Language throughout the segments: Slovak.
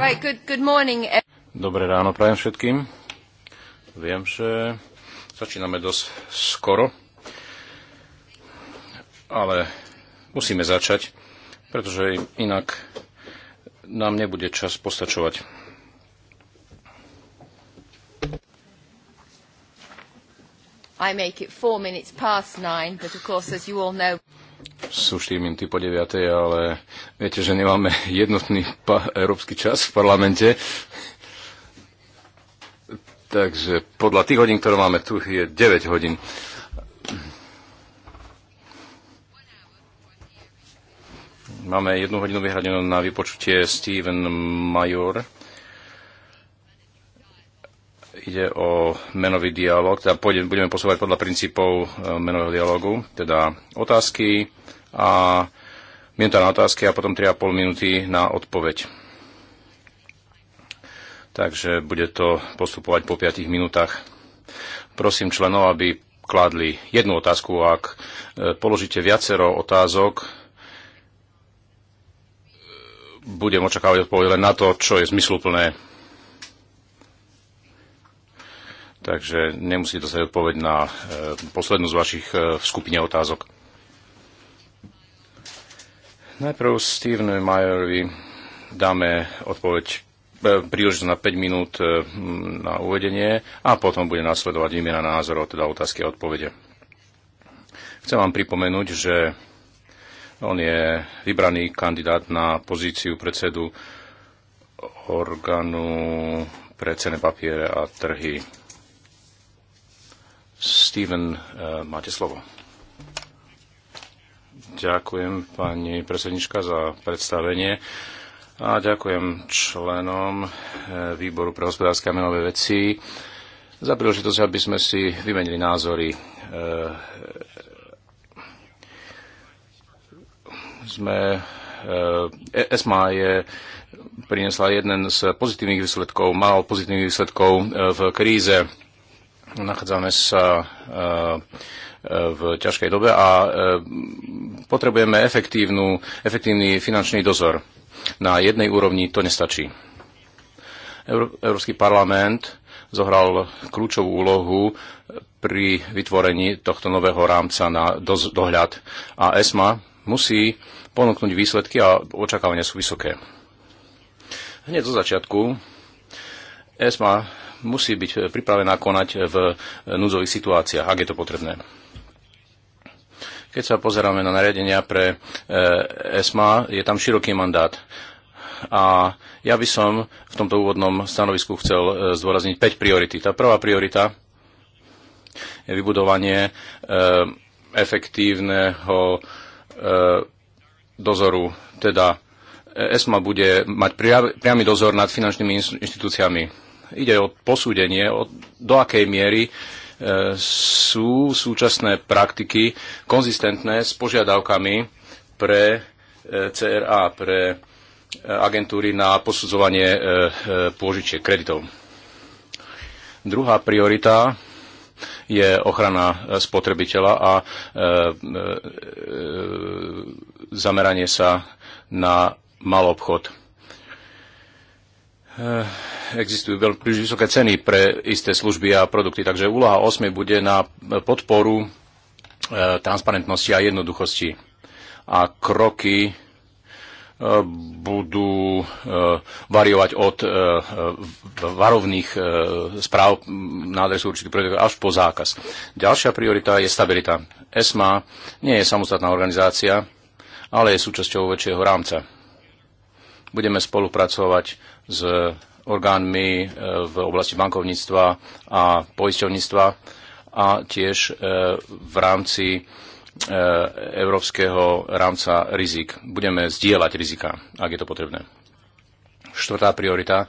Eh. Dobré ráno prajem všetkým. Viem, že začíname dosť skoro, ale musíme začať, pretože inak nám nebude čas postačovať. I make it four minutes past nine, but of course, as you all know sú 4 minúty po 9, ale viete, že nemáme jednotný európsky čas v parlamente. Takže podľa tých hodín, ktoré máme tu, je 9 hodín. Máme jednu hodinu vyhradenú na vypočutie Steven Major ide o menový dialog, teda pôjde, budeme posúvať podľa princípov e, menového dialogu, teda otázky a minúta na otázky a potom 3,5 minúty na odpoveď. Takže bude to postupovať po 5 minútach. Prosím členov, aby kladli jednu otázku. Ak e, položíte viacero otázok, e, budem očakávať odpoveď len na to, čo je zmysluplné takže nemusíte dostať odpoveď na e, poslednú z vašich e, v skupine otázok. Najprv Stevenovi Majerovi dáme odpoveď e, príležitosť na 5 minút na uvedenie a potom bude nasledovať výmena názorov, teda otázky a odpovede. Chcem vám pripomenúť, že on je vybraný kandidát na pozíciu predsedu orgánu pre cené papiere a trhy Steven, eh, máte slovo. Ďakujem pani predsednička za predstavenie a ďakujem členom eh, výboru pre hospodárske a menové veci za príležitosť, aby sme si vymenili názory. Eh, sme, ESMA je priniesla jeden z pozitívnych výsledkov, mal pozitívnych výsledkov v kríze nachádzame sa e, e, v ťažkej dobe a e, potrebujeme efektívny finančný dozor. Na jednej úrovni to nestačí. Európsky parlament zohral kľúčovú úlohu pri vytvorení tohto nového rámca na dohľad a ESMA musí ponúknuť výsledky a očakávania sú vysoké. Hneď zo začiatku ESMA musí byť pripravená konať v núdzových situáciách, ak je to potrebné. Keď sa pozeráme na nariadenia pre eh, ESMA, je tam široký mandát. A ja by som v tomto úvodnom stanovisku chcel eh, zdôrazniť 5 priority. Tá prvá priorita je vybudovanie eh, efektívneho dozoru, teda ESMA bude mať priamy dozor nad finančnými inštitúciami. Ide o posúdenie, o, do akej miery e, sú súčasné praktiky konzistentné s požiadavkami pre e, CRA, pre e, agentúry na posudzovanie pôžičiek kreditov. Druhá priorita je ochrana spotrebiteľa a zameranie sa na malobchod. Eh, existujú veľmi vysoké ceny pre isté služby a produkty, takže úloha 8 bude na podporu eh, transparentnosti a jednoduchosti. A kroky eh, budú variovať od varovných správ na adresu určitých projektov až po zákaz. Ďalšia priorita je stabilita. ESMA nie je samostatná organizácia, ale je súčasťou väčšieho rámca. Budeme spolupracovať s orgánmi e, v oblasti bankovníctva a poisťovníctva a tiež e, v rámci e, európskeho rámca rizik. Budeme zdieľať rizika, ak je to potrebné. Štvrtá priorita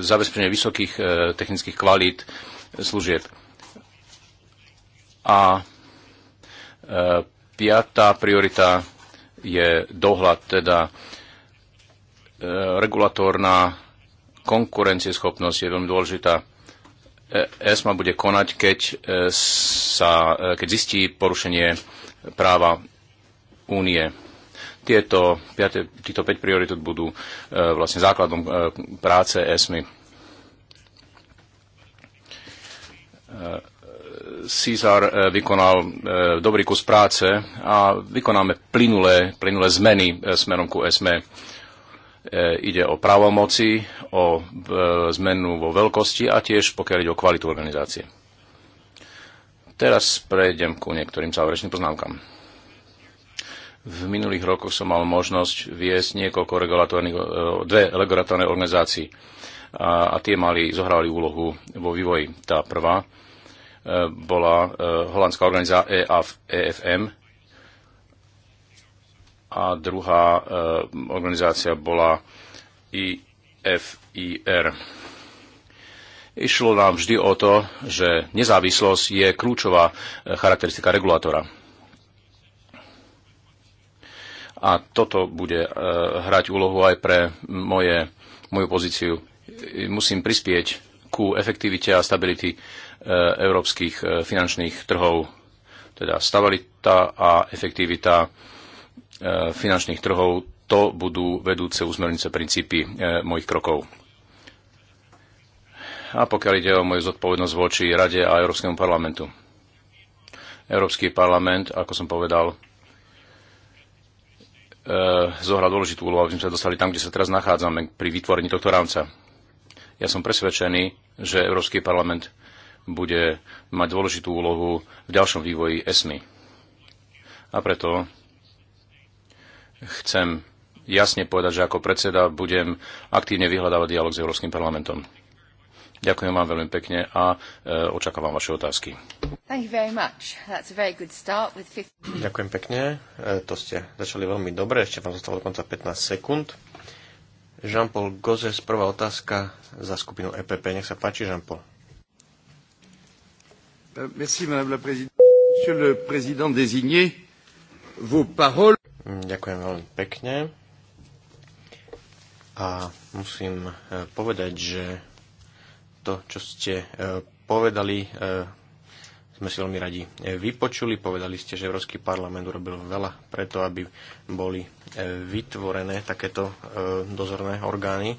zabezpečenie vysokých technických kvalít služieb. A piatá priorita je dohľad, teda e, regulatórna konkurencieschopnosť je veľmi dôležitá. E, ESMA bude konať, keď, e, sa, keď zistí porušenie práva únie. Tieto, týchto 5 priorit budú vlastne základom práce ESMY Cízar eh, vykonal eh, dobrý kus práce a vykonáme plynulé, plynulé zmeny eh, smerom ku SME. Ide o právomoci, o zmenu vo veľkosti a tiež pokiaľ ide o kvalitu organizácie. Teraz prejdem ku niektorým záverečným poznámkam. V minulých rokoch som mal možnosť viesť niekoľko regulatórnych, dve regulatórne organizácií a, a tie mali, zohrali úlohu vo vývoji. Tá prvá bola e, holandská organizácia e EFM a druhá e, organizácia bola IFIR. Išlo nám vždy o to, že nezávislosť je kľúčová charakteristika regulátora. A toto bude hrať úlohu aj pre moje, moju pozíciu. Musím prispieť ku efektivite a stability e, európskych e, finančných trhov. Teda stabilita a efektivita e, finančných trhov, to budú vedúce úzmernice princípy mojich krokov. A pokiaľ ide o moju zodpovednosť voči Rade a Európskemu parlamentu. Európsky parlament, ako som povedal, zohrá dôležitú úlohu, aby sme sa dostali tam, kde sa teraz nachádzame pri vytvorení tohto rámca. Ja som presvedčený, že Európsky parlament bude mať dôležitú úlohu v ďalšom vývoji ESMI. A preto chcem jasne povedať, že ako predseda budem aktívne vyhľadávať dialog s Európskym parlamentom. Ďakujem vám veľmi pekne a e, očakávam vaše otázky. Ďakujem pekne. E, to ste začali veľmi dobre. Ešte vám zostalo dokonca 15 sekúnd. Jean-Paul Gozes, prvá otázka za skupinu EPP. Nech sa páči, Jean-Paul. Euh, merci, madame la présidente. Monsieur le président désigné, vos paroles... Ďakujem veľmi pekne. A musím e, povedať, že to, čo ste e, povedali, e, sme si veľmi radi vypočuli. Povedali ste, že Európsky parlament urobil veľa preto, aby boli e, vytvorené takéto e, dozorné orgány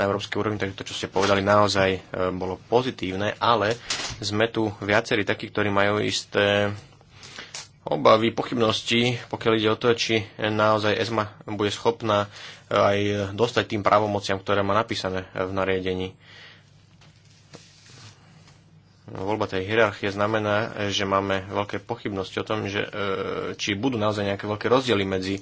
na európskej úrovni, takže to, čo ste povedali, naozaj e, bolo pozitívne, ale sme tu viacerí takí, ktorí majú isté obavy, pochybnosti, pokiaľ ide o to, či naozaj ESMA bude schopná aj dostať tým právomociam, ktoré má napísané v nariadení voľba tej hierarchie znamená, že máme veľké pochybnosti o tom, že, e, či budú naozaj nejaké veľké rozdiely medzi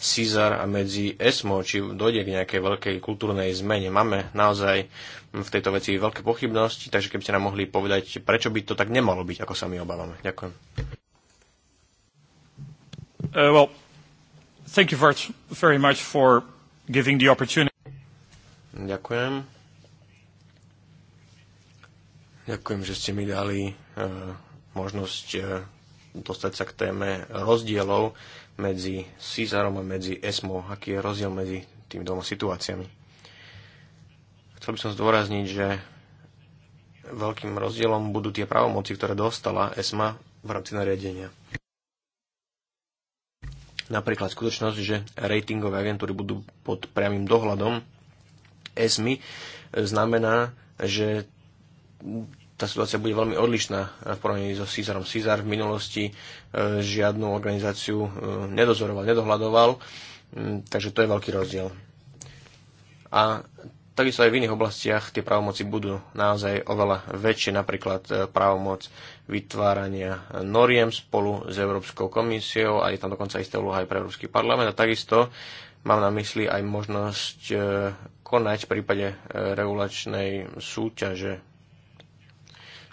Cizar a medzi ESMO, či dojde k nejakej veľkej kultúrnej zmene. Máme naozaj v tejto veci veľké pochybnosti, takže keby ste nám mohli povedať, prečo by to tak nemalo byť, ako sa my obávame. Ďakujem. Uh, well, thank you very much for giving the opportunity. Ďakujem Ďakujem, že ste mi dali e, možnosť e, dostať sa k téme rozdielov medzi Cizarom a medzi ESMO. Aký je rozdiel medzi tými dvoma situáciami? Chcel by som zdôrazniť, že veľkým rozdielom budú tie právomoci, ktoré dostala ESMA v rámci nariadenia. Napríklad skutočnosť, že ratingové agentúry budú pod priamým dohľadom ESMI, e, znamená, že tá situácia bude veľmi odlišná v porovnaní so Cizarom. Cizar v minulosti e, žiadnu organizáciu e, nedozoroval, nedohľadoval, takže to je veľký rozdiel. A takisto aj v iných oblastiach tie právomoci budú naozaj oveľa väčšie, napríklad e, právomoc vytvárania noriem spolu s Európskou komisiou a je tam dokonca istá úloha aj pre Európsky parlament a takisto mám na mysli aj možnosť konať v prípade regulačnej súťaže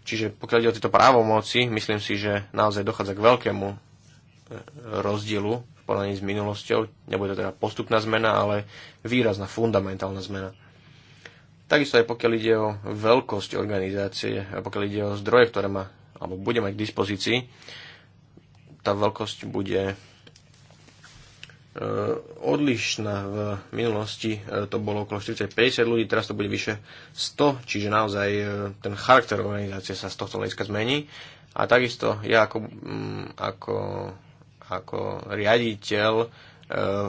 Čiže pokiaľ ide o tieto právomoci, myslím si, že naozaj dochádza k veľkému e, rozdielu v porovnaní s minulosťou. Nebude to teda postupná zmena, ale výrazná, fundamentálna zmena. Takisto aj pokiaľ ide o veľkosť organizácie, a pokiaľ ide o zdroje, ktoré má alebo bude mať k dispozícii, tá veľkosť bude Eh, odlišná. V minulosti eh, to bolo okolo 40-50 ľudí, teraz to bude vyše 100, čiže naozaj eh, ten charakter organizácie sa z tohto hľadiska zmení. A takisto ja ako, mm, ako, ako riaditeľ,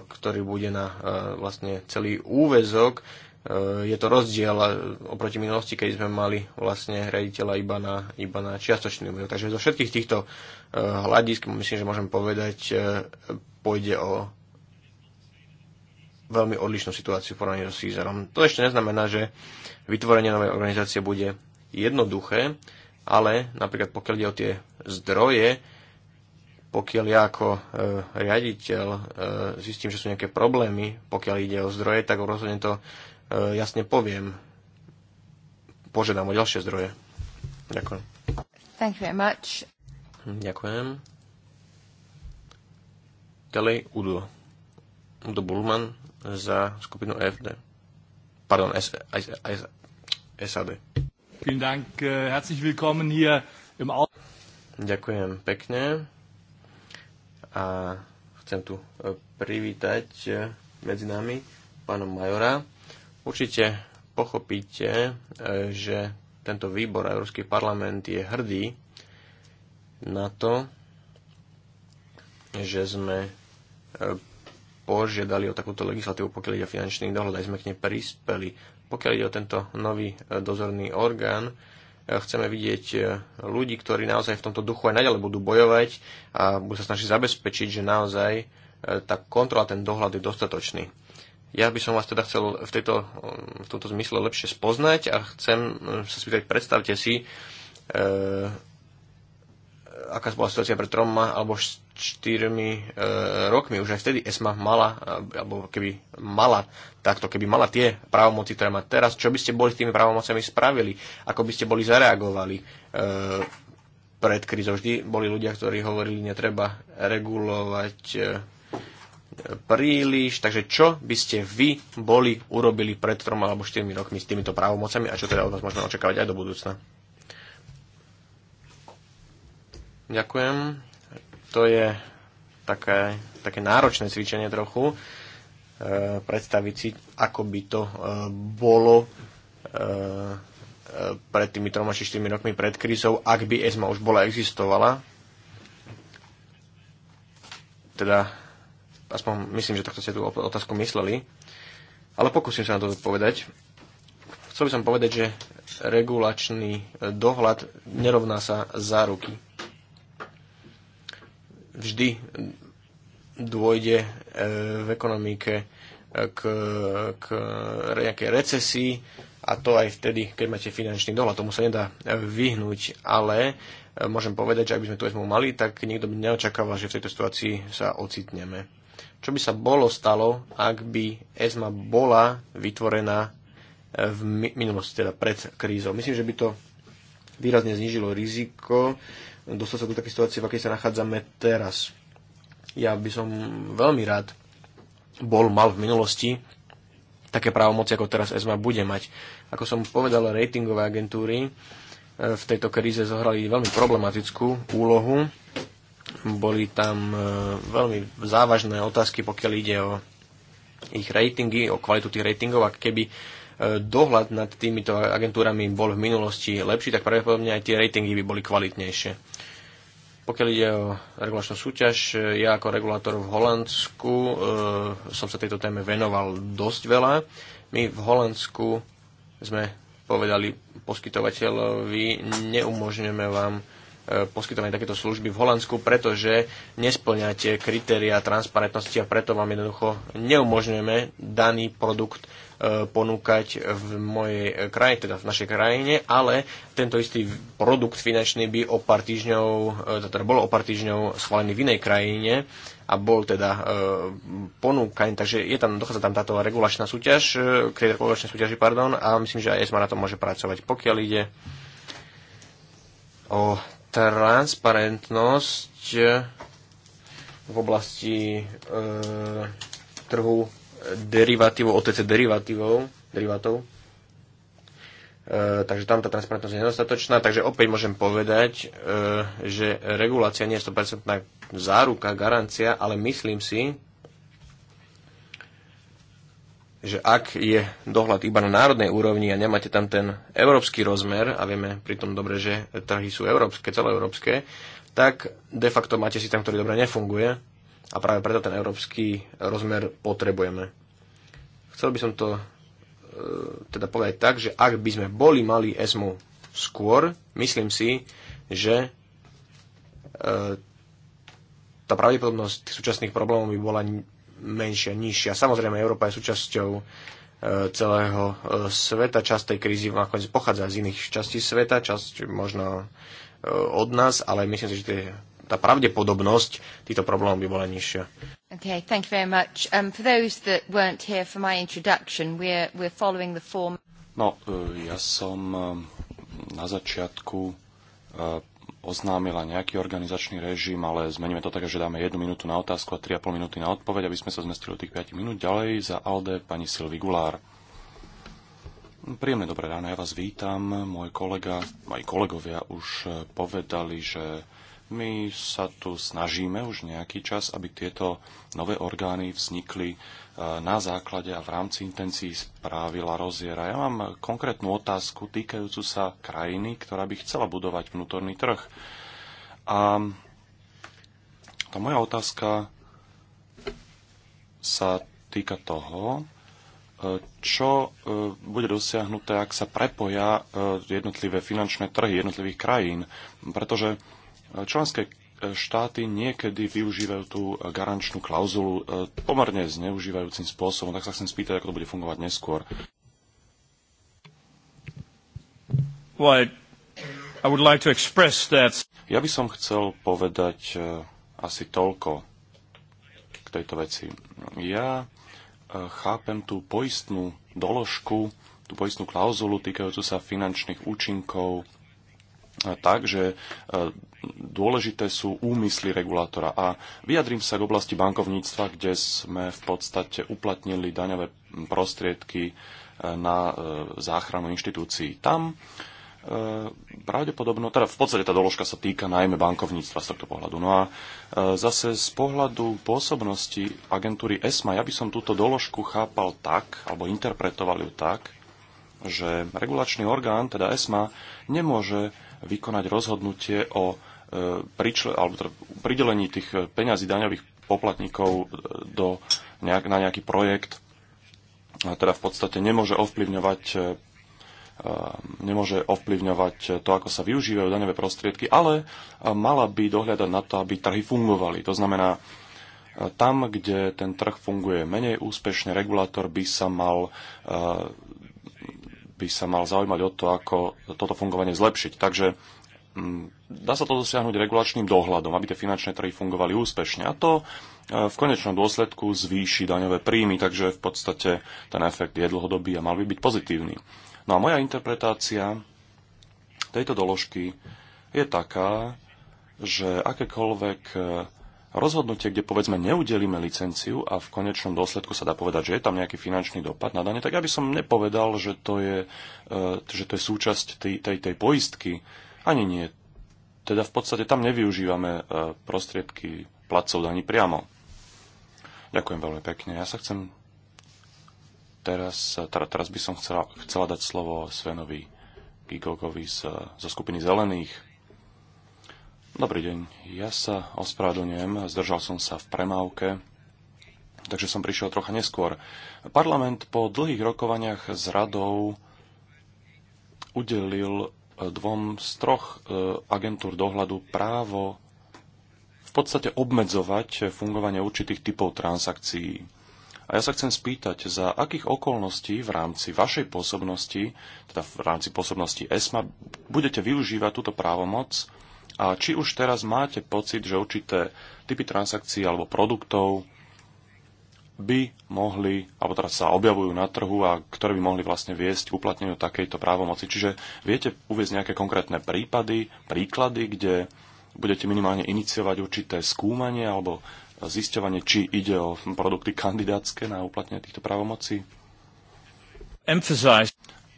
ktorý bude na vlastne celý úvezok, je to rozdiel oproti minulosti, keď sme mali vlastne riaditeľa iba na, iba na čiastočný úvezok. Takže zo všetkých týchto hľadisk myslím, že môžem povedať, pôjde o veľmi odlišnú situáciu v porovnaní so Caesarom. To ešte neznamená, že vytvorenie novej organizácie bude jednoduché, ale napríklad pokiaľ ide o tie zdroje, pokiaľ ja ako e, riaditeľ e, zistím, že sú nejaké problémy, pokiaľ ide o zdroje, tak rozhodne to e, jasne poviem. Požiadam o ďalšie zdroje. Ďakujem. Thank you very much. Ďakujem. Ďalej Udo. Udo Bulman za skupinu FD, Pardon, S, S, S, SAD. Vielen Dank, äh, herzlich willkommen hier im Ďakujem pekne a chcem tu e, privítať e, medzi nami pána Majora. Určite pochopíte, e, že tento výbor Európsky parlament je hrdý na to, že sme požiadali o takúto legislatívu, pokiaľ ide o finančný dohľad, aj sme k nej prispeli. Pokiaľ ide o tento nový e, dozorný orgán, e, chceme vidieť e, ľudí, ktorí naozaj v tomto duchu aj naďalej budú bojovať a budú sa snažiť zabezpečiť, že naozaj tá kontrola, ten dohľad je dostatočný. Ja by som vás teda chcel v, tejto, v tomto zmysle lepšie spoznať a chcem sa spýtať, predstavte si, aká bola situácia pred troma alebo štyrmi e, rokmi. Už aj vtedy ESMA mala, e, alebo keby mala takto, keby mala tie právomoci, ktoré má teraz, čo by ste boli s tými právomocami spravili? Ako by ste boli zareagovali? E, pred krizou? vždy boli ľudia, ktorí hovorili, netreba regulovať e, príliš, takže čo by ste vy boli urobili pred troma alebo štyrmi rokmi s týmito právomocami a čo teda od vás možno očakávať aj do budúcna? Ďakujem. To je také, také náročné cvičenie trochu, e, predstaviť si, ako by to e, bolo e, e pred tými 3 či 4 rokmi pred krízou, ak by ESMA už bola existovala. Teda, aspoň myslím, že takto ste tú otázku mysleli. Ale pokúsim sa na to odpovedať. Chcel by som povedať, že regulačný e, dohľad nerovná sa záruky vždy dôjde e, v ekonomike e, k, k nejakej recesii a to aj vtedy, keď máte finančný dohľad. Tomu sa nedá vyhnúť, ale e, môžem povedať, že ak by sme tú ESMU mali, tak nikto by neočakával, že v tejto situácii sa ocitneme. Čo by sa bolo stalo, ak by ESMA bola vytvorená v minulosti, teda pred krízou? Myslím, že by to výrazne znížilo riziko dostať sa do takej situácie, v akej sa nachádzame teraz. Ja by som veľmi rád bol, mal v minulosti také právomoci, ako teraz ESMA bude mať. Ako som povedal, ratingové agentúry e, v tejto kríze zohrali veľmi problematickú úlohu. Boli tam e, veľmi závažné otázky, pokiaľ ide o ich ratingy, o kvalitu tých ratingov a keby e, dohľad nad týmito agentúrami bol v minulosti lepší, tak pravdepodobne aj tie ratingy by boli kvalitnejšie. Pokiaľ ide o regulačnú súťaž, e, ja ako regulátor v Holandsku e, som sa tejto téme venoval dosť veľa. My v Holandsku sme povedali poskytovateľovi, neumožňujeme vám e, poskytovanie takéto služby v Holandsku, pretože nesplňate kritéria transparentnosti a preto vám jednoducho neumožňujeme daný produkt ponúkať v mojej kraji, teda v našej krajine, ale tento istý produkt finančný by o pár týždňov, e, teda-, teda bol o pár týždňov schválený v inej krajine a bol teda e, ponúkaný, takže je tam, dochádza tam táto regulačná súťaž, e, k tej regulačnej súťaži, pardon, a myslím, že aj ESMA na tom môže pracovať. Pokiaľ ide o transparentnosť e, v oblasti e, trhu derivatívou, OTC derivatívou, derivátov. E, takže tam tá transparentnosť je nedostatočná. Takže opäť môžem povedať, e, že regulácia nie je 100% záruka, garancia, ale myslím si, že ak je dohľad iba na národnej úrovni a nemáte tam ten európsky rozmer, a vieme pritom dobre, že trhy sú európske, celoeurópske, tak de facto máte systém, ktorý dobre nefunguje a práve preto ten európsky rozmer potrebujeme. Chcel by som to e, teda povedať tak, že ak by sme boli mali ESMU skôr, myslím si, že e, tá pravdepodobnosť tých súčasných problémov by bola menšia, nižšia. Samozrejme, Európa je súčasťou e, celého e, sveta. Časť tej krízy nakoniec pochádza z iných častí sveta, časť možno e, od nás, ale myslím si, že tie tá pravdepodobnosť týchto problémov by bola nižšia. Okay, thank you very much. Um, for those that weren't here for my introduction, we're, we're following the form. No, e, ja som e, na začiatku e, oznámila nejaký organizačný režim, ale zmeníme to tak, že dáme jednu minútu na otázku a 3,5 minúty na odpoveď, aby sme sa zmestili do tých 5 minút. Ďalej za Alde pani Silvi Gulár. Príjemné dobré ráno, ja vás vítam. Môj kolega, moji kolegovia už povedali, že my sa tu snažíme už nejaký čas, aby tieto nové orgány vznikli e, na základe a v rámci intencií správy La Roziera. Ja mám konkrétnu otázku týkajúcu sa krajiny, ktorá by chcela budovať vnútorný trh. A tá moja otázka sa týka toho, e, čo e, bude dosiahnuté, ak sa prepoja jednotlivé finančné trhy jednotlivých krajín. Pretože Členské e, štáty niekedy využívajú tú garančnú klauzulu e, pomerne zneužívajúcim spôsobom, tak sa chcem spýtať, ako to bude fungovať neskôr. Ja by som chcel povedať e, asi toľko k tejto veci. Ja chápem tú poistnú doložku, tú poistnú klauzulu týkajúcu sa finančných účinkov E, tak, že e, dôležité sú úmysly regulátora. A vyjadrím sa k oblasti bankovníctva, kde sme v podstate uplatnili daňové prostriedky e, na záchranu inštitúcií. Tam pravdepodobno, teda v podstate tá doložka sa týka najmä bankovníctva z tohto pohľadu. No a zase z pohľadu pôsobnosti agentúry ESMA, ja by som túto doložku chápal tak, alebo interpretoval ju tak, že regulačný orgán, teda ESMA, nemôže vykonať rozhodnutie o e, pričle, alebo teda pridelení tých peňazí daňových poplatníkov e, do, nejak, na nejaký projekt, teda v podstate nemôže ovplyvňovať e, nemôže ovplyvňovať to, ako sa využívajú daňové prostriedky, ale mala by dohľadať na to, aby trhy fungovali. To znamená, tam, kde ten trh funguje menej úspešne, regulátor by sa mal by sa mal zaujímať o to, ako toto fungovanie zlepšiť. Takže mm, dá sa to dosiahnuť regulačným dohľadom, aby tie finančné trhy fungovali úspešne. A to e, v konečnom dôsledku zvýši daňové príjmy, takže v podstate ten efekt je dlhodobý a mal by byť pozitívny. No a moja interpretácia tejto doložky je taká, že akékoľvek e, rozhodnutie, kde povedzme neudelíme licenciu a v konečnom dôsledku sa dá povedať, že je tam nejaký finančný dopad na dane, tak by som nepovedal, že to je, e, že to je súčasť tej, tej, tej poistky. Ani nie. Teda v podstate tam nevyužívame e, prostriedky placov daní priamo. Ďakujem veľmi pekne. Ja sa chcem teraz, teda teraz by som chcela, chcela dať slovo Svenovi Gigogovi z, zo skupiny Zelených. Dobrý deň, ja sa ospravedlňujem, zdržal som sa v premávke, takže som prišiel trocha neskôr. Parlament po dlhých rokovaniach s radou udelil e, dvom z troch e, agentúr dohľadu právo v podstate obmedzovať fungovanie určitých typov transakcií. A ja sa chcem spýtať, za akých okolností v rámci vašej pôsobnosti, teda v rámci pôsobnosti ESMA, budete využívať túto právomoc a či už teraz máte pocit, že určité typy transakcií alebo produktov by mohli, alebo teraz sa objavujú na trhu a ktoré by mohli vlastne viesť k uplatneniu takejto právomoci. Čiže viete uvieť nejaké konkrétne prípady, príklady, kde budete minimálne iniciovať určité skúmanie alebo zisťovanie, či ide o produkty kandidátske na uplatnenie týchto právomocí?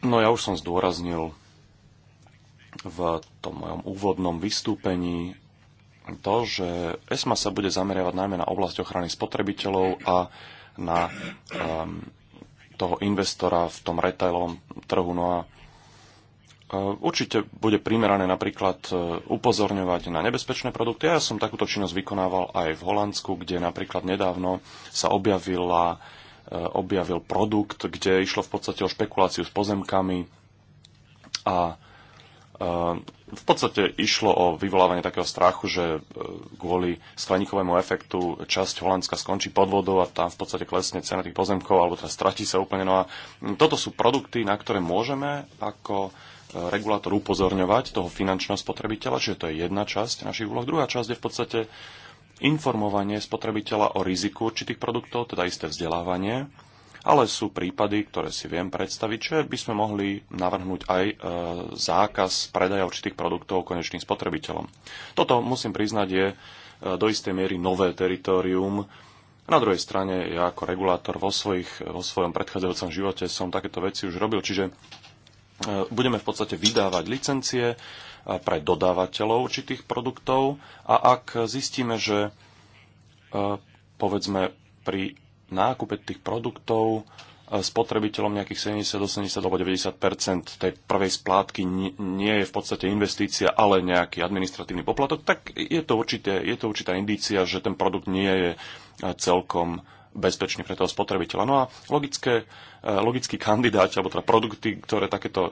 No ja už som zdôraznil v tom mojom úvodnom vystúpení to, že ESMA sa bude zameriavať najmä na oblasť ochrany spotrebiteľov a na um, toho investora v tom retailovom trhu. No a e, Určite bude primerané napríklad e, upozorňovať na nebezpečné produkty. Ja som takúto činnosť vykonával aj v Holandsku, kde napríklad nedávno sa objavila, e, objavil produkt, kde išlo v podstate o špekuláciu s pozemkami a Eh, v podstate išlo o vyvolávanie takého strachu, že eh, kvôli skleníkovému efektu časť Holandska skončí pod vodou a tam v podstate klesne cena tých pozemkov alebo teda stratí sa úplne. No a toto sú produkty, na ktoré môžeme ako eh, regulátor upozorňovať toho finančného spotrebiteľa, čiže to je jedna časť našich úloh. Druhá časť je v podstate informovanie spotrebiteľa o riziku určitých produktov, teda isté vzdelávanie ale sú prípady, ktoré si viem predstaviť, že by sme mohli navrhnúť aj e, zákaz predaja určitých produktov konečným spotrebiteľom. Toto, musím priznať, je e, do istej miery nové teritorium. Na druhej strane, ja ako regulátor vo, svojich, vo svojom predchádzajúcom živote som takéto veci už robil, čiže e, budeme v podstate vydávať licencie pre dodávateľov určitých produktov a ak zistíme, že povedzme pri nákupe tých produktov e, spotrebiteľom nejakých 70, 80 alebo 90 tej prvej splátky nie je v podstate investícia, ale nejaký administratívny poplatok, tak je to, určité, je to určitá indícia, že ten produkt nie je e, celkom bezpečný pre toho spotrebiteľa. No a logické, e, logickí kandidáti, alebo teda produkty, ktoré takéto,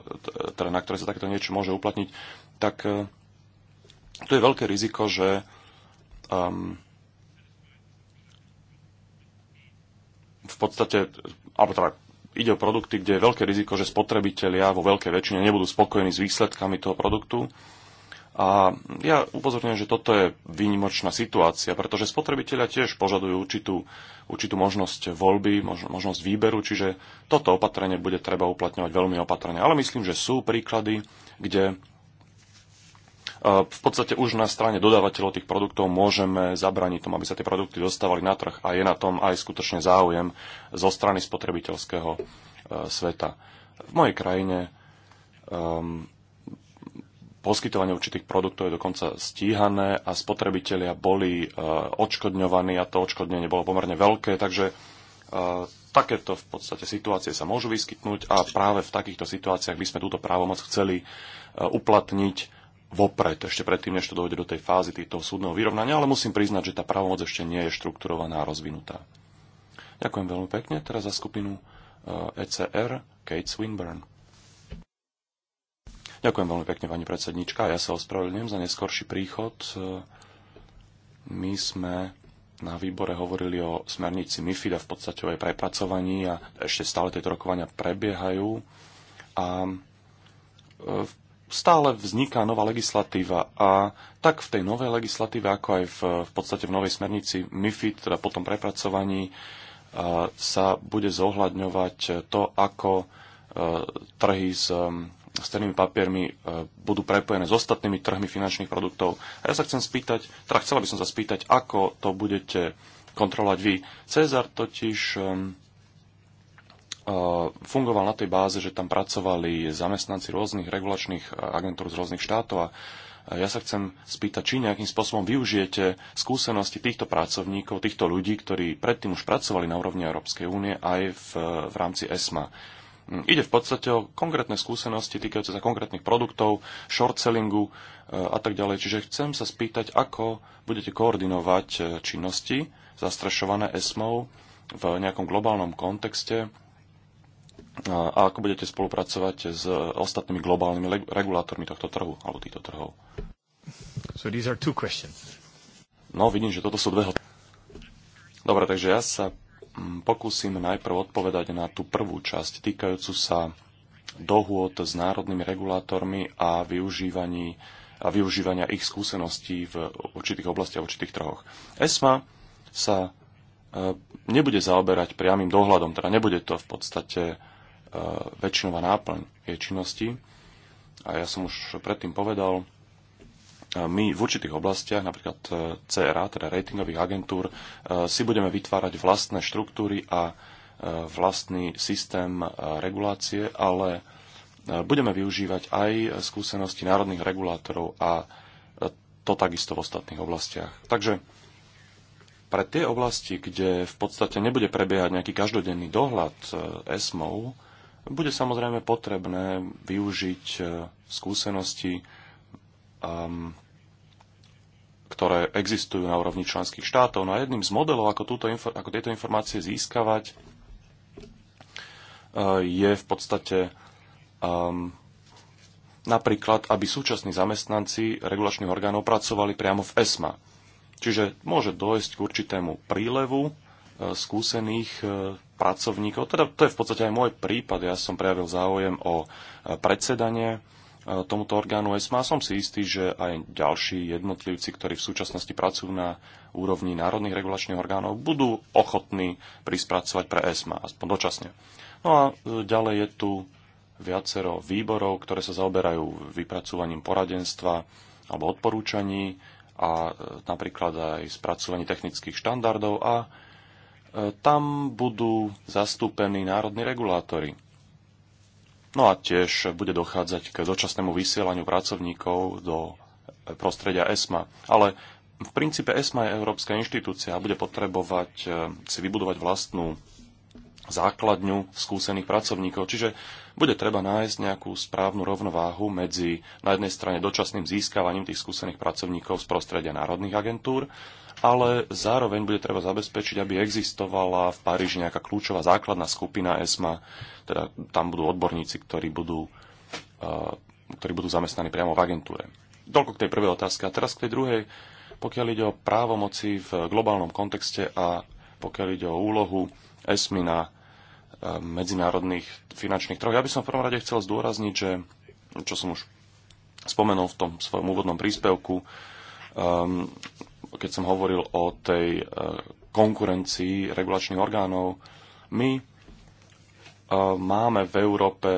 teda na ktoré sa takéto niečo môže uplatniť, tak tu je veľké riziko, že um, v podstate, alebo teda ide o produkty, kde je veľké riziko, že spotrebitelia vo veľkej väčšine nebudú spokojení s výsledkami toho produktu. A ja upozorňujem, že toto je výnimočná situácia, pretože spotrebitelia tiež požadujú určitú, určitú možnosť voľby, možnosť výberu, čiže toto opatrenie bude treba uplatňovať veľmi opatrne. Ale myslím, že sú príklady, kde v podstate už na strane dodávateľov tých produktov môžeme zabraniť tomu, aby sa tie produkty dostávali na trh a je na tom aj skutočne záujem zo strany spotrebiteľského e, sveta. V mojej krajine um, poskytovanie určitých produktov je dokonca stíhané a spotrebitelia boli e, odškodňovaní a to odškodnenie bolo pomerne veľké, takže e, takéto v podstate situácie sa môžu vyskytnúť a práve v takýchto situáciách by sme túto právomoc chceli uplatniť vopred, ešte predtým, než to dojde do tej fázy týchto súdneho vyrovnania, ale musím priznať, že tá pravomoc ešte nie je štrukturovaná a rozvinutá. Ďakujem veľmi pekne. Teraz za skupinu ECR eh, e Kate Swinburne. Ďakujem veľmi pekne, pani predsednička. Ja sa ospravedlňujem za neskorší príchod. Eh, my sme na výbore hovorili o smernici MIFID a v podstate o jej prepracovaní a ešte stále tieto rokovania prebiehajú. A eh, v stále vzniká nová legislatíva a tak v tej novej legislatíve, ako aj v, v podstate v novej smernici MIFID, teda po tom prepracovaní, sa bude zohľadňovať to, ako e, trhy e, s cennými papiermi e, budú prepojené s ostatnými trhmi finančných produktov. A ja sa chcem spýtať, teda chcela by som sa spýtať, ako to budete kontrolovať vy. Cezar totiž um, Eh, fungoval na tej báze, že tam pracovali zamestnanci rôznych regulačných eh, agentúr z rôznych štátov a eh, ja sa chcem spýtať, či nejakým spôsobom využijete skúsenosti týchto pracovníkov, týchto ľudí, ktorí predtým už pracovali na úrovni Európskej únie aj v, v rámci ESMA. Hm, ide v podstate o konkrétne skúsenosti týkajúce sa konkrétnych produktov, short sellingu a tak ďalej. Čiže chcem sa spýtať, ako budete koordinovať činnosti zastrešované ESMO v nejakom globálnom kontexte a ako budete spolupracovať s ostatnými globálnymi regulátormi tohto trhu alebo týchto trhov? So these are two questions. No, vidím, že toto sú dve Dobre, takže ja sa mm, pokúsim najprv odpovedať na tú prvú časť týkajúcu sa dohôd s národnými regulátormi a, využívaní, a využívania ich skúseností v určitých oblastiach, v určitých trhoch. ESMA sa e, nebude zaoberať priamým dohľadom, teda nebude to v podstate E, väčšinová náplň jej činnosti. A ja som už predtým povedal, e, my v určitých oblastiach, napríklad e, CRA, teda ratingových agentúr, si budeme vytvárať vlastné štruktúry a vlastný systém regulácie, ale budeme využívať aj skúsenosti národných regulátorov a to takisto v ostatných oblastiach. Takže pre tie oblasti, kde v podstate nebude prebiehať nejaký každodenný dohľad ESMO, bude samozrejme potrebné využiť e, skúsenosti, um, ktoré existujú na úrovni členských štátov. No a jedným z modelov, ako, túto, ako tieto informácie získavať, e, je v podstate um, napríklad, aby súčasní zamestnanci regulačných orgánov pracovali priamo v ESMA. Čiže môže dojsť k určitému prílevu e, skúsených pracovníkov. Teda to je v podstate aj môj prípad. Ja som prejavil záujem o e, predsedanie e, tomuto orgánu ESMA. Som si istý, že aj ďalší jednotlivci, ktorí v súčasnosti pracujú na úrovni národných regulačných orgánov, budú ochotní prispracovať pre ESMA, aspoň dočasne. No a e, ďalej je tu viacero výborov, ktoré sa zaoberajú vypracovaním poradenstva alebo odporúčaní a napríklad aj spracovaní technických štandardov a E, tam budú zastúpení národní regulátori. No a tiež bude dochádzať k dočasnému vysielaniu pracovníkov do e, prostredia ESMA. Ale v princípe ESMA je európska inštitúcia a bude potrebovať e, si vybudovať vlastnú základňu skúsených pracovníkov. Čiže bude treba nájsť nejakú správnu rovnováhu medzi na jednej strane dočasným získavaním tých skúsených pracovníkov z prostredia národných agentúr, ale zároveň bude treba zabezpečiť, aby existovala v Paríži nejaká kľúčová základná skupina ESMA, teda tam budú odborníci, ktorí budú, eh, ktorí budú zamestnaní priamo v agentúre. Toľko k tej prvej otázke. A teraz k tej druhej, pokiaľ ide o právomoci v globálnom kontexte a pokiaľ ide o úlohu ESMI na medzinárodných finančných troch. Ja by som v prvom rade chcel zdôrazniť, že, čo som už spomenul v tom svojom úvodnom príspevku, um, keď som hovoril o tej uh, konkurencii regulačných orgánov, my uh, máme v Európe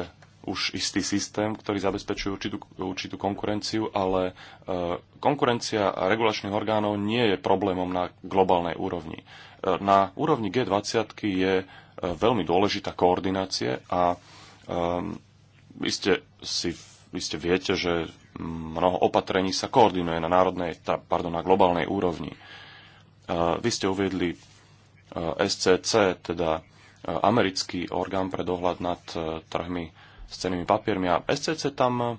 už istý systém, ktorý zabezpečuje určitú, určitú konkurenciu, ale e, konkurencia regulačných orgánov nie je problémom na globálnej úrovni. na úrovni G20 je veľmi dôležitá koordinácie a um, ehm, vy, ste si, vy ste viete, že mnoho opatrení sa koordinuje na, národnej, tá, pardon, na globálnej úrovni. Uh, vy ste uviedli uh, e, SCC, teda uh, americký orgán pre dohľad nad uh, trhmi s cennými papiermi a SCC tam uh,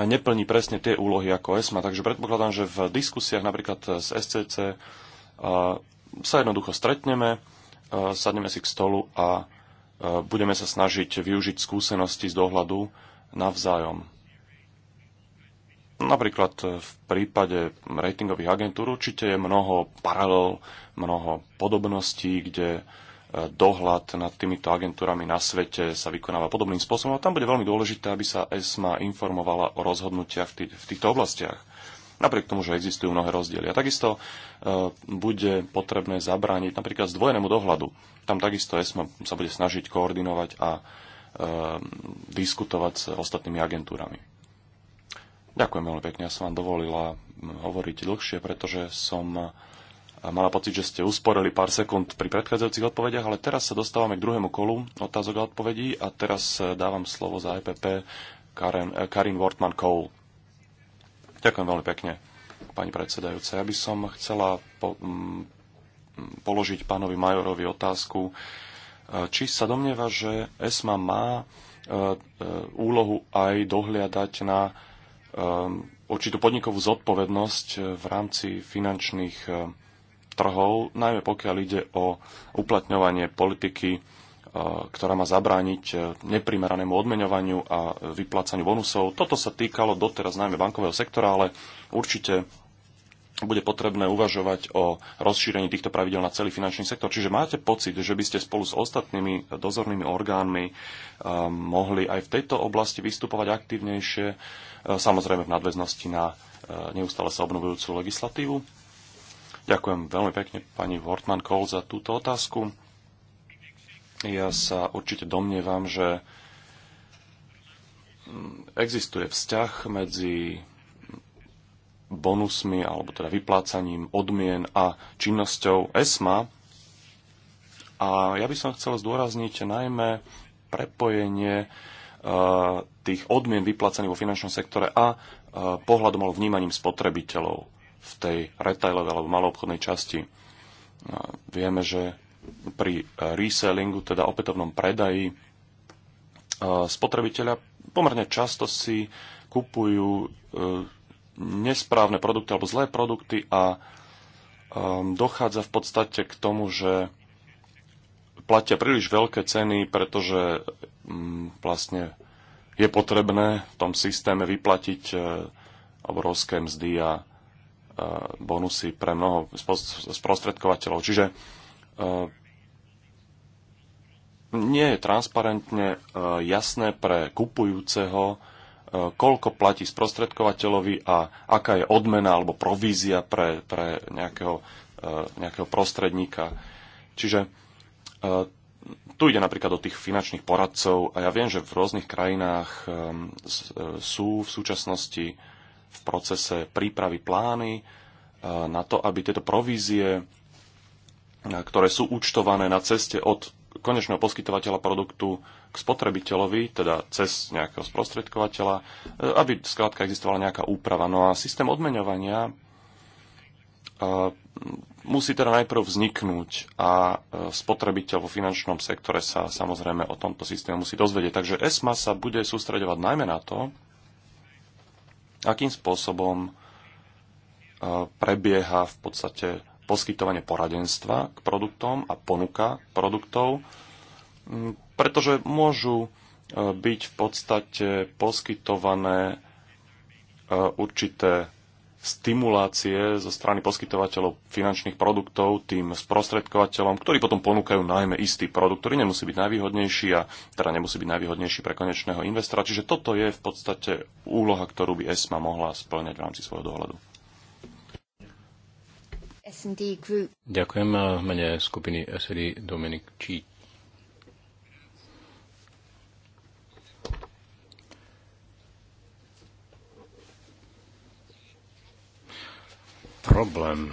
neplní presne tie úlohy ako ESMA, takže predpokladám, že v diskusiách napríklad s SCC uh, sa jednoducho stretneme, E, sadneme si k stolu a e, budeme sa snažiť využiť skúsenosti z dohľadu navzájom. Napríklad v prípade ratingových agentúr určite je mnoho paralel, mnoho podobností, kde e, dohľad nad týmito agentúrami na svete sa vykonáva podobným spôsobom a tam bude veľmi dôležité, aby sa ESMA informovala o rozhodnutiach v, v týchto oblastiach napriek tomu, že existujú mnohé rozdiely. A takisto e, bude potrebné zabrániť napríklad zdvojenému dohľadu. Tam takisto ESMA sa bude snažiť koordinovať a e, diskutovať s ostatnými agentúrami. Ďakujem veľmi pekne. Ja som vám dovolila hovoriť dlhšie, pretože som e, mala pocit, že ste usporili pár sekúnd pri predchádzajúcich odpovediach, ale teraz sa dostávame k druhému kolu otázok a odpovedí a teraz dávam slovo za EPP Karen, Karin Wortman Cole. Ďakujem veľmi pekne, pani predsedajúca. Ja by som chcela po, m, mm, položiť pánovi Majorovi otázku, e, či sa domnieva, že ESMA má e, e, úlohu aj dohliadať na určitú podnikovú zodpovednosť v rámci finančných trhov, najmä pokiaľ ide o uplatňovanie politiky ktorá má zabrániť e, neprimeranému odmeňovaniu a vyplácaniu bonusov. Toto sa týkalo doteraz najmä bankového sektora, ale určite bude potrebné uvažovať o rozšírení týchto pravidel na celý finančný sektor. Čiže máte pocit, že by ste spolu s ostatnými dozornými orgánmi e, mohli aj v tejto oblasti vystupovať aktívnejšie, e, samozrejme v nadväznosti na neustále sa obnovujúcu legislatívu? Ďakujem veľmi pekne pani Hortman Kohl za túto otázku. Ja sa určite domnievam, že existuje vzťah medzi bonusmi alebo teda vyplácaním odmien a činnosťou ESMA. A ja by som chcel zdôrazniť najmä prepojenie e, tých odmien vyplácaných vo finančnom sektore a e, pohľadom alebo vnímaním spotrebiteľov v tej retailovej alebo maloobchodnej časti. E, vieme, že pri eh, resellingu, teda opätovnom predaji eh, spotrebiteľa pomerne často si kupujú eh, nesprávne produkty alebo zlé produkty a ehm, dochádza v podstate k tomu, že platia príliš veľké ceny, pretože mm, vlastne je potrebné v tom systéme vyplatiť obrovské mzdy a bonusy pre mnoho sprostredkovateľov. Čiže Ehm, nie je transparentne ehm, jasné pre kupujúceho, ehm, koľko platí sprostredkovateľovi a aká je odmena alebo provízia pre, pre nejakého, nejakého prostredníka. Čiže tu ide napríklad o tých finančných poradcov a ja viem, že v rôznych krajinách sú v súčasnosti v procese prípravy plány na to, aby tieto provízie ktoré sú účtované na ceste od konečného poskytovateľa produktu k spotrebiteľovi, teda cez nejakého sprostredkovateľa, e, aby skrátka existovala nejaká úprava. No a systém odmeňovania e, musí teda najprv vzniknúť a e, spotrebiteľ vo finančnom sektore sa samozrejme o tomto systému musí dozvedieť. Takže ESMA sa bude sústredovať najmä na to, akým spôsobom prebieha v podstate poskytovanie poradenstva k produktom a ponuka produktov, mm, pretože môžu e, byť v podstate poskytované e, určité stimulácie zo strany poskytovateľov finančných produktov tým sprostredkovateľom, ktorí potom ponúkajú najmä istý produkt, ktorý nemusí byť najvýhodnejší a teda nemusí byť najvýhodnejší pre konečného investora. Čiže toto je v podstate úloha, ktorú by ESMA mohla splňať v rámci svojho dohľadu. Group. Ďakujem a mene skupiny SD Dominik Čí. Problém,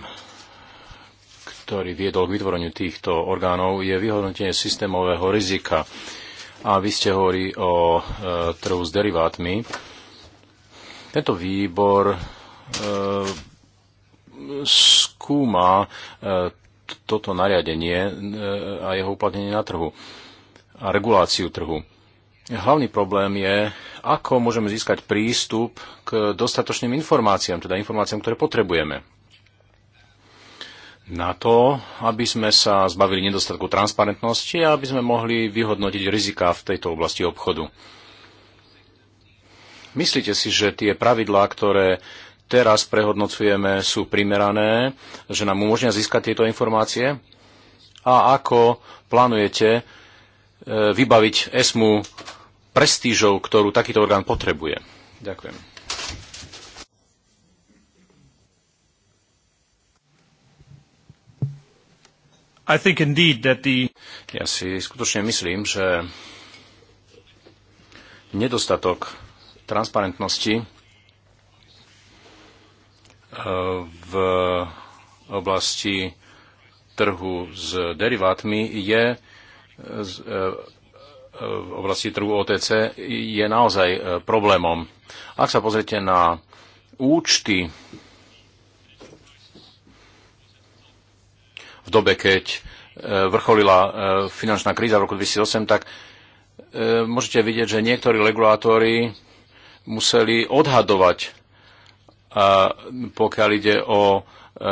ktorý viedol k vytvoreniu týchto orgánov, je vyhodnotenie systémového rizika. A vy ste hovorí o e, trhu s derivátmi. Tento výbor e, skúma e, toto nariadenie e, a jeho uplatnenie na trhu a reguláciu trhu. Hlavný problém je, ako môžeme získať prístup k dostatočným informáciám, teda informáciám, ktoré potrebujeme. Na to, aby sme sa zbavili nedostatku transparentnosti a aby sme mohli vyhodnotiť rizika v tejto oblasti obchodu. Myslíte si, že tie pravidlá, ktoré teraz prehodnocujeme, sú primerané, že nám umožňa získať tieto informácie? A ako plánujete e, vybaviť ESMU prestížou, ktorú takýto orgán potrebuje? Ďakujem. I think indeed that the... Ja si skutočne myslím, že nedostatok transparentnosti v oblasti trhu s derivátmi je e, e, v oblasti trhu OTC je naozaj e, problémom. Ak sa pozrite na účty v dobe, keď vrcholila finančná kríza v roku 2008, tak môžete vidieť, že niektorí regulátori museli odhadovať a pokiaľ ide o e,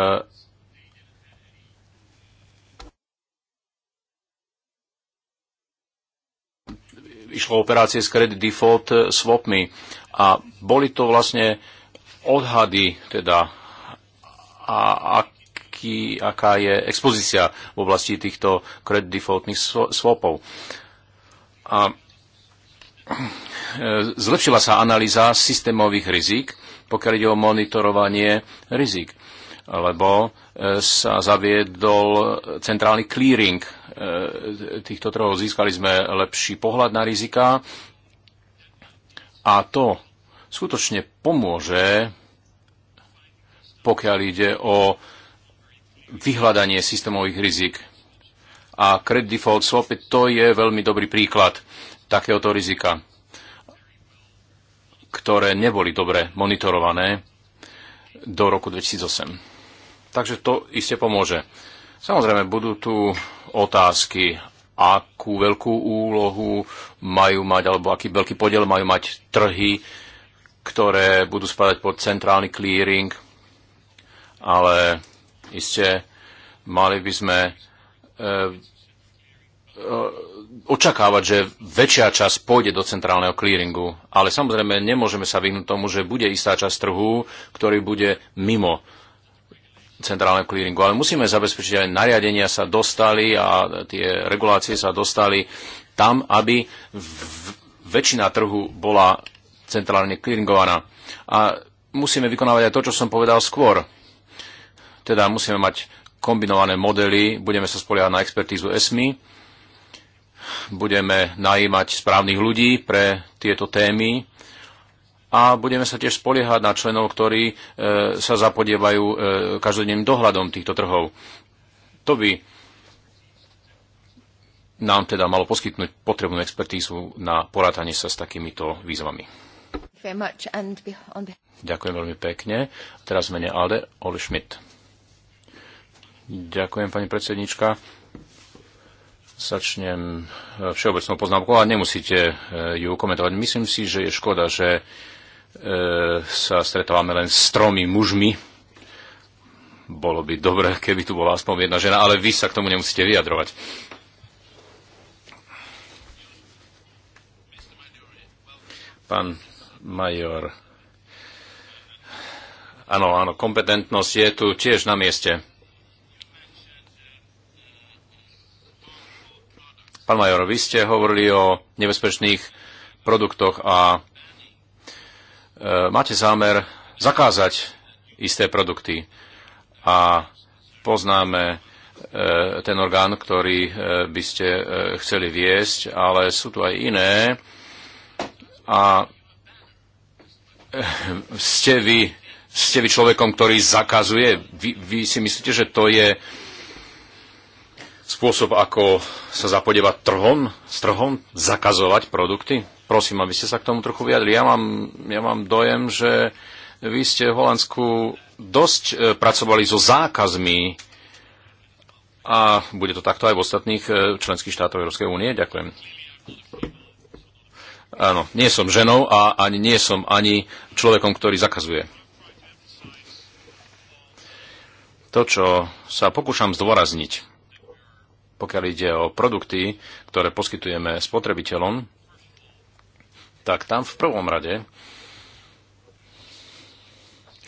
išlo operácie s credit default e, swapmi a boli to vlastne odhady, teda a aký, aká je expozícia v oblasti týchto credit defaultných swapov. A e, zlepšila sa analýza systémových rizik pokiaľ ide o monitorovanie rizik. Lebo e, sa zaviedol centrálny clearing e, týchto trhov. Získali sme lepší pohľad na rizika a to skutočne pomôže, pokiaľ ide o vyhľadanie systémových rizik. A credit default swap to je veľmi dobrý príklad takéhoto rizika ktoré neboli dobre monitorované do roku 2008. Takže to iste pomôže. Samozrejme, budú tu otázky, akú veľkú úlohu majú mať, alebo aký veľký podiel majú mať trhy, ktoré budú spadať pod centrálny clearing, ale iste mali by sme e, e, očakávať, že väčšia časť pôjde do centrálneho clearingu, ale samozrejme nemôžeme sa vyhnúť tomu, že bude istá časť trhu, ktorý bude mimo centrálneho clearingu. Ale musíme zabezpečiť, aj nariadenia sa dostali a tie regulácie sa dostali tam, aby väčšina trhu bola centrálne clearingovaná. A musíme vykonávať aj to, čo som povedal skôr. Teda musíme mať kombinované modely, budeme sa spoliehať na expertízu ESMI, budeme najímať správnych ľudí pre tieto témy a budeme sa tiež spoliehať na členov, ktorí e, sa zapodievajú e, každodenným dohľadom týchto trhov. To by nám teda malo poskytnúť potrebnú expertízu na porátanie sa s takýmito výzvami. Ďakujem veľmi pekne. Teraz mene Alde Ole Schmidt. Ďakujem, pani predsednička. Začnem e, všeobecnou poznámkou a nemusíte e, ju komentovať. Myslím si, že je škoda, že e, sa stretávame len s tromi mužmi. Bolo by dobré, keby tu bola aspoň jedna žena, ale vy sa k tomu nemusíte vyjadrovať. Pán major. Áno, áno, kompetentnosť je tu tiež na mieste. Pán Major, vy ste hovorili o nebezpečných produktoch a e, máte zámer zakázať isté produkty. A poznáme e, ten orgán, ktorý e, by ste chceli viesť, ale sú tu aj iné. A ste vy, ste vy človekom, ktorý zakazuje? Vy, vy si myslíte, že to je spôsob, ako sa zapodievať trhom, s trhom, zakazovať produkty? Prosím, aby ste sa k tomu trochu vyjadli. Ja mám, ja mám dojem, že vy ste v Holandsku dosť e, pracovali so zákazmi a bude to takto aj v ostatných e, členských štátoch Európskej únie. Ďakujem. Áno, nie som ženou a ani nie som ani človekom, ktorý zakazuje. To, čo sa pokúšam zdôrazniť, pokiaľ ide o produkty, ktoré poskytujeme spotrebiteľom, tak tam v prvom rade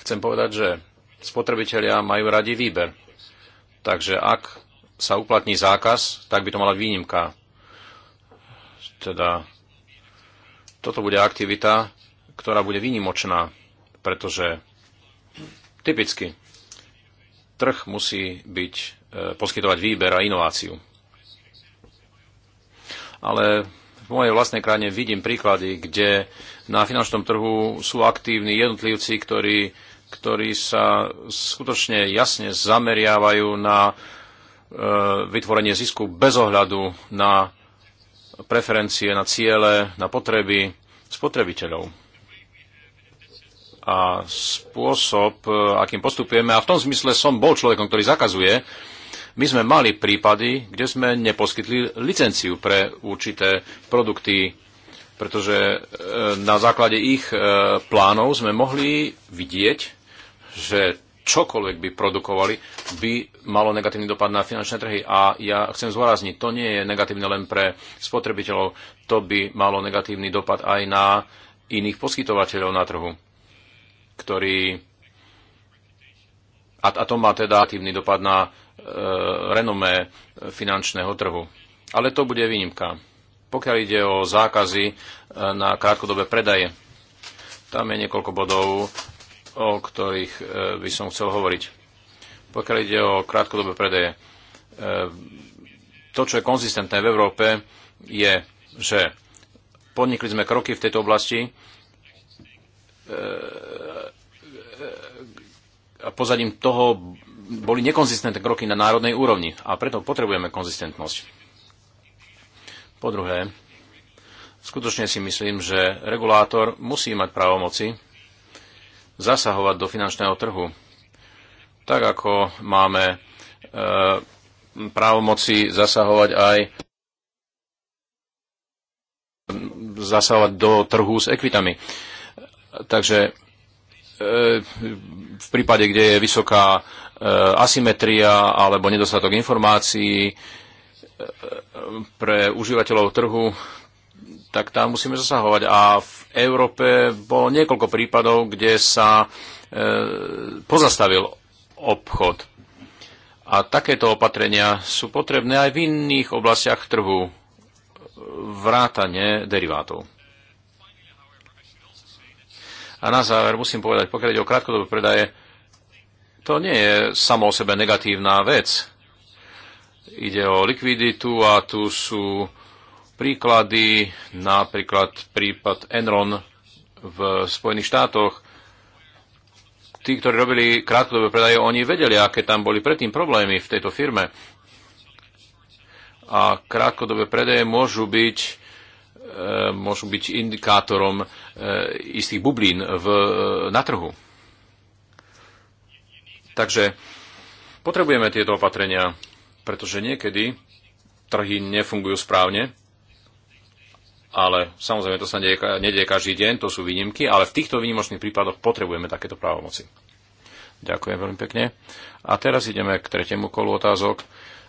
chcem povedať, že spotrebitelia majú radi výber. Takže ak sa uplatní zákaz, tak by to mala výnimka. Teda toto bude aktivita, ktorá bude výnimočná, pretože typicky trh musí byť E, poskytovať výber a inováciu. Ale v mojej vlastnej krajine vidím príklady, kde na finančnom trhu sú aktívni jednotlivci, ktorí, ktorí sa skutočne jasne zameriavajú na e, vytvorenie zisku bez ohľadu na preferencie, na ciele, na potreby spotrebiteľov. A spôsob, e, akým postupujeme, a v tom zmysle som bol človekom, ktorý zakazuje my sme mali prípady, kde sme neposkytli licenciu pre určité produkty, pretože e, na základe ich e, plánov sme mohli vidieť, že čokoľvek by produkovali, by malo negatívny dopad na finančné trhy. A ja chcem zvorazniť, to nie je negatívne len pre spotrebiteľov, to by malo negatívny dopad aj na iných poskytovateľov na trhu, ktorí... A, to má teda negatívny dopad na E, renomé finančného trhu. Ale to bude výnimka. Pokiaľ ide o zákazy e, na krátkodobé predaje, tam je niekoľko bodov, o ktorých e, by som chcel hovoriť. Pokiaľ ide o krátkodobé predaje, to, čo je konzistentné v Európe, je, že podnikli sme kroky v tejto oblasti a pozadím toho boli nekonzistentné kroky na národnej úrovni a preto potrebujeme konzistentnosť. Po druhé, skutočne si myslím, že regulátor musí mať právomoci zasahovať do finančného trhu. Tak ako máme e, právomoci zasahovať aj zasahovať do trhu s ekvitami. Takže e, v prípade, kde je vysoká E, asymetria alebo nedostatok informácií e, pre užívateľov trhu, tak tam musíme zasahovať. A v Európe bolo niekoľko prípadov, kde sa e, pozastavil obchod. A takéto opatrenia sú potrebné aj v iných oblastiach trhu, vrátane derivátov. A na záver musím povedať, pokiaľ ide o krátkodobé predaje, to nie je samo o sebe negatívna vec. Ide o likviditu a tu sú príklady, napríklad prípad Enron v Spojených štátoch. Tí, ktorí robili krátkodobé predaje, oni vedeli, aké tam boli predtým problémy v tejto firme. A krátkodobé predaje môžu byť e, môžu byť indikátorom e, istých bublín v, e, na trhu. Takže potrebujeme tieto opatrenia, pretože niekedy trhy nefungujú správne, ale samozrejme to sa nedie, nedie každý deň, to sú výnimky, ale v týchto výnimočných prípadoch potrebujeme takéto právomoci. Ďakujem veľmi pekne. A teraz ideme k tretiemu kolu otázok.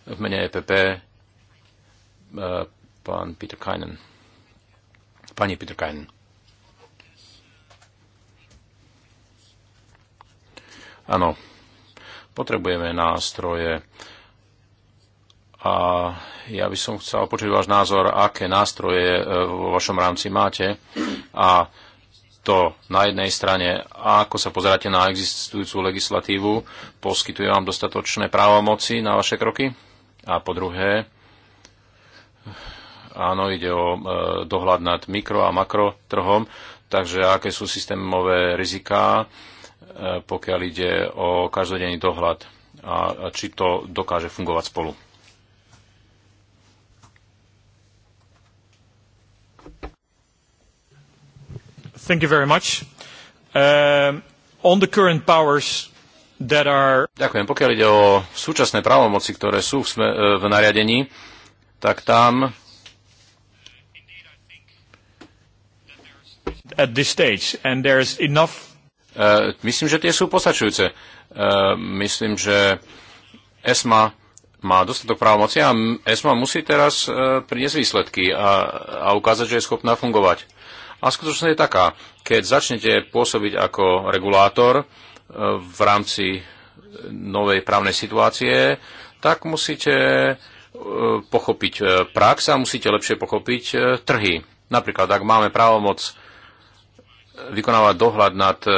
V mene EPP e, pán Peter Kajnen. Pani Peter Kajnen. Áno, Potrebujeme nástroje. A ja by som chcel počuť váš názor, aké nástroje e, vo vašom rámci máte a to na jednej strane, ako sa pozeráte na existujúcu legislatívu, poskytuje vám dostatočné právomoci na vaše kroky? A po druhé, áno, ide o e, dohľad nad mikro a makro trhom, takže aké sú systémové riziká, E, pokiaľ ide o každodenný dohľad a či to dokáže fungovať spolu. Thank you very much. Um, on the current powers that are... Ďakujem. Pokiaľ ide o súčasné právomoci, ktoré sú v, sme, e, v nariadení, tak tam... At this stage, and there's enough E, myslím, že tie sú postačujúce. E, myslím, že ESMA má dostatok právomoci a ESMA musí teraz e, priniesť výsledky a, a ukázať, že je schopná fungovať. A skutočnosť je taká, keď začnete pôsobiť ako regulátor v rámci novej právnej situácie, tak musíte pochopiť prax a musíte lepšie pochopiť trhy. Napríklad, ak máme právomoc vykonávať dohľad nad e,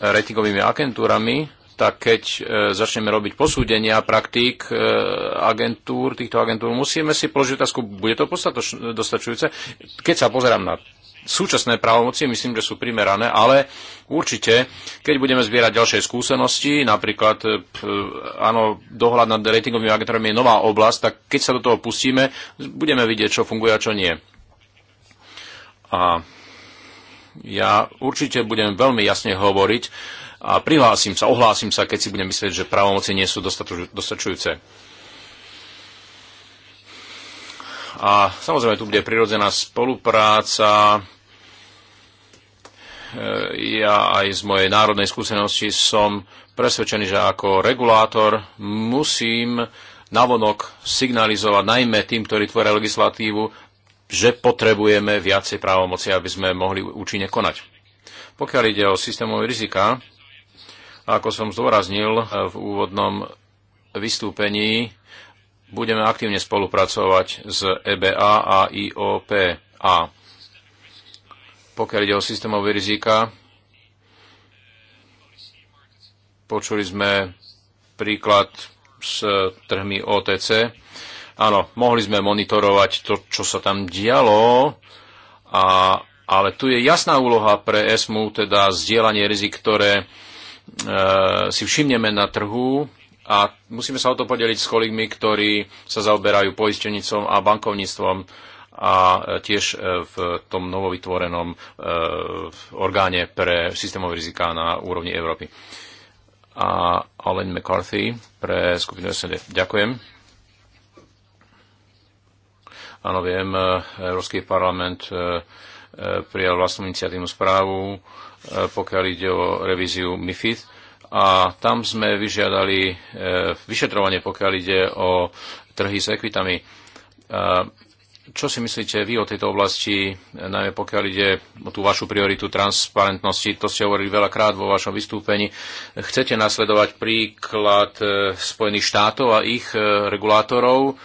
ratingovými agentúrami, tak keď e, začneme robiť posúdenia praktík e, agentúr, týchto agentúr, musíme si položiť otázku, bude to dostačujúce. Keď sa pozerám na súčasné právomoci, myslím, že sú primerané, ale určite, keď budeme zbierať ďalšie skúsenosti, napríklad áno, dohľad nad ratingovými agentúrami je nová oblasť, tak keď sa do toho pustíme, budeme vidieť, čo funguje a čo nie. A ja určite budem veľmi jasne hovoriť a prihlásim sa, ohlásim sa, keď si budem myslieť, že právomoci nie sú dostačujúce. A samozrejme, tu bude prirodzená spolupráca. E, ja aj z mojej národnej skúsenosti som presvedčený, že ako regulátor musím navonok signalizovať najmä tým, ktorí tvoria legislatívu, že potrebujeme viacej právomoci, aby sme mohli účinne konať. Pokiaľ ide o systémové rizika, ako som zdôraznil eh, v úvodnom vystúpení, budeme aktívne spolupracovať s EBA a IOPA. Pokiaľ ide o systémové rizika, počuli sme príklad s trhmi OTC, Áno, mohli sme monitorovať to, čo sa tam dialo, a, ale tu je jasná úloha pre ESMU, teda zdieľanie rizik, ktoré e, si všimneme na trhu a musíme sa o to podeliť s kolegmi, ktorí sa zaoberajú poistenicom a bankovníctvom a e, tiež e, v tom novovytvorenom e, orgáne pre systémové riziká na úrovni Európy. A alan McCarthy pre skupinu SND. Ďakujem. Áno, viem, e, Európsky parlament e, e, prijal vlastnú iniciatívnu správu, pokiaľ ide o revíziu MIFID. A tam sme vyžiadali vyšetrovanie, pokiaľ ide o trhy s ekvitami. Čo si myslíte vy o tejto oblasti, najmä pokiaľ ide o tú vašu prioritu transparentnosti, to ste hovorili veľakrát vo vašom vystúpení. Chcete nasledovať príklad Spojených štátov a ich regulátorov?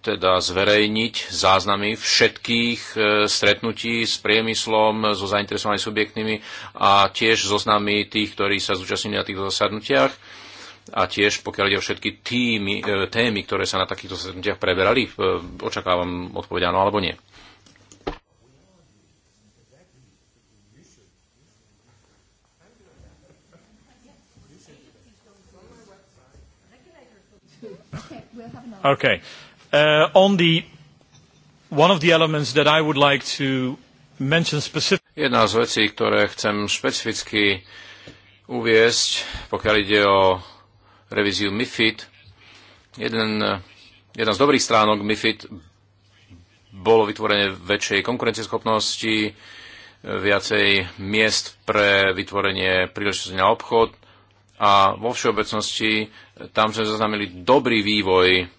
teda zverejniť záznamy všetkých e, stretnutí s priemyslom, so zainteresovanými subjektmi a tiež zoznamy tých, ktorí sa zúčastnili na týchto zasadnutiach a tiež pokiaľ ide o všetky týmy, e, témy, ktoré sa na takýchto stretnutiach preberali, e, očakávam odpoveď áno alebo nie. Okay. Uh, on the, one of the elements that I would like to mention specifically. Jedna z vecí, ktoré chcem špecificky uviesť, pokiaľ ide o revíziu MIFID, jeden, jedna z dobrých stránok MIFID bolo vytvorenie väčšej konkurencieschopnosti, viacej miest pre vytvorenie príležitosti na obchod a vo všeobecnosti tam sme zaznamenali dobrý vývoj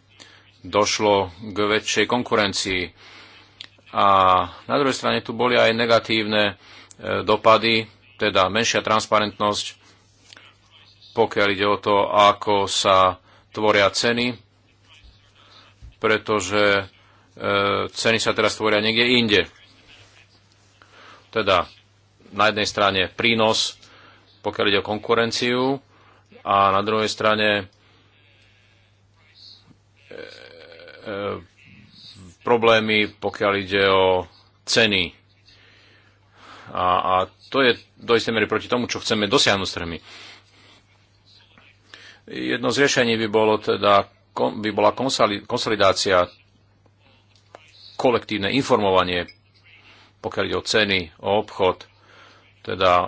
došlo k väčšej konkurencii. A na druhej strane tu boli aj negatívne e, dopady, teda menšia transparentnosť, pokiaľ ide o to, ako sa tvoria ceny, pretože e, ceny sa teraz tvoria niekde inde. Teda na jednej strane prínos, pokiaľ ide o konkurenciu, a na druhej strane E, problémy, pokiaľ ide o ceny. A, a to je do istej mery proti tomu, čo chceme dosiahnuť s trhmi. Jedno z riešení by, bolo teda, by bola konsolidácia, kolektívne informovanie, pokiaľ ide o ceny, o obchod, teda e,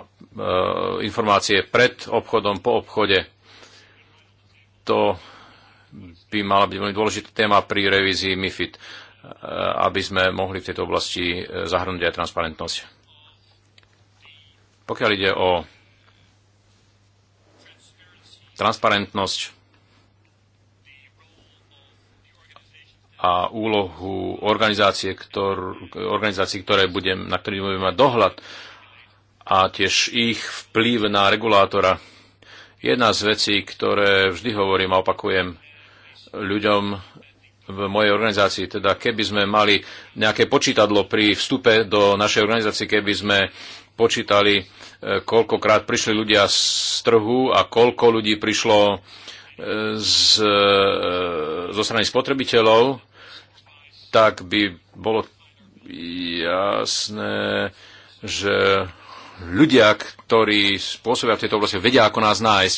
informácie pred obchodom, po obchode. To by mala byť veľmi dôležitá téma pri revízii MIFID, eh, aby sme mohli v tejto oblasti eh, zahrnúť aj transparentnosť. Pokiaľ ide o transparentnosť a úlohu organizácie, ktor, organizácií, ktoré budem, na ktorých budeme mať dohľad a tiež ich vplyv na regulátora. Jedna z vecí, ktoré vždy hovorím a opakujem, ľuďom v mojej organizácii. Teda keby sme mali nejaké počítadlo pri vstupe do našej organizácie, keby sme počítali, e, koľkokrát prišli ľudia z trhu a koľko ľudí prišlo e, z, e, zo strany spotrebiteľov, tak by bolo jasné, že ľudia, ktorí spôsobia v tejto oblasti, vedia, ako nás nájsť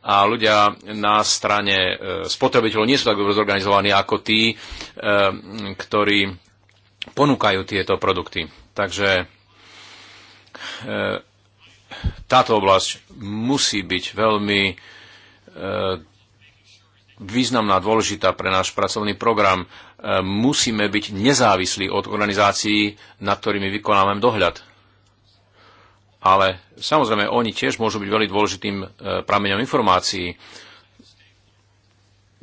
a ľudia na strane e, spotrebiteľov nie sú tak dobre zorganizovaní ako tí, e, ktorí ponúkajú tieto produkty. Takže e, táto oblasť musí byť veľmi významná, dôležitá pre náš pracovný program. Musíme byť nezávislí od organizácií, nad ktorými vykonávame dohľad ale samozrejme oni tiež môžu byť veľmi dôležitým e, prameňom informácií.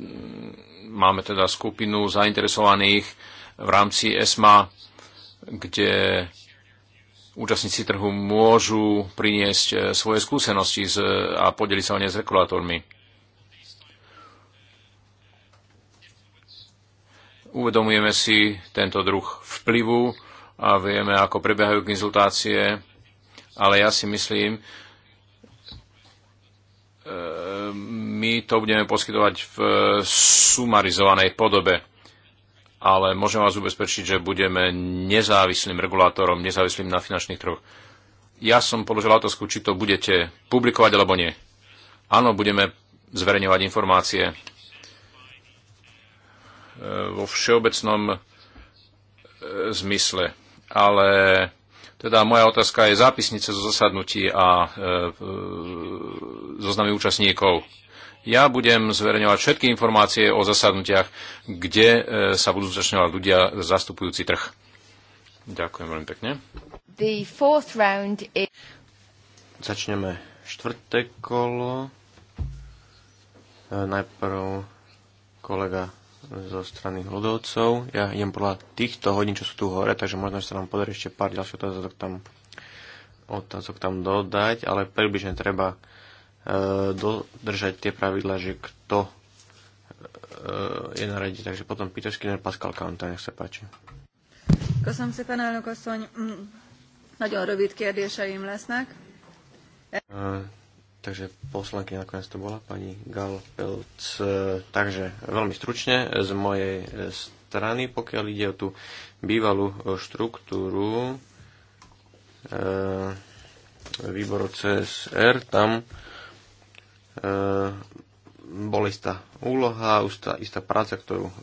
Mm, máme teda skupinu zainteresovaných v rámci ESMA, kde účastníci trhu môžu priniesť e, svoje skúsenosti a podeliť sa o ne s regulátormi. Uvedomujeme si tento druh vplyvu a vieme, ako prebiehajú konzultácie ale ja si myslím, eh, my to budeme poskytovať v sumarizovanej podobe. Ale môžem vás ubezpečiť, že budeme nezávislým regulátorom, nezávislým na finančných trhoch. Ja som položil otázku, či to budete publikovať alebo nie. Áno, budeme zverejňovať informácie eh, vo všeobecnom eh, zmysle, ale teda moja otázka je zápisnice zo zasadnutí a e, e, zoznamy účastníkov. Ja budem zverejňovať všetky informácie o zasadnutiach, kde e, sa budú zúčastňovať ľudia zastupujúci trh. Ďakujem veľmi pekne. The fourth round is... Začneme štvrté kolo. E, najprv kolega zo strany hľudovcov. Ja idem podľa týchto hodín, čo sú tu hore, takže možno že sa vám podarí ešte pár ďalších otázok tam, otázok tam dodať, ale približne treba e, dodržať tie pravidla, že kto e, je na rade. Takže potom Peter Skinner, Pascal Kanta, nech sa páči. Köszönöm szépen, elnök asszony. Mm, nagyon rövid kérdéseim lesznek. E, Takže poslanky nakoniec to bola pani Gal Pelc. Takže veľmi stručne z mojej e, strany, pokiaľ ide o tú bývalú e, štruktúru e, výboru CSR, tam e, bola istá úloha, istá, istá práca, ktorú e,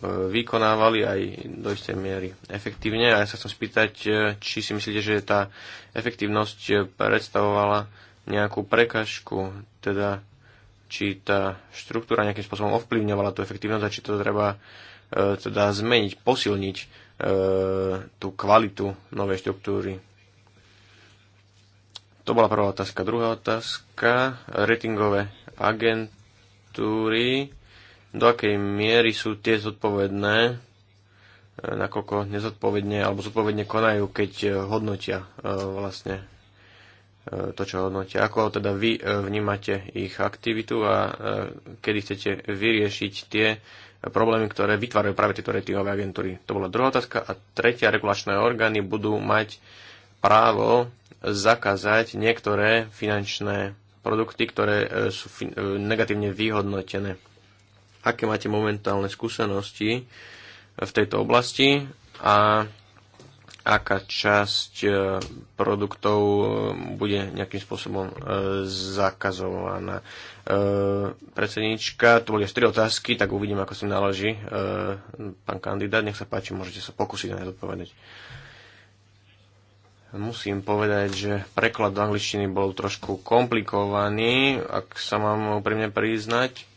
vykonávali aj do istej miery efektívne. A ja sa chcem spýtať, e, či si myslíte, že tá efektívnosť predstavovala nejakú prekažku, teda či tá štruktúra nejakým spôsobom ovplyvňovala tú efektívnosť a či to treba e, teda zmeniť, posilniť e, tú kvalitu novej štruktúry. To bola prvá otázka. Druhá otázka, ratingové agentúry, do akej miery sú tie zodpovedné, e, nakoľko nezodpovedne alebo zodpovedne konajú, keď e, hodnotia e, vlastne to, čo hodnotia. Ako teda vy e, vnímate ich aktivitu a e, kedy chcete vyriešiť tie problémy, ktoré vytvárajú práve tieto ratingové agentúry. To bola druhá otázka. A tretia, regulačné orgány budú mať právo zakázať niektoré finančné produkty, ktoré e, sú negatívne vyhodnotené. Aké máte momentálne skúsenosti v tejto oblasti a aká časť e, produktov e, bude nejakým spôsobom e, zakazovaná. Predsednička, Tu boli až tri otázky, tak uvidím, ako si naloží pán kandidát. Nech sa páči, môžete sa pokúsiť na zodpovedať. odpovedať. Musím povedať, že preklad do angličtiny bol trošku komplikovaný, ak sa mám úprimne priznať,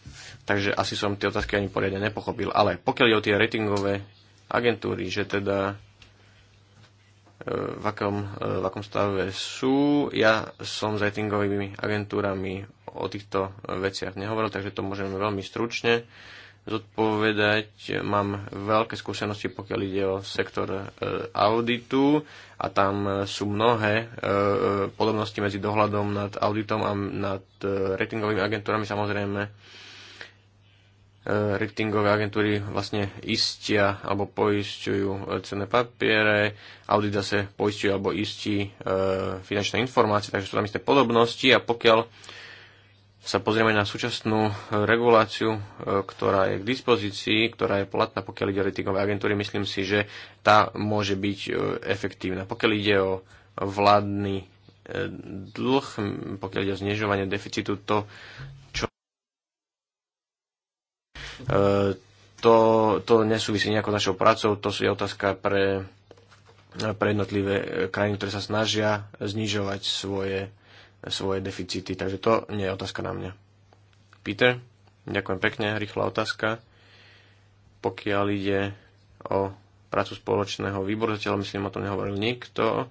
takže asi som tie otázky ani poriadne nepochopil. Ale pokiaľ je o tie ratingové agentúry, že teda v akom, v akom stave sú. Ja som s ratingovými agentúrami o týchto veciach nehovoril, takže to môžeme veľmi stručne zodpovedať. Mám veľké skúsenosti, pokiaľ ide o sektor e, auditu a tam sú mnohé e, podobnosti medzi dohľadom nad auditom a nad e, ratingovými agentúrami. Samozrejme, E, ratingové agentúry vlastne istia alebo poisťujú e, cenné papiere, audit zase poisťuje alebo istí e, finančné informácie, takže sú tam isté podobnosti a pokiaľ sa pozrieme na súčasnú reguláciu, e, ktorá je k dispozícii, ktorá je platná, pokiaľ ide o ratingové agentúry, myslím si, že tá môže byť efektívna. Pokiaľ ide o vládny dlh, pokiaľ ide o znižovanie deficitu, to, čo E, to, to nesúvisí nejako našou prácou, to je otázka pre, pre jednotlivé e, krajiny, ktoré sa snažia znižovať svoje, svoje deficity. Takže to nie je otázka na mňa. Peter, ďakujem pekne, rýchla otázka. Pokiaľ ide o prácu spoločného výboru, zatiaľ myslím, o tom nehovoril nikto.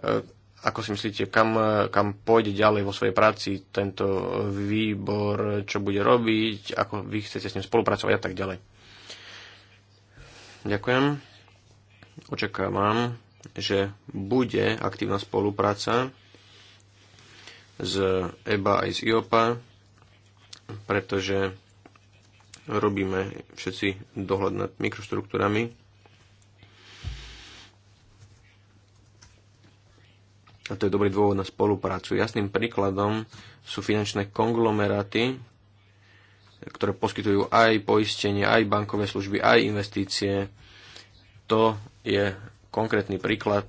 E, ako si myslíte, kam, kam pôjde ďalej vo svojej práci tento výbor, čo bude robiť, ako vy chcete s ním spolupracovať a tak ďalej? Ďakujem. Očakávam, že bude aktívna spolupráca z EBA aj z IOPA, pretože robíme všetci dohľad nad mikroštruktúrami a to je dobrý dôvod na spoluprácu. Jasným príkladom sú finančné konglomeráty, ktoré poskytujú aj poistenie, aj bankové služby, aj investície. To je konkrétny príklad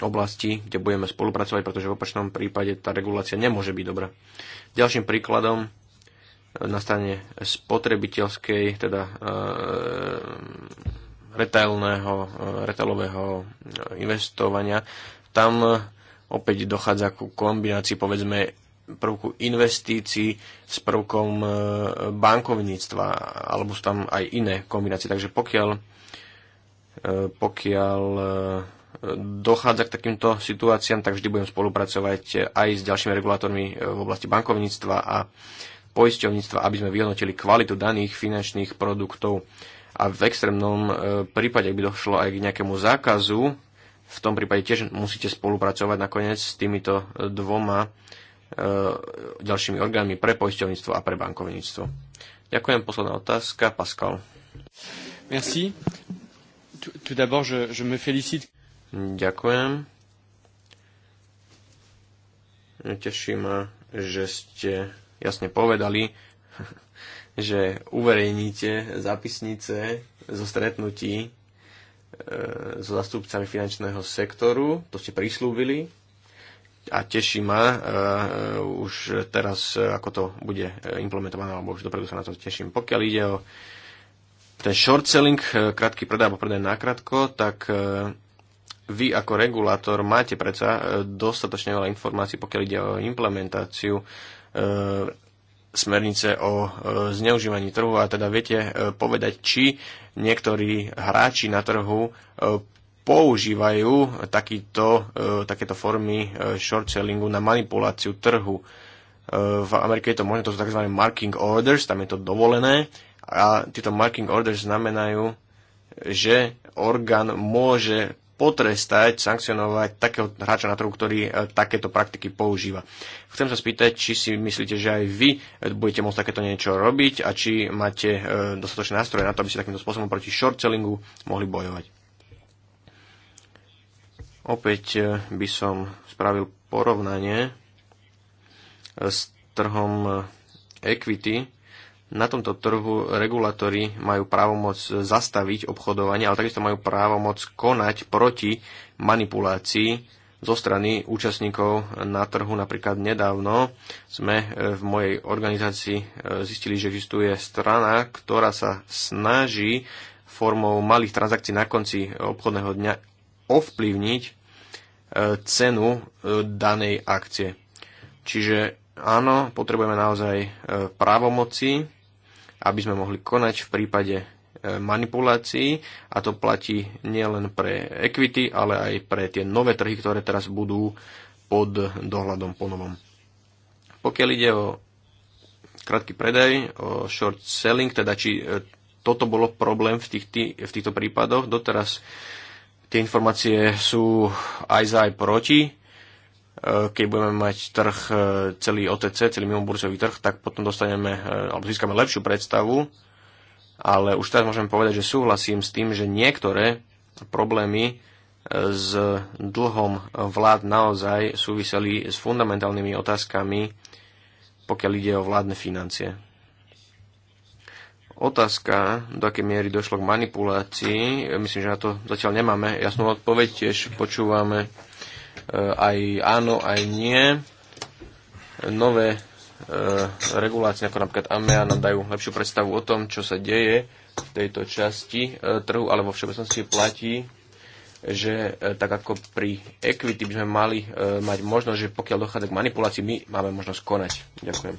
oblasti, kde budeme spolupracovať, pretože v opačnom prípade tá regulácia nemôže byť dobrá. Ďalším príkladom na strane spotrebiteľskej, teda e, retailného, e, retailového e, investovania tam e, opäť dochádza ku kombinácii povedzme prvku investícií s prvkom e, bankovníctva, alebo sú tam aj iné kombinácie. Takže pokiaľ, e, pokiaľ dochádza k takýmto situáciám, tak vždy budem spolupracovať aj s ďalšími regulátormi v oblasti bankovníctva a poisťovníctva, aby sme vyhodnotili kvalitu daných finančných produktov. A v extrémnom prípade, ak by došlo aj k nejakému zákazu v tom prípade tiež musíte spolupracovať nakoniec s týmito e, dvoma e, ďalšími orgánmi pre poisťovníctvo a pre bankovníctvo. Ďakujem. Posledná otázka. Pascal. Merci. Tout d'abord, je, je me félicite. Ďakujem. Teší ma, že ste jasne povedali, že uverejníte zápisnice zo stretnutí E, so zastupcami finančného sektoru, to ste prislúbili a teší ma e, už teraz, e, ako to bude implementované, alebo už dopredu sa na to teším. Pokiaľ ide o ten short selling, krátky predaj alebo predaj nakrátko, tak vy ako regulátor máte predsa dostatočne veľa informácií, pokiaľ ide o implementáciu smernice o e, zneužívaní trhu a teda viete e, povedať, či niektorí hráči na trhu e, používajú takýto, takéto formy short sellingu na manipuláciu trhu. V Amerike je to možné, to sú tzv. marking orders, tam je to dovolené a tieto marking orders znamenajú, že orgán môže potrestať, sankcionovať takého hráča na trhu, ktorý e, takéto praktiky používa. Chcem sa spýtať, či si myslíte, že aj vy e, budete môcť takéto niečo robiť a či máte e, dostatočné nástroje na to, aby ste takýmto spôsobom proti shortcellingu mohli bojovať. Opäť by som spravil porovnanie s trhom equity, na tomto trhu regulátori majú právomoc zastaviť obchodovanie, ale takisto majú právomoc konať proti manipulácii zo strany účastníkov na trhu. Napríklad nedávno sme v mojej organizácii e, zistili, že existuje strana, ktorá sa snaží formou malých transakcií na konci obchodného dňa ovplyvniť e, cenu e, danej akcie. Čiže áno, potrebujeme naozaj právomoci, aby sme mohli konať v prípade e, manipulácií a to platí nielen pre equity, ale aj pre tie nové trhy, ktoré teraz budú pod dohľadom ponovom. Pokiaľ ide o krátky predaj, o short selling, teda či e, toto bolo problém v, tých, v týchto prípadoch, doteraz tie informácie sú aj za aj proti, Eh, keď budeme mať trh eh, celý OTC, celý mimoburcový trh, tak potom dostaneme, eh, alebo získame lepšiu predstavu, ale už teraz môžem povedať, že súhlasím s tým, že niektoré problémy s dlhom vlád naozaj súviseli s fundamentálnymi otázkami, pokiaľ ide o vládne financie. Otázka, do akej miery došlo k manipulácii, myslím, že na to zatiaľ nemáme jasnú odpoveď, tiež počúvame E, aj áno, aj nie. Nové e, regulácie, ako napríklad AMEA, nám dajú lepšiu predstavu o tom, čo sa deje v tejto časti e, trhu, ale vo všeobecnosti platí, že tak ako pri equity by sme mali mať možnosť, že pokiaľ dochádza k manipulácii, my máme možnosť konať. Ďakujem.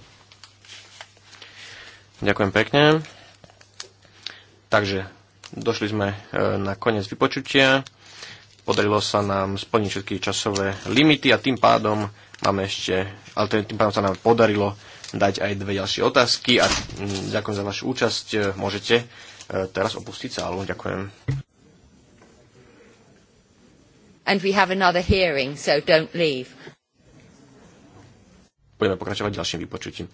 Ďakujem pekne. Takže došli sme na koniec vypočutia. Podarilo sa nám splniť všetky časové limity a tým pádom máme ešte, ale tým pádom sa nám podarilo dať aj dve ďalšie otázky a mm, ďakujem za vašu účasť. E, môžete e, teraz opustiť sálu. Ďakujem. And we have another hearing, so don't leave. Budeme pokračovať ďalším vypočutím.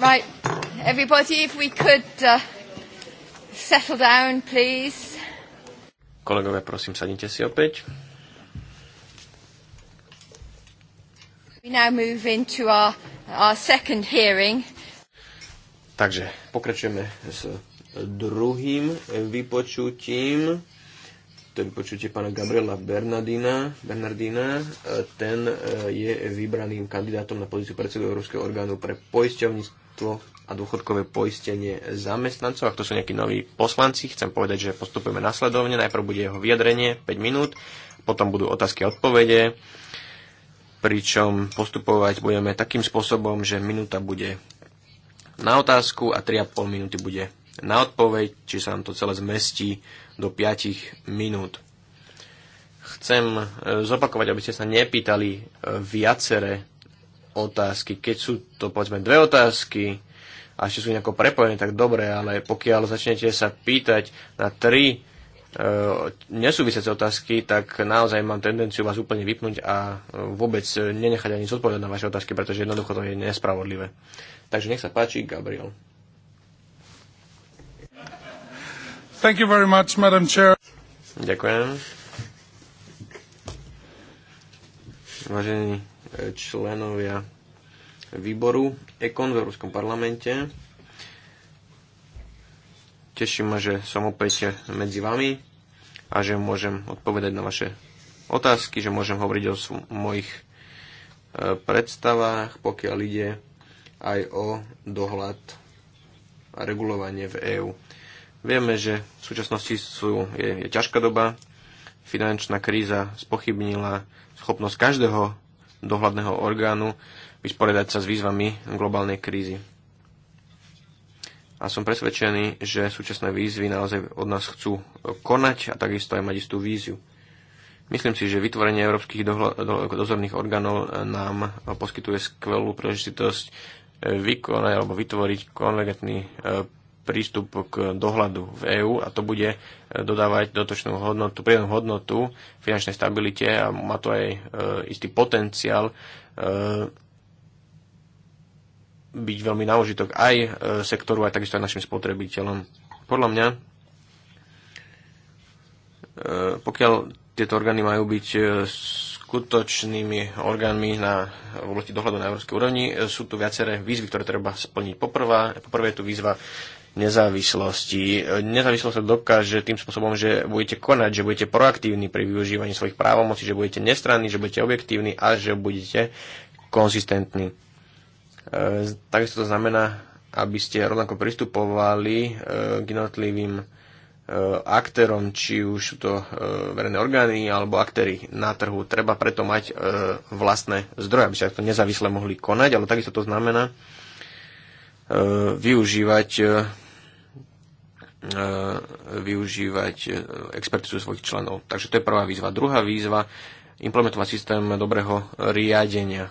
Right, everybody, if we could uh, settle down, please. Kolegové, prosím, sadnite si opäť. We now move into our, our second hearing. Takže pokračujeme s druhým vypočutím. To je vypočutie pána Gabriela Bernardina. Bernardina. Eh, ten eh, je vybraným kandidátom na pozíciu predsedu Európskeho orgánu pre poisťovníctvo zdravotníctvo a dôchodkové poistenie zamestnancov. Ak to sú nejakí noví poslanci, chcem povedať, že postupujeme nasledovne. Najprv bude jeho vyjadrenie 5 minút, potom budú otázky a odpovede, pričom postupovať budeme takým spôsobom, že minúta bude na otázku a 3,5 minúty bude na odpoveď, či sa nám to celé zmestí do 5 minút chcem e, zopakovať, aby ste sa nepýtali e, viacere otázky. Keď sú to povedzme dve otázky a ešte sú nejako prepojené, tak dobre, ale pokiaľ začnete sa pýtať na tri e, nesúvisiace otázky, tak naozaj mám tendenciu vás úplne vypnúť a e, vôbec nenechať ani zodpovedať na vaše otázky, pretože jednoducho to je nespravodlivé. Takže nech sa páči, Gabriel. Thank you very much, Madam Chair. Ďakujem. Vážený členovia výboru EKON v Európskom parlamente. Teším ma, že som opäť medzi vami a že môžem odpovedať na vaše otázky, že môžem hovoriť o mojich e, predstavách, pokiaľ ide aj o dohľad a regulovanie v EÚ. Vieme, že v súčasnosti sú, je, je ťažká doba, finančná kríza spochybnila schopnosť každého dohľadného orgánu vysporiadať sa s výzvami globálnej krízy. A som presvedčený, že súčasné výzvy naozaj od nás chcú konať a takisto aj mať istú víziu. Myslím si, že vytvorenie európskych dozorných orgánov nám poskytuje skvelú príležitosť vykonať alebo vytvoriť konvergentný e, prístup k dohľadu v EÚ a to bude eh, dodávať dotočnú hodnotu, prídenú hodnotu finančnej stabilite a má to aj e, istý potenciál e, byť veľmi na aj e, sektoru, aj takisto aj našim spotrebiteľom. Podľa mňa, e, pokiaľ tieto orgány majú byť skutočnými orgánmi na oblasti dohľadu na európskej úrovni. Sú tu viaceré výzvy, ktoré treba splniť. Poprvá, poprvé je tu výzva nezávislosti. Nezávislosť sa dokáže tým spôsobom, že budete konať, že budete proaktívni pri využívaní svojich právomocí, že budete nestranní, že budete objektívni a že budete konzistentní. E, takisto to znamená, aby ste rovnako pristupovali e, k jednotlivým e, aktérom, či už sú to verejné orgány alebo aktéry na trhu. Treba preto mať vlastné zdroje, aby sa to nezávisle mohli konať, ale takisto to znamená využívať E, využívať e, expertizu svojich členov. Takže to je prvá výzva. Druhá výzva, implementovať systém dobrého riadenia.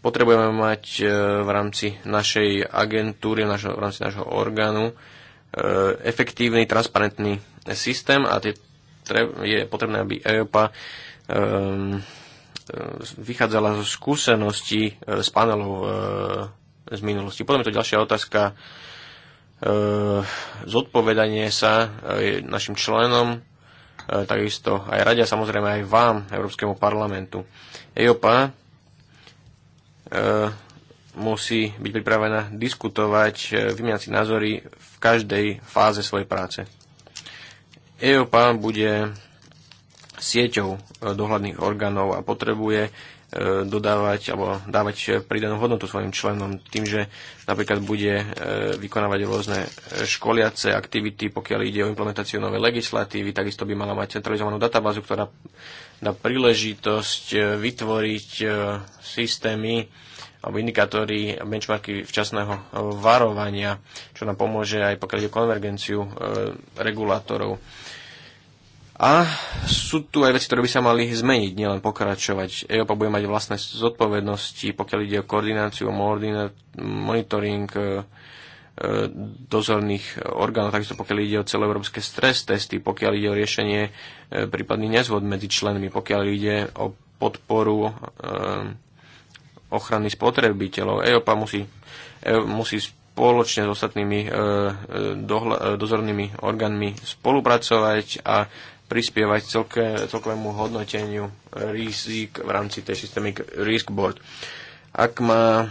Potrebujeme mať e, v rámci našej agentúry, v rámci našho orgánu efektívny, transparentný systém a je potrebné, aby EOPA ehm, vychádzala zo skúseností z panelov z minulosti. Potom je to ďalšia otázka Eh, zodpovedanie sa eh, našim členom, eh, takisto aj rade a samozrejme aj vám, Európskemu parlamentu. EIOPA musí byť pripravená diskutovať, vymieňať si názory v každej fáze svojej práce. EOPA bude sieťou dohľadných orgánov a potrebuje E, dodávať alebo dávať e, pridanú hodnotu svojim členom tým, že napríklad bude e, vykonávať rôzne školiace aktivity, pokiaľ ide o implementáciu novej legislatívy, takisto by mala mať centralizovanú databázu, ktorá dá príležitosť vytvoriť systémy alebo indikátory benchmarky včasného varovania, čo nám pomôže aj pokiaľ ide o konvergenciu regulátorov a sú tu aj veci, ktoré by sa mali zmeniť, nielen pokračovať. EOPA bude mať vlastné zodpovednosti, pokiaľ ide o koordináciu, monitoring e, e, dozorných orgánov, takisto pokiaľ ide o celoeurópske stres testy, pokiaľ ide o riešenie e, prípadných nezvod medzi členmi, pokiaľ ide o podporu ochrany spotrebiteľov. EOPA musí, musí spoločne s ostatnými dozornými orgánmi spolupracovať a prispievať celke, celkovému hodnoteniu rizik v rámci tej Systemic Risk Board. Ak má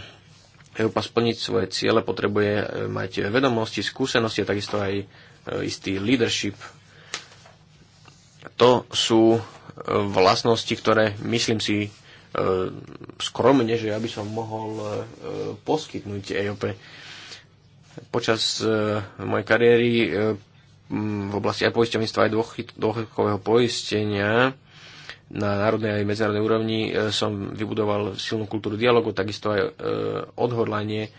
EUPA splniť svoje ciele, potrebuje e, mať vedomosti, skúsenosti a takisto aj e, istý leadership. To sú e, vlastnosti, ktoré myslím si skromne, že ja by som mohol poskytnúť EOP. Počas mojej kariéry v oblasti aj poisťovníctva, aj dôchodkového poistenia na národnej aj medzinárodnej úrovni e, som vybudoval silnú kultúru dialogu, takisto aj e, odhodlanie e,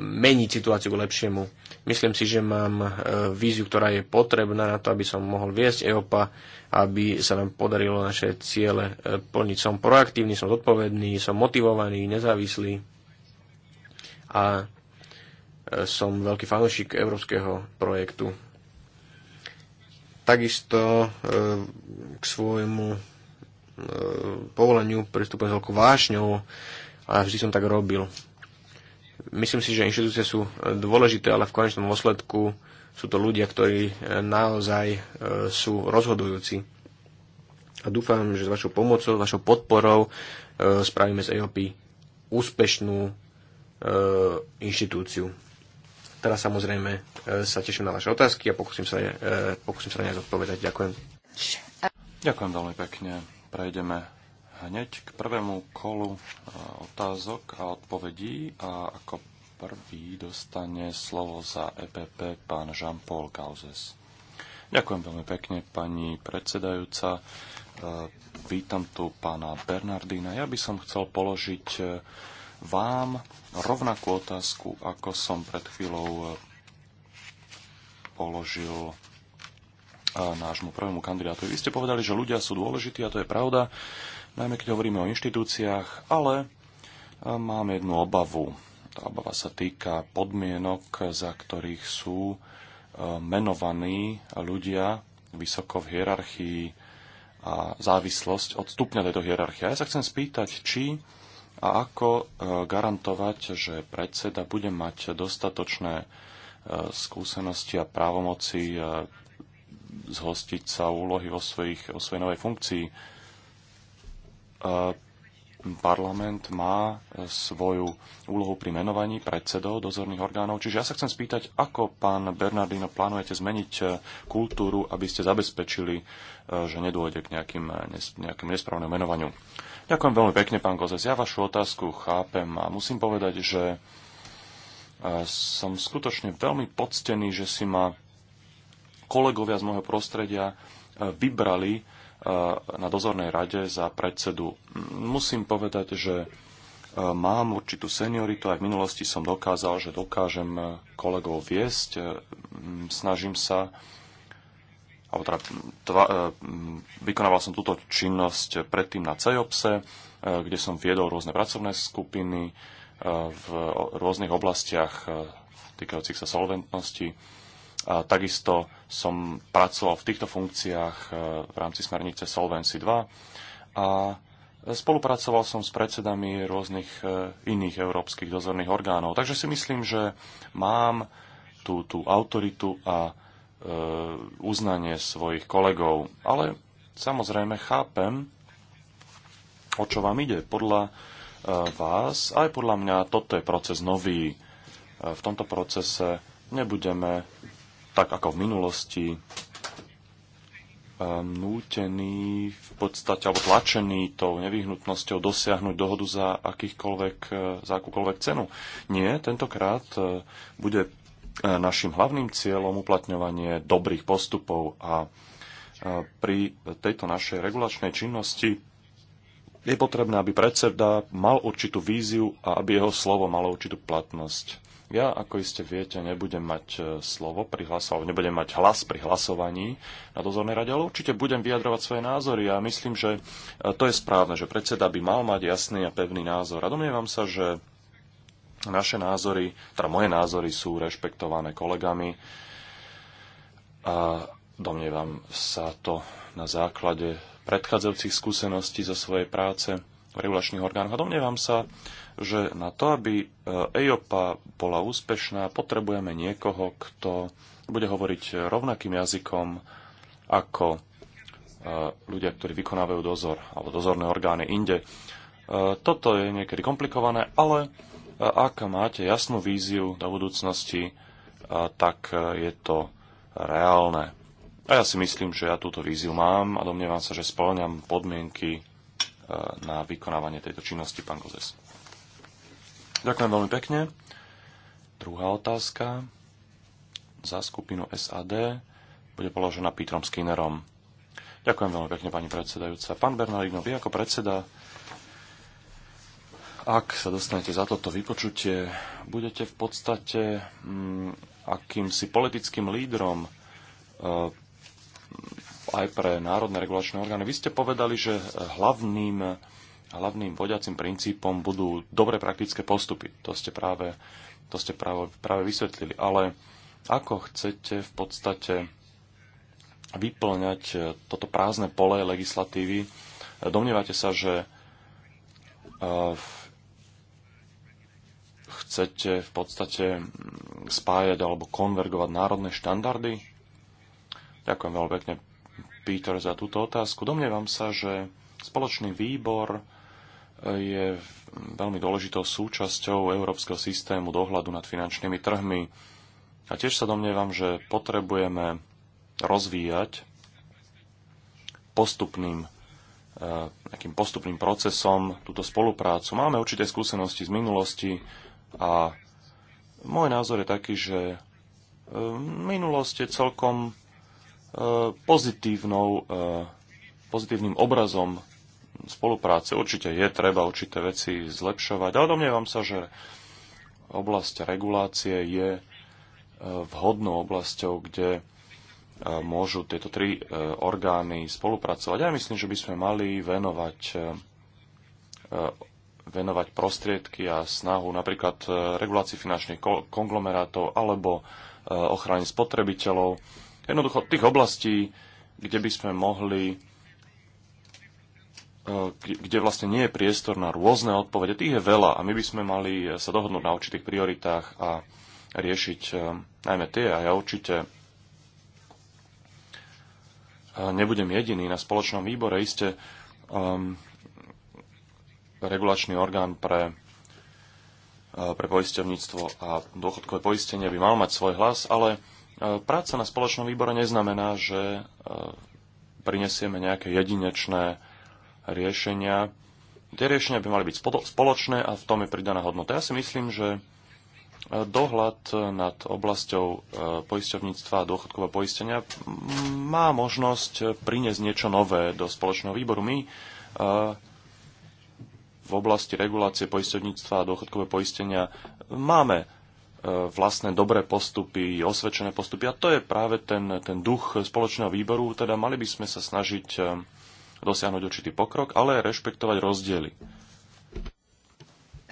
meniť situáciu k lepšiemu. Myslím si, že mám víziu, ktorá je potrebná na to, aby som mohol viesť EOPA, aby sa nám podarilo naše ciele plniť. Som proaktívny, som zodpovedný, som motivovaný, nezávislý a som veľký fanúšik európskeho projektu. Takisto e, k svojmu e, povoleniu pristupujem s veľkou vášňou a vždy som tak robil. Myslím si, že inštitúcie sú dôležité, ale v konečnom dôsledku sú to ľudia, ktorí e, naozaj sú rozhodujúci. A dúfam, že s vašou pomocou, s vašou podporou spravíme z EOP úspešnú inštitúciu. Teraz samozrejme e, sa teším na vaše otázky a pokúsim sa, e, pokúsim sa na ne zodpovedať. Ďakujem. Ďakujem veľmi pekne. Prejdeme hneď k prvému kolu e, otázok a odpovedí a ako prvý dostane slovo za EPP pán Jean-Paul Gauzes. Ďakujem veľmi pekne, pani predsedajúca. Vítam tu pána Bernardína. Ja by som chcel položiť vám rovnakú otázku, ako som pred chvíľou e, položil e, nášmu prvému kandidátu. Vy ste povedali, že ľudia sú dôležití a to je pravda, najmä keď hovoríme o inštitúciách, ale e, mám jednu obavu. Tá obava sa týka podmienok, za ktorých sú menovaní ľudia vysoko v hierarchii a závislosť od stupňa tejto hierarchie. Ja sa chcem spýtať, či a ako e, garantovať, že predseda bude mať dostatočné e, skúsenosti a právomoci e, zhostiť sa úlohy vo, svojich, vo svojej novej funkcii parlament má e, svoju úlohu pri menovaní predsedov dozorných orgánov. Čiže ja sa chcem spýtať, ako pán Bernardino plánujete zmeniť e, kultúru, aby ste zabezpečili, e, že nedôjde k nejakým, nejakým nesprávnym menovaniu. Ďakujem veľmi pekne, pán Kozes. Ja vašu otázku chápem a musím povedať, že som skutočne veľmi poctený, že si ma kolegovia z môjho prostredia vybrali Eh, na dozornej rade za predsedu. Musím povedať, že eh, mám určitú senioritu, aj v minulosti som dokázal, že dokážem eh, kolegov viesť, snažím sa alebo teda tva, vykonával som túto činnosť predtým na CEOPSE, kde som viedol rôzne pracovné skupiny v rôznych oblastiach týkajúcich sa solventnosti a takisto som pracoval v týchto funkciách e, v rámci smernice Solvency 2 a spolupracoval som s predsedami rôznych e, iných európskych dozorných orgánov. Takže si myslím, že mám tú, tú autoritu a e, uznanie svojich kolegov. Ale samozrejme chápem, o čo vám ide. Podľa e, vás, aj podľa mňa, toto je proces nový. E, v tomto procese nebudeme tak ako v minulosti, ehm, nútený v podstate, alebo tlačený tou nevyhnutnosťou dosiahnuť dohodu za, akýchkoľvek, e, za akúkoľvek cenu. Nie, tentokrát e, bude e, našim hlavným cieľom uplatňovanie dobrých postupov a pri tejto našej regulačnej činnosti je potrebné, aby predseda mal určitú víziu a aby jeho slovo malo určitú platnosť. Ja, ako iste viete, nebudem mať e, slovo pri hlasovaní, nebudem mať hlas pri hlasovaní na dozornej rade, ale určite budem vyjadrovať svoje názory a myslím, že e, to je správne, že predseda by mal mať jasný a pevný názor. A domnievam sa, že naše názory, teda moje názory sú rešpektované kolegami a domnievam sa to na základe predchádzajúcich skúseností zo svojej práce v regulačných orgánoch. A domnievam sa, že na to, aby EIOPA bola úspešná, potrebujeme niekoho, kto bude hovoriť rovnakým jazykom ako e, ľudia, ktorí vykonávajú dozor alebo dozorné orgány inde. E, toto je niekedy komplikované, ale e, ak máte jasnú víziu do budúcnosti, tak je to reálne. A ja si myslím, že ja túto víziu mám a domnievam sa, že spĺňam podmienky na vykonávanie tejto činnosti, pán Gozes. Ďakujem veľmi pekne. Druhá otázka za skupinu SAD bude položená Petrom Skinnerom. Ďakujem veľmi pekne, pani predsedajúca. Pán Bernardino, vy ako predseda, ak sa dostanete za toto vypočutie, budete v podstate mm, akýmsi politickým lídrom e, aj pre národné regulačné orgány. Vy ste povedali, že hlavným hlavným vodiacim princípom budú dobre praktické postupy. To ste práve, to ste práve, práve vysvetlili. Ale ako chcete v podstate vyplňať eh, toto prázdne pole legislatívy? Eh, domnievate sa, že eh, chcete v podstate mm, spájať alebo konvergovať národné štandardy? Ďakujem veľmi pekne, Peter, za túto otázku. Domnievam sa, že spoločný výbor je veľmi dôležitou súčasťou európskeho systému dohľadu nad finančnými trhmi. A tiež sa domnievam, že potrebujeme rozvíjať postupným e, nejakým postupným procesom túto spoluprácu. Máme určité skúsenosti z minulosti a môj názor je taký, že e, minulosť je celkom e, pozitívnou, pozitívnym obrazom spolupráce. Určite je treba určité veci zlepšovať, ale domnievam sa, že oblasť regulácie je e, vhodnou oblasťou, kde e, môžu tieto tri e, orgány spolupracovať. Ja myslím, že by sme mali venovať, venovať prostriedky a snahu napríklad regulácii finančných konglomerátov alebo ochrany spotrebiteľov. Jednoducho tých oblastí, kde by sme mohli E, kde vlastne nie je priestor na rôzne odpovede. Tých je veľa a my by sme mali e, sa dohodnúť na určitých prioritách a riešiť e, najmä tie. A ja určite nebudem jediný na spoločnom výbore. Iste um, regulačný orgán pre, pre poisťovníctvo a dôchodkové poistenie by mal mať svoj hlas, ale práca na spoločnom výbore neznamená, že prinesieme nejaké jedinečné riešenia. Tie riešenia by mali byť spoločné a v tom je pridaná hodnota. Ja si myslím, že e, dohľad nad oblasťou e, poisťovníctva a dôchodkového poistenia má možnosť e, priniesť niečo nové do spoločného výboru. My v oblasti regulácie poisťovníctva a dôchodkového poistenia máme vlastné dobré postupy, osvedčené postupy. A to je práve ten, ten duch spoločného výboru. Teda mali by sme sa snažiť dosiahnuť určitý pokrok, ale rešpektovať rozdiely.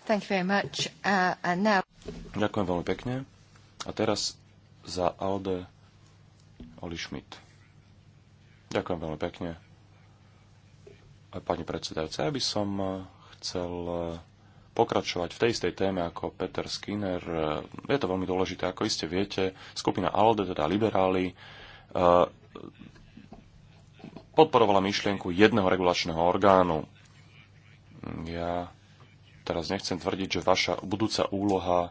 Thank you very much. Uh, and now... Ďakujem veľmi pekne. A teraz za Alde Oli Schmidt. Ďakujem veľmi pekne. A pani predsedajúca, ja by som uh, chcel uh, pokračovať v tej istej téme ako Peter Skinner. Uh, je to veľmi dôležité, ako iste viete, skupina ALDE, teda liberáli, podporovala myšlienku jedného regulačného orgánu. Ja teraz nechcem tvrdiť, že vaša budúca úloha e,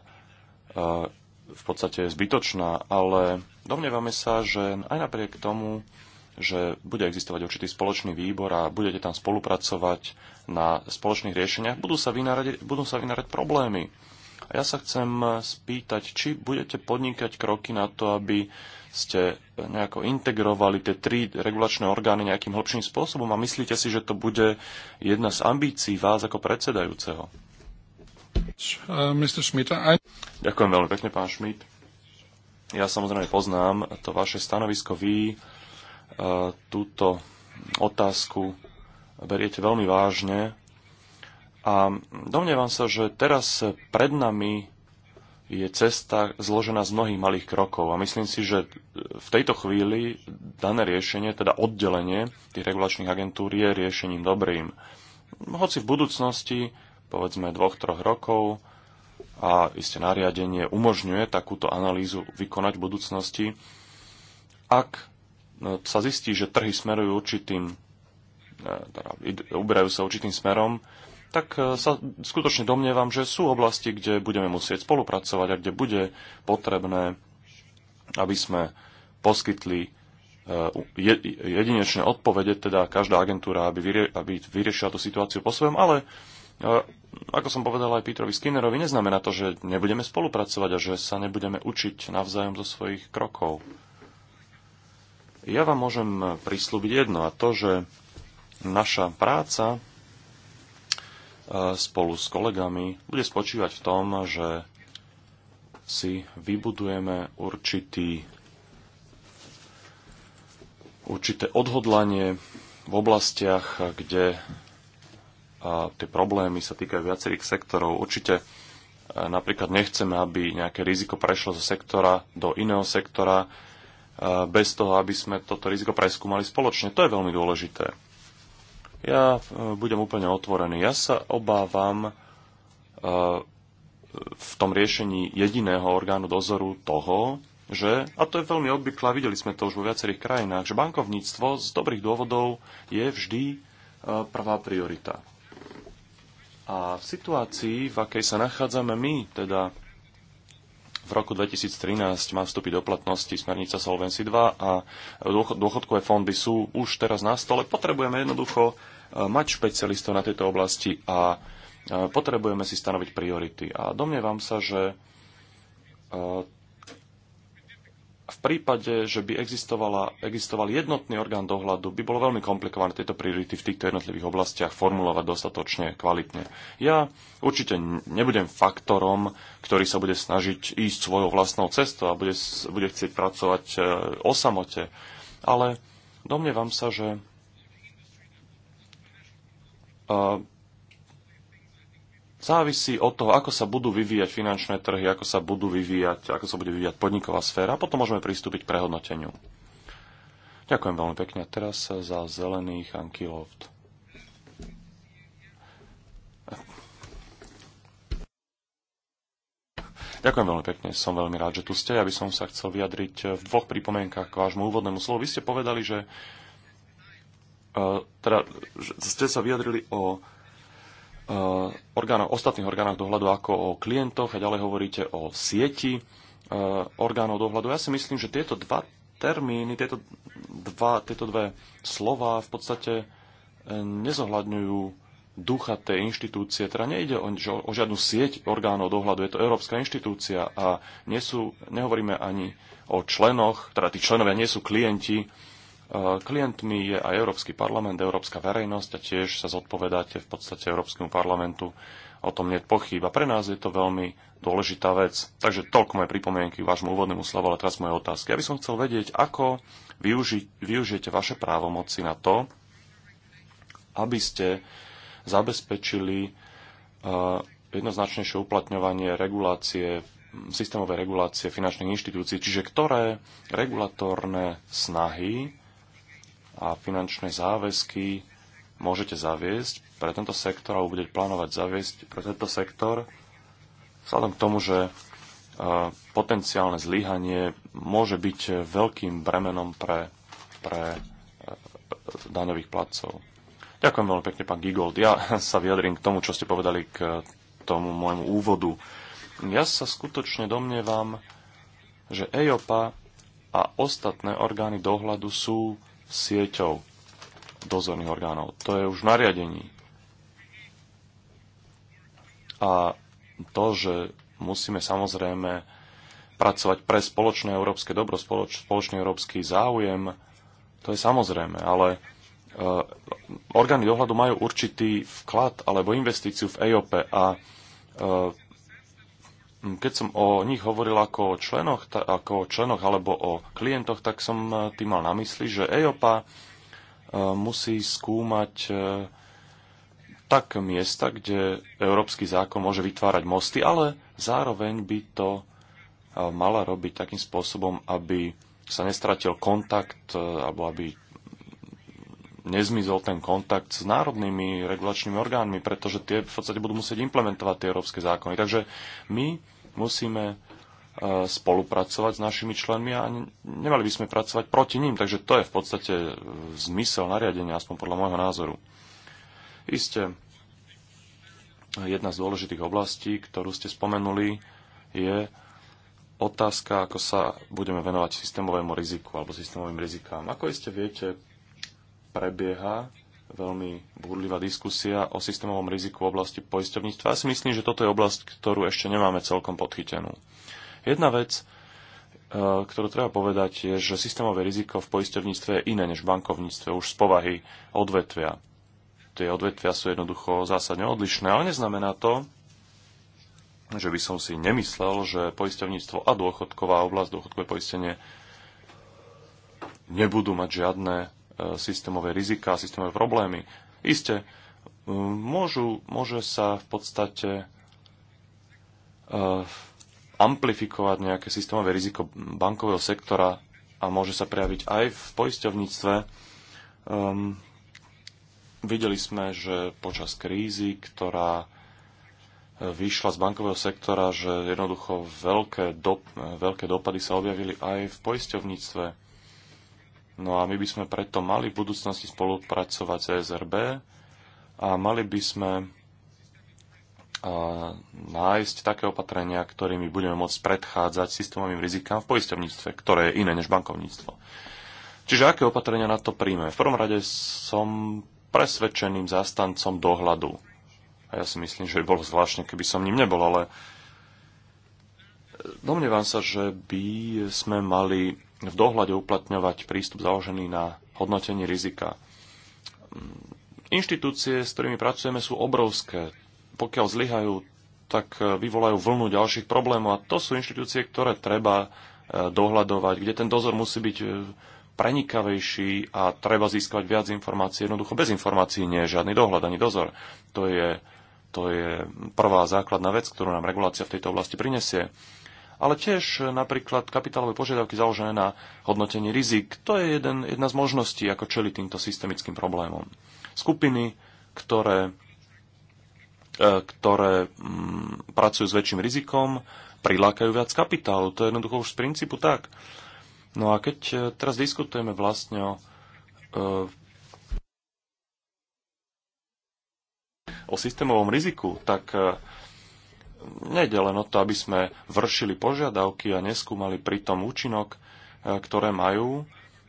v podstate je zbytočná, ale domnievame sa, že aj napriek tomu, že bude existovať určitý spoločný výbor a budete tam spolupracovať na spoločných riešeniach, budú sa vynárať, budú sa vynárať problémy. A ja sa chcem spýtať, či budete podnikať kroky na to, aby ste nejako integrovali tie tri regulačné orgány nejakým hlbším spôsobom a myslíte si, že to bude jedna z ambícií vás ako predsedajúceho? Uh, Ďakujem veľmi pekne, pán Schmidt. Ja samozrejme poznám to vaše stanovisko. Vy uh, túto otázku beriete veľmi vážne a domnievam sa, že teraz pred nami je cesta zložená z mnohých malých krokov a myslím si, že v tejto chvíli dané riešenie, teda oddelenie tých regulačných agentúr je riešením dobrým. Hoci v budúcnosti, povedzme dvoch, troch rokov, a isté nariadenie umožňuje takúto analýzu vykonať v budúcnosti, ak e, sa zistí, že trhy smerujú určitým, e, teda uberajú sa určitým smerom, tak e, sa skutočne domnievam, že sú oblasti, kde budeme musieť spolupracovať a kde bude potrebné, aby sme poskytli e, jedinečné odpovede, teda každá agentúra, aby, vyrie, aby vyriešila tú situáciu po svojom, ale e, ako som povedal aj Petrovi Skinnerovi, neznamená to, že nebudeme spolupracovať a že sa nebudeme učiť navzájom zo svojich krokov. Ja vám môžem prislúbiť jedno a to, že naša práca spolu s kolegami bude spočívať v tom, že si vybudujeme určitý, určité odhodlanie v oblastiach, kde tie problémy sa týkajú viacerých sektorov. Určite napríklad nechceme, aby nejaké riziko prešlo zo sektora do iného sektora bez toho, aby sme toto riziko preskúmali spoločne. To je veľmi dôležité. Ja eh, budem úplne otvorený. Ja sa obávam eh, v tom riešení jediného orgánu dozoru toho, že, a to je veľmi obvyklé, videli sme to už vo viacerých krajinách, že bankovníctvo z dobrých dôvodov je vždy eh, prvá priorita. A v situácii, v akej sa nachádzame my, teda v roku 2013 má vstúpiť do platnosti smernica Solvency 2 a dôchodkové fondy sú už teraz na stole. Potrebujeme jednoducho e, mať špecialistov na tejto oblasti a e, potrebujeme si stanoviť priority. A domnievam sa, že e, v prípade, že by existoval jednotný orgán dohľadu, by bolo veľmi komplikované tieto priority v týchto jednotlivých oblastiach formulovať dostatočne kvalitne. Ja určite nebudem faktorom, ktorý sa bude snažiť ísť svojou vlastnou cestou a bude, bude chcieť pracovať e, o samote, ale domnievam sa, že e, závisí od toho, ako sa budú vyvíjať finančné trhy, ako sa budú vyvíjať, ako sa bude vyvíjať podniková sféra a potom môžeme pristúpiť k prehodnoteniu. Ďakujem veľmi pekne. teraz za zelených Ankyloft. Ďakujem veľmi pekne, som veľmi rád, že tu ste. Ja by som sa chcel vyjadriť v dvoch pripomienkach k vášmu úvodnému slovu. Vy ste povedali, že e, teda, že ste sa vyjadrili o Eh, orgánov, ostatných orgánoch dohľadu ako o klientoch a ďalej hovoríte o sieti eh, orgánov dohľadu. Ja si myslím, že tieto dva termíny, tieto, dva, tieto dve slova v podstate eh, nezohľadňujú ducha tej inštitúcie. Teda nejde o, o žiadnu sieť orgánov dohľadu, je to európska inštitúcia a nie sú, nehovoríme ani o členoch, teda tí členovia nie sú klienti Eh, klientmi je aj Európsky parlament, Európska verejnosť a tiež sa zodpovedáte v podstate Európskemu parlamentu. O tom nie pochyb. pre nás je to veľmi dôležitá vec. Takže toľko moje pripomienky k vášmu úvodnému slovu, ale teraz moje otázky. Ja by som chcel vedieť, ako využi- využijete vaše právomoci na to, aby ste zabezpečili uh, jednoznačnejšie uplatňovanie regulácie systémové regulácie finančných inštitúcií, čiže ktoré regulatórne snahy a finančné záväzky môžete zaviesť pre tento sektor alebo budete plánovať zaviesť pre tento sektor vzhľadom k tomu, že e, potenciálne zlyhanie môže byť veľkým bremenom pre, pre e, daňových platcov. Ďakujem veľmi pekne, pán Gigold. Ja sa vyjadrím k tomu, čo ste povedali k tomu môjmu úvodu. Ja sa skutočne domnievam, že EIOPA a ostatné orgány dohľadu sú sieťou dozorných orgánov. To je už nariadení. A to, že musíme samozrejme pracovať pre spoločné európske dobro, spoloč, spoločný európsky záujem, to je samozrejme, ale e, orgány dohľadu majú určitý vklad alebo investíciu v EOP a e, keď som o nich hovoril ako o členoch, ta, ako o členoch alebo o klientoch, tak som e, tým mal na mysli, že EOPA e, musí skúmať e, tak miesta, kde európsky zákon môže vytvárať mosty, ale zároveň by to mala robiť takým spôsobom, aby sa nestratil kontakt alebo aby nezmizol ten kontakt s národnými regulačnými orgánmi, pretože tie v podstate budú musieť implementovať tie európske zákony. Takže my musíme e, spolupracovať s našimi členmi a nemali by sme pracovať proti ním. Takže to je v podstate e, zmysel nariadenia, aspoň podľa môjho názoru. Isté, jedna z dôležitých oblastí, ktorú ste spomenuli, je otázka, ako sa budeme venovať systémovému riziku alebo systémovým rizikám. Ako iste viete, prebieha veľmi búrlivá diskusia o systémovom riziku v oblasti poisťovníctva. Ja si myslím, že toto je oblasť, ktorú ešte nemáme celkom podchytenú. Jedna vec, e, ktorú treba povedať, je, že systémové riziko v poisťovníctve je iné než v bankovníctve už z povahy odvetvia. Tie odvetvia sú jednoducho zásadne odlišné, ale neznamená to, že by som si nemyslel, že poisťovníctvo a dôchodková oblasť, dôchodkové poistenie nebudú mať žiadne systémové rizika, systémové problémy. Isté, môžu, môže sa v podstate e, amplifikovať nejaké systémové riziko bankového sektora a môže sa prejaviť aj v poisťovníctve. Um, videli sme, že počas krízy, ktorá e, vyšla z bankového sektora, že jednoducho veľké, do, veľké dopady sa objavili aj v poisťovníctve No a my by sme preto mali v budúcnosti spolupracovať s SRB a mali by sme a nájsť také opatrenia, ktorými budeme môcť predchádzať systémovým rizikám v poisťovníctve, ktoré je iné než bankovníctvo. Čiže aké opatrenia na to príjme? V prvom rade som presvedčeným zástancom dohľadu. A ja si myslím, že by bolo zvláštne, keby som ním nebol, ale domnievam sa, že by sme mali v dohľade uplatňovať prístup založený na hodnotení rizika. Inštitúcie, s ktorými pracujeme, sú obrovské. Pokiaľ zlyhajú, tak e, vyvolajú vlnu ďalších problémov a to sú inštitúcie, ktoré treba e, dohľadovať, kde ten dozor musí byť e, prenikavejší a treba získať viac informácií. Jednoducho bez informácií nie je žiadny dohľad ani dozor. To je, to je prvá základná vec, ktorú nám regulácia v tejto oblasti prinesie ale tiež napríklad kapitálové požiadavky založené na hodnotení rizik. To je jeden, jedna z možností, ako čeli týmto systemickým problémom. Skupiny, ktoré, e, ktoré m, mm, pracujú s väčším rizikom, prilákajú viac kapitálu. To je jednoducho už z princípu tak. No a keď e, teraz diskutujeme vlastne o e, o systémovom riziku, tak nejde len o to, aby sme vršili požiadavky a neskúmali pritom účinok, e, ktoré majú,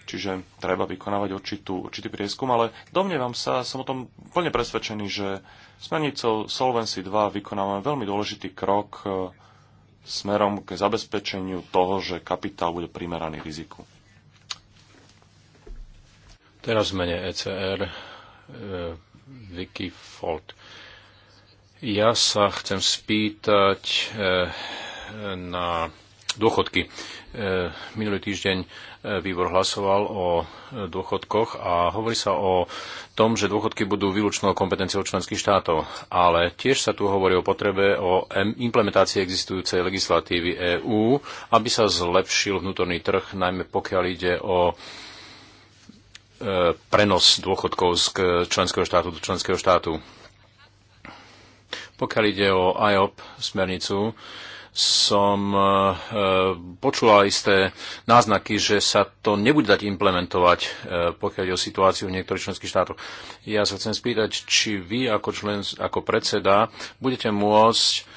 čiže treba vykonávať určitú, určitý prieskum, ale domnievam sa, som o tom plne presvedčený, že smernicou Solvency 2 vykonávame veľmi dôležitý krok e, smerom k zabezpečeniu toho, že kapitál bude primeraný riziku. Teraz mene ECR e, Vicky Folt. E, ja sa chcem spýtať eh, na dôchodky. Eh, minulý týždeň eh, výbor hlasoval o dôchodkoch a hovorí sa o tom, že dôchodky budú výlučnou kompetenciou členských štátov, ale tiež sa tu hovorí o potrebe o implementácii existujúcej legislatívy EÚ, aby sa zlepšil vnútorný trh, najmä pokiaľ ide o prenos dôchodkov z členského štátu do členského štátu pokiaľ ide o IOP smernicu, som e, e, počula isté náznaky, že sa to nebude dať implementovať, e, pokiaľ ide o situáciu v niektorých členských štátoch. Ja sa chcem spýtať, či vy ako, člen, ako predseda budete môcť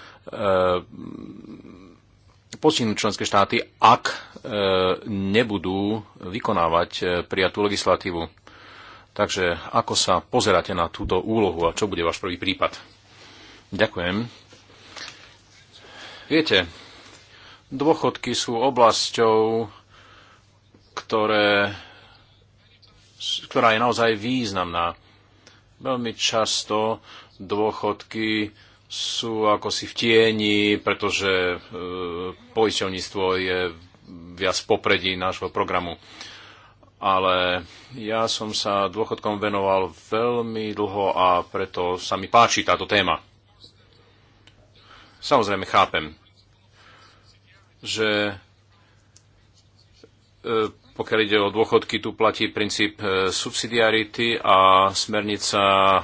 postihnúť členské štáty, ak nebudú vykonávať prijatú legislatívu. Takže ako sa pozeráte na túto úlohu a čo bude váš prvý prípad? Ďakujem. Viete, dôchodky sú oblasťou, ktoré, ktorá je naozaj významná. Veľmi často dôchodky sú ako si v tieni, pretože e, poisťovníctvo je viac popredí nášho programu. Ale ja som sa dôchodkom venoval veľmi dlho a preto sa mi páči táto téma. Samozrejme chápem, že e, pokiaľ ide o dôchodky, tu platí princíp e, subsidiarity a smernica e,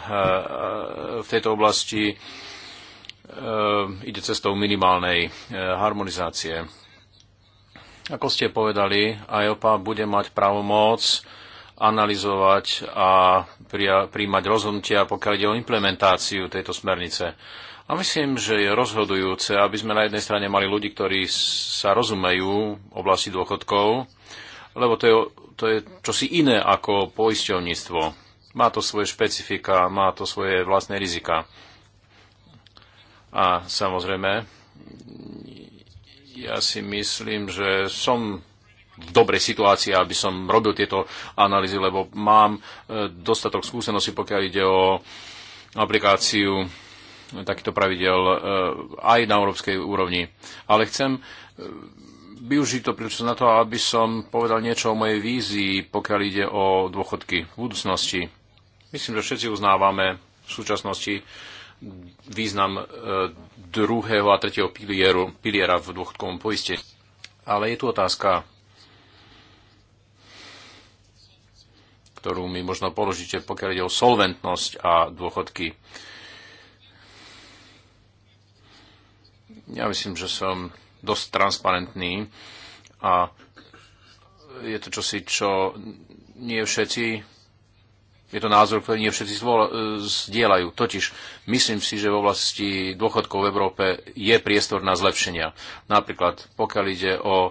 v tejto oblasti ide cestou minimálnej harmonizácie. Ako ste povedali, IOPA bude mať právomoc analyzovať a príjmať rozhodnutia, pokiaľ ide o implementáciu tejto smernice. A myslím, že je rozhodujúce, aby sme na jednej strane mali ľudí, ktorí sa rozumejú oblasti dôchodkov, lebo to je, to je čosi iné ako poisťovníctvo. Má to svoje špecifika, má to svoje vlastné rizika. A samozrejme, ja si myslím, že som v dobrej situácii, aby som robil tieto analýzy, lebo mám e, dostatok skúsenosti, pokiaľ ide o aplikáciu takýto pravidel e, aj na európskej úrovni. Ale chcem e, využiť to príležitosť na to, aby som povedal niečo o mojej vízii, pokiaľ ide o dôchodky v budúcnosti. Myslím, že všetci uznávame v súčasnosti význam e, druhého a tretieho pilieru, piliera v dôchodkovom poiste. Ale je tu otázka, ktorú mi možno položíte, pokiaľ ide o solventnosť a dôchodky. Ja myslím, že som dosť transparentný a je to čosi, čo nie všetci, je to názor, ktorý nie všetci e, zdieľajú. Totiž myslím si, že v oblasti dôchodkov v Európe je priestor na zlepšenia. Napríklad, pokiaľ ide o e,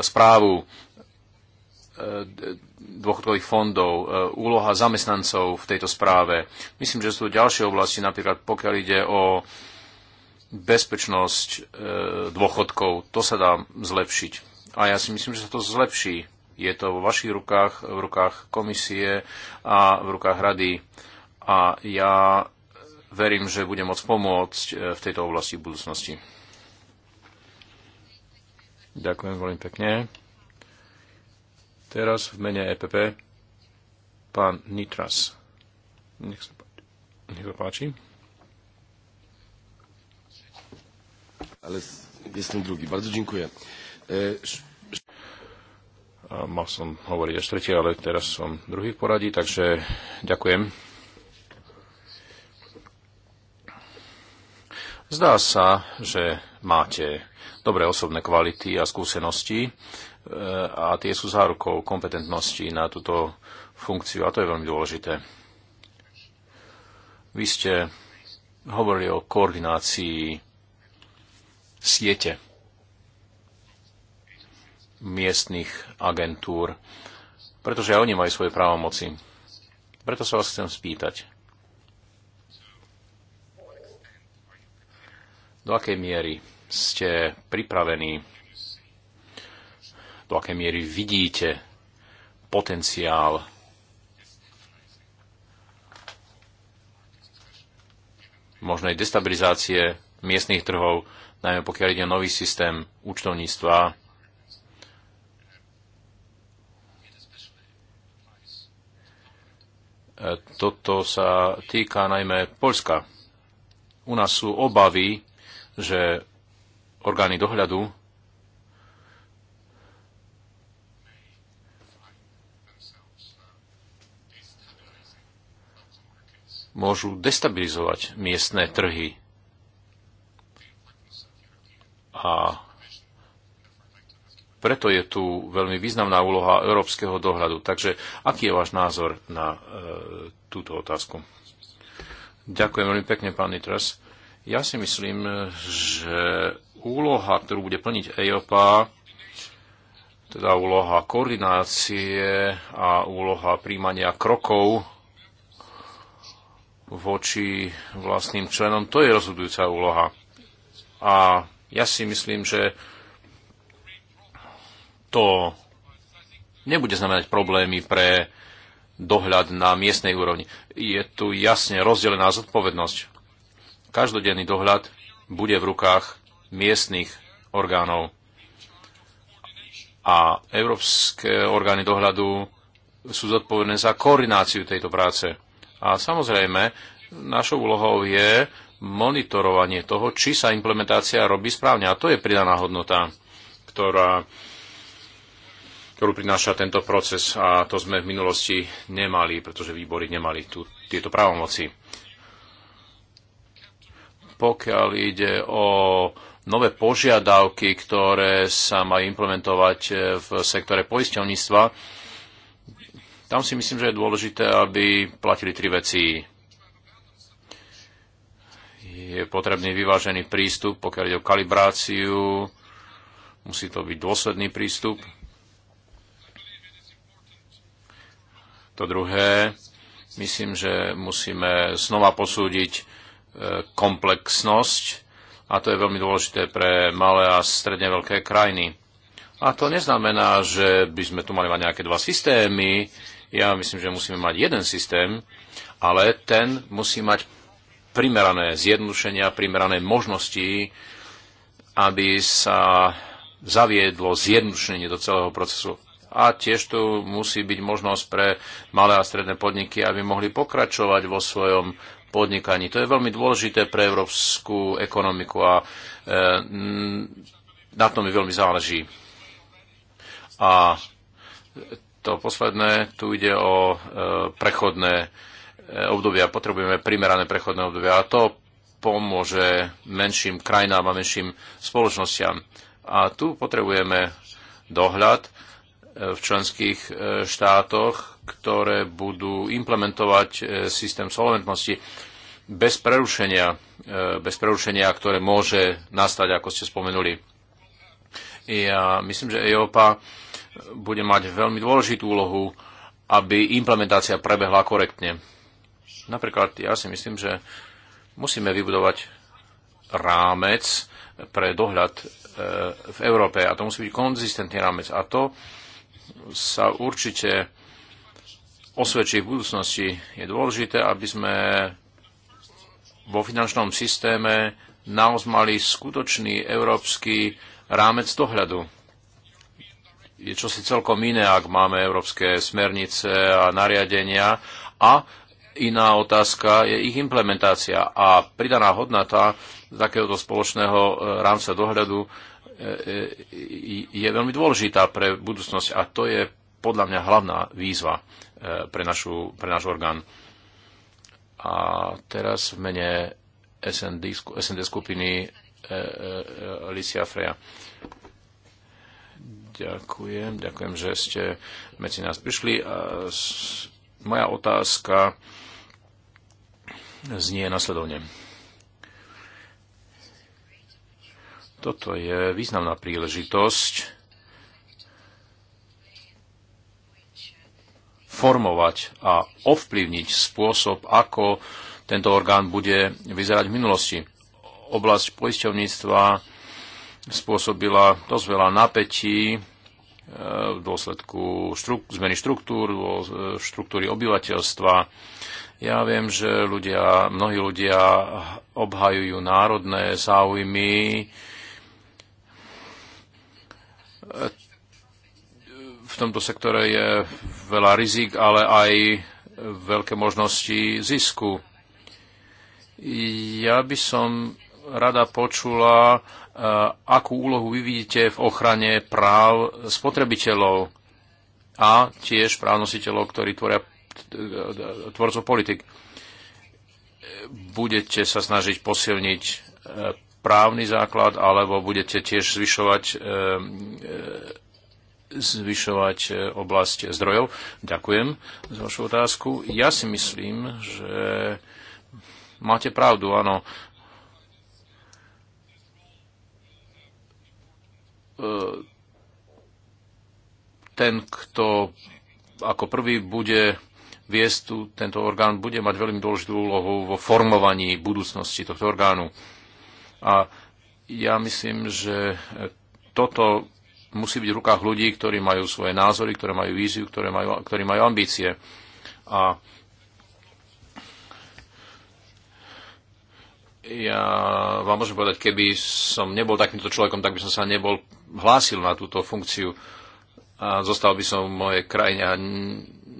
správu e, dôchodkových fondov, e, úloha zamestnancov v tejto správe. Myslím, že sú ďalšie oblasti, napríklad pokiaľ ide o e, bezpečnosť e, dôchodkov, to sa dá zlepšiť. A ja si myslím, že sa to zlepší. Je to vo vašich rukách, v rukách komisie a v rukách rady. A ja verím, že budem môcť pomôcť e, v tejto oblasti v budúcnosti. Ďakujem veľmi pekne. Teraz v mene EPP pán Nitras. Nech sa páči. Nech sa páči. ale jestem drugi. Bardzo dziękuję. E, mal som hovoriť až tretie, ale teraz som druhý v poradí, takže ďakujem. Zdá sa, že máte dobré osobné kvality a skúsenosti e, a tie sú zárukou kompetentnosti na túto funkciu a to je veľmi dôležité. Vy ste hovorili o koordinácii siete miestnych agentúr, pretože aj oni majú svoje právomoci. Preto sa vás chcem spýtať. Do akej miery ste pripravení, do akej miery vidíte potenciál možnej destabilizácie miestnych trhov najmä pokiaľ ide o nový systém účtovníctva. E, toto sa týka najmä Polska. U nás sú obavy, že orgány dohľadu môžu destabilizovať miestne trhy a preto je tu veľmi významná úloha európskeho dohľadu. Takže aký je váš názor na e, túto otázku? Ďakujem veľmi pekne, pán Nitras. Ja si myslím, že úloha, ktorú bude plniť EIOPA, teda úloha koordinácie a úloha príjmania krokov voči vlastným členom, to je rozhodujúca úloha. A ja si myslím, že to nebude znamenať problémy pre dohľad na miestnej úrovni. Je tu jasne rozdelená zodpovednosť. Každodenný dohľad bude v rukách miestnych orgánov. A európske orgány dohľadu sú zodpovedné za koordináciu tejto práce. A samozrejme, našou úlohou je monitorovanie toho, či sa implementácia robí správne. A to je pridaná hodnota, ktorá, ktorú prináša tento proces. A to sme v minulosti nemali, pretože výbory nemali tu, tieto právomoci. Pokiaľ ide o nové požiadavky, ktoré sa majú implementovať v sektore poisťovníctva, tam si myslím, že je dôležité, aby platili tri veci je potrebný vyvážený prístup, pokiaľ ide o kalibráciu, musí to byť dôsledný prístup. To druhé, myslím, že musíme znova posúdiť e, komplexnosť a to je veľmi dôležité pre malé a stredne veľké krajiny. A to neznamená, že by sme tu mali mať nejaké dva systémy. Ja myslím, že musíme mať jeden systém, ale ten musí mať primerané zjednodušenia, primerané možnosti, aby sa zaviedlo zjednodušenie do celého procesu. A tiež tu musí byť možnosť pre malé a stredné podniky, aby mohli pokračovať vo svojom podnikaní. To je veľmi dôležité pre európsku ekonomiku a e, na tom mi veľmi záleží. A to posledné, tu ide o e, prechodné obdobia, potrebujeme primerané prechodné obdobia a to pomôže menším krajinám a menším spoločnostiam. A tu potrebujeme dohľad e, v členských e, štátoch, ktoré budú implementovať e, systém solventnosti bez prerušenia, bez prerušenia, ktoré môže nastať, ako ste spomenuli. Ja myslím, že EOPA bude mať veľmi dôležitú úlohu, aby implementácia prebehla korektne Napríklad ja si myslím, že musíme vybudovať rámec pre dohľad e, v Európe a to musí byť konzistentný rámec a to sa určite osvedčí v budúcnosti. Je dôležité, aby sme vo finančnom systéme naozaj mali skutočný európsky rámec dohľadu. Je čosi celkom iné, ak máme európske smernice a nariadenia a Iná otázka je ich implementácia a pridaná hodnota takéhoto spoločného e, rámca dohľadu e, e, je veľmi dôležitá pre budúcnosť a to je podľa mňa hlavná výzva pre, našu, pre náš orgán. A teraz v mene SND, SND skupiny Alicia Freja. Ďakujem, ďakujem, že ste medzi nás prišli. A moja otázka znie nasledovne. Toto je významná príležitosť formovať a ovplyvniť spôsob, ako tento orgán bude vyzerať v minulosti. Oblasť poisťovníctva spôsobila dosť veľa napätí e, v dôsledku štru- zmeny štruktúr, e, štruktúry obyvateľstva, ja viem, že ľudia, mnohí ľudia obhajujú národné záujmy. V tomto sektore je veľa rizik, ale aj veľké možnosti zisku. Ja by som rada počula, eh, akú úlohu vy vidíte v ochrane práv spotrebiteľov a tiež právnositeľov, ktorí tvoria tvorcov politik. Budete sa snažiť posilniť e, právny základ, alebo budete tiež zvyšovať, e, e, zvyšovať oblasť zdrojov? Ďakujem za vašu otázku. Ja si myslím, že máte pravdu, áno. Ten, kto ako prvý bude viesť tu, tento orgán bude mať veľmi dôležitú úlohu vo formovaní budúcnosti tohto orgánu. A ja myslím, že toto musí byť v rukách ľudí, ktorí majú svoje názory, ktoré majú víziu, ktoré majú, ktorí majú ambície. A ja vám môžem povedať, keby som nebol takýmto človekom, tak by som sa nebol hlásil na túto funkciu a zostal by som v mojej krajine a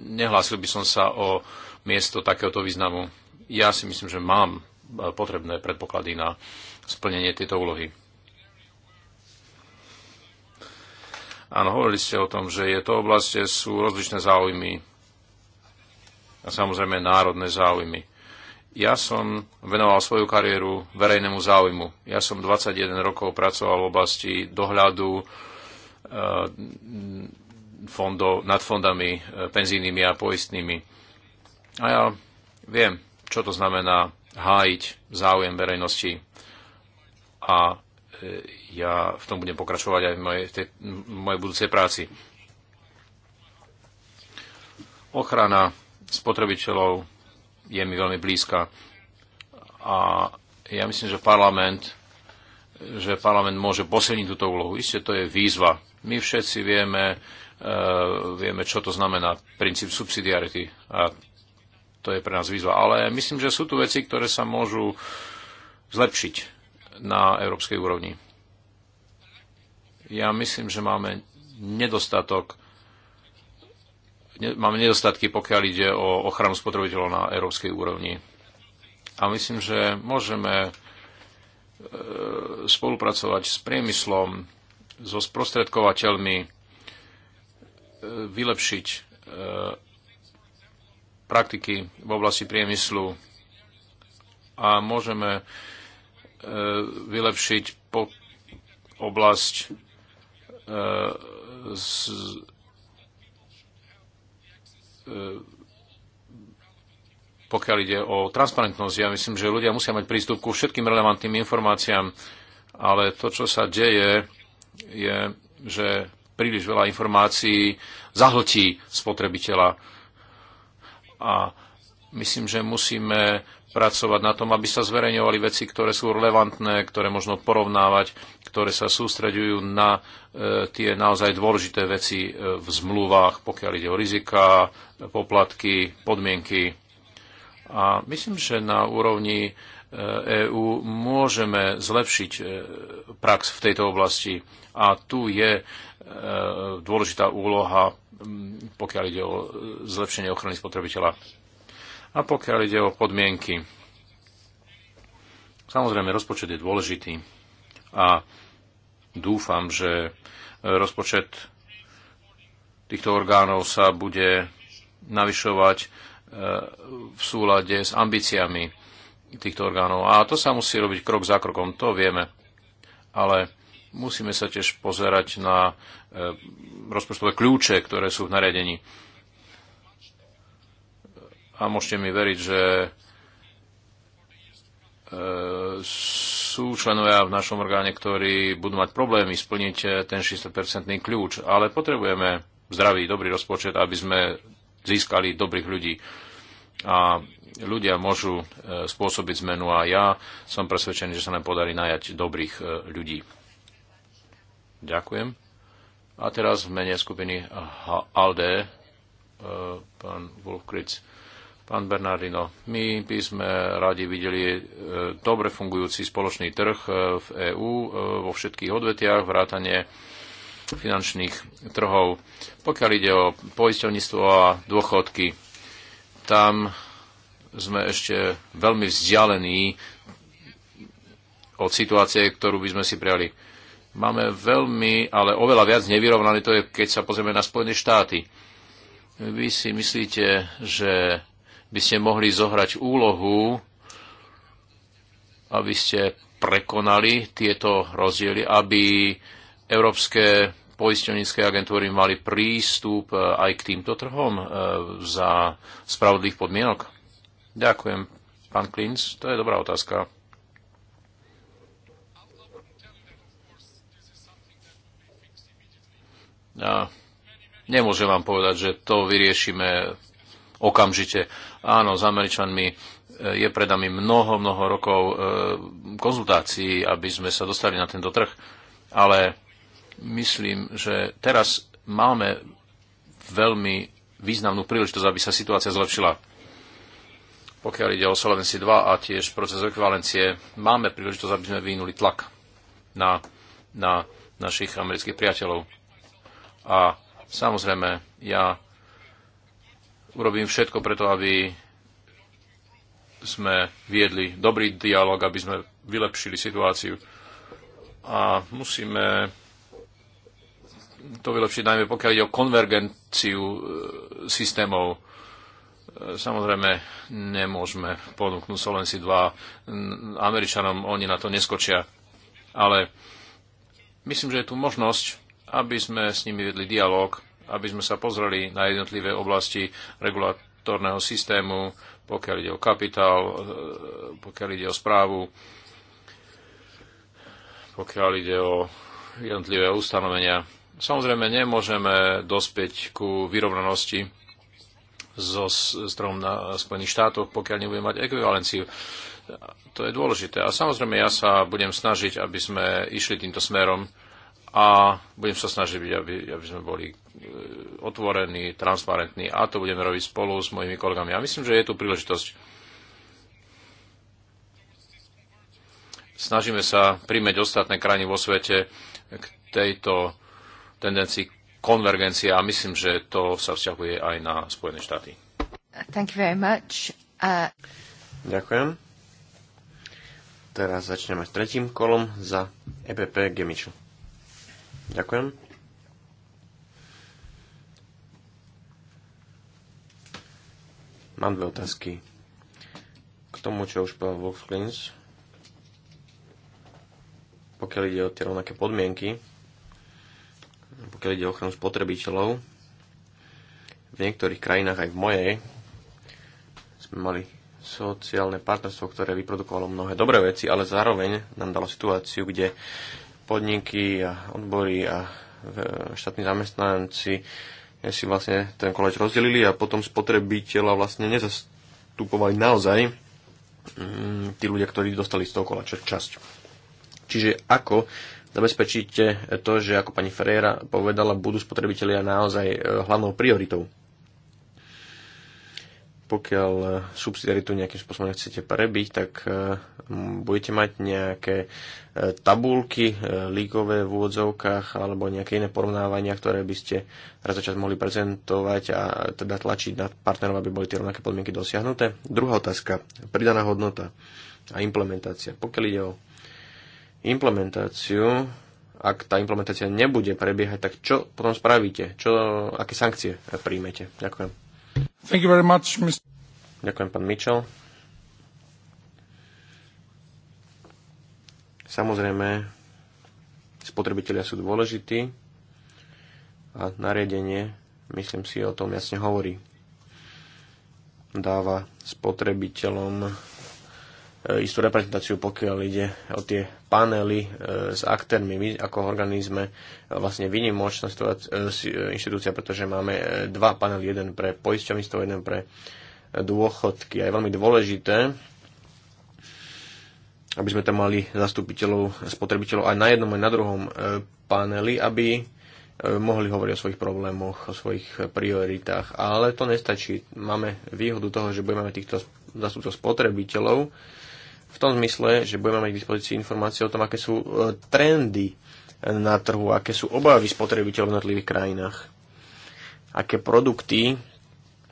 nehlásil by som sa o miesto takéhoto významu. Ja si myslím, že mám e, potrebné predpoklady na splnenie tejto úlohy. Áno, hovorili ste o tom, že je to oblasť, sú rozličné záujmy a samozrejme národné záujmy. Ja som venoval svoju kariéru verejnému záujmu. Ja som 21 rokov pracoval v oblasti dohľadu e, fondov, nad fondami e, penzijnými a poistnými. A ja viem, čo to znamená hájiť záujem verejnosti a e, ja v tom budem pokračovať aj v mojej, tej, v mojej budúcej práci. Ochrana spotrebiteľov je mi veľmi blízka a ja myslím, že parlament, že parlament môže posilniť túto úlohu. Isté to je výzva. My všetci vieme, Eh, vieme, čo to znamená princíp subsidiarity a to je pre nás výzva. Ale myslím, že sú tu veci, ktoré sa môžu zlepšiť na európskej úrovni. Ja myslím, že máme nedostatok máme nedostatky, pokiaľ ide o ochranu spotrebiteľov na európskej úrovni. A myslím, že môžeme eh, spolupracovať s priemyslom, so sprostredkovateľmi, vylepšiť e, praktiky v oblasti priemyslu a môžeme e, vylepšiť po oblasť e, z pokiaľ ide o transparentnosť. Ja myslím, že ľudia musia mať prístup ku všetkým relevantným informáciám, ale to, čo sa deje, je, že príliš veľa informácií zahltí spotrebiteľa. A myslím, že musíme pracovať na tom, aby sa zverejňovali veci, ktoré sú relevantné, ktoré možno porovnávať, ktoré sa sústreďujú na e, tie naozaj dôležité veci e, v zmluvách, pokiaľ ide o rizika, poplatky, podmienky. A myslím, že na úrovni EÚ e môžeme zlepšiť e, prax v tejto oblasti a tu je e, dôležitá úloha, pokiaľ ide o zlepšenie ochrany spotrebiteľa a pokiaľ ide o podmienky. Samozrejme, rozpočet je dôležitý a dúfam, že rozpočet týchto orgánov sa bude navyšovať v súlade s ambíciami týchto orgánov. A to sa musí robiť krok za krokom, to vieme. Ale musíme sa tiež pozerať na e, rozpočtové kľúče, ktoré sú v nariadení. A môžete mi veriť, že e, sú členovia v našom orgáne, ktorí budú mať problémy splniť e, ten 600-percentný kľúč, ale potrebujeme zdravý, dobrý rozpočet, aby sme získali dobrých ľudí. A ľudia môžu e, spôsobiť zmenu a ja som presvedčený, že sa nám podarí najať dobrých e, ľudí. Ďakujem. A teraz v mene skupiny ALDE e, pán Wolfkritz, pán Bernardino, my by sme radi videli dobre fungujúci spoločný trh v EÚ vo všetkých odvetiach, vrátanie finančných trhov. Pokiaľ ide o poisťovníctvo a dôchodky, tam sme ešte veľmi vzdialení od situácie, ktorú by sme si prijali. Máme veľmi, ale oveľa viac nevyrovnané to je, keď sa pozrieme na Spojené štáty. Vy si myslíte, že by ste mohli zohrať úlohu, aby ste prekonali tieto rozdiely, aby európske poisťovnícke agentúry mali prístup eh, aj k týmto trhom eh, za spravodlých podmienok? Ďakujem, pán Klinc. To je dobrá otázka. A nemôžem vám povedať, že to vyriešime okamžite. Áno, s Američanmi e, je pred nami mnoho, mnoho rokov e, konzultácií, aby sme sa dostali na tento trh, ale myslím, že teraz máme veľmi významnú príležitosť, aby sa situácia zlepšila. Pokiaľ ide o Solvency 2 a tiež proces ekvivalencie, máme príležitosť, aby sme vyvinuli tlak na, na našich amerických priateľov. A samozrejme, ja urobím všetko preto, aby sme viedli dobrý dialog, aby sme vylepšili situáciu. A musíme to vylepšiť najmä pokiaľ ide o konvergenciu e, systémov Samozrejme, nemôžeme ponúknuť Solvency 2 Američanom, oni na to neskočia. Ale myslím, že je tu možnosť, aby sme s nimi vedli dialog, aby sme sa pozreli na jednotlivé oblasti regulatorného systému, pokiaľ ide o kapitál, eh, pokiaľ ide o správu, pokiaľ ide o jednotlivé ustanovenia. Samozrejme, nemôžeme dospieť ku vyrovnanosti so strom na Spojených štátoch, pokiaľ nebude mať ekvivalenciu. To je dôležité. A samozrejme, ja sa budem snažiť, aby sme išli týmto smerom a budem sa snažiť, aby, aby sme boli e, otvorení, transparentní a to budeme robiť spolu s mojimi kolegami. Ja myslím, že je tu príležitosť. Snažíme sa primeť ostatné krajiny vo svete k tejto tendencii konvergencia a myslím, že to sa vzťahuje aj na Spojené štáty. Thank you very much. Uh... Ďakujem. Teraz začneme s tretím kolom za EPP Gemiču. Ďakujem. Mám dve otázky. K tomu, čo už povedal Wolf Klins, pokiaľ ide o tie rovnaké podmienky, pokiaľ ide o ochranu spotrebiteľov, v niektorých krajinách aj v mojej sme mali sociálne partnerstvo, ktoré vyprodukovalo mnohé dobré veci, ale zároveň nám dalo situáciu, kde podniky a odbory a štátni zamestnanci si vlastne ten koleč rozdelili a potom spotrebiteľa vlastne nezastupovali naozaj mm, tí ľudia, ktorí dostali z toho koláča časť. Čiže ako zabezpečíte eh, to, že ako pani Ferreira povedala, budú spotrebitelia naozaj eh, hlavnou prioritou. Pokiaľ eh, subsidiaritu nejakým spôsobom chcete prebiť, tak budete mať nejaké tabulky líkové v úvodzovkách alebo nejaké iné porovnávania, ktoré by ste raz za čas mohli prezentovať a teda tlačiť na partnerov, aby boli tie rovnaké podmienky dosiahnuté. Druhá otázka, pridaná hodnota a implementácia. Pokiaľ ide o implementáciu, ak tá implementácia nebude prebiehať, tak čo potom spravíte? Čo, aké sankcie príjmete? Ďakujem. Thank you very much, Mr. Ďakujem, pán Mitchell. Samozrejme, spotrebitelia sú dôležití a nariadenie, myslím si, o tom jasne hovorí. Dáva spotrebiteľom E, istú reprezentáciu, pokiaľ ide o tie panely e, s aktérmi. My ako organizme e, vlastne vynimočná inštitúcia, pretože máme dva panely, jeden pre poisťovníctvo, jeden pre dôchodky. A je veľmi dôležité, aby sme tam mali zastupiteľov, spotrebiteľov aj na jednom, aj na druhom paneli, aby mohli hovoriť o svojich problémoch, o svojich prioritách. Ale to nestačí. Máme výhodu toho, že budeme mať týchto zastupcov spotrebiteľov, v tom zmysle, že budeme mať k dispozícii informácie o tom, aké sú e, trendy na trhu, aké sú obavy spotrebiteľov v jednotlivých krajinách, aké produkty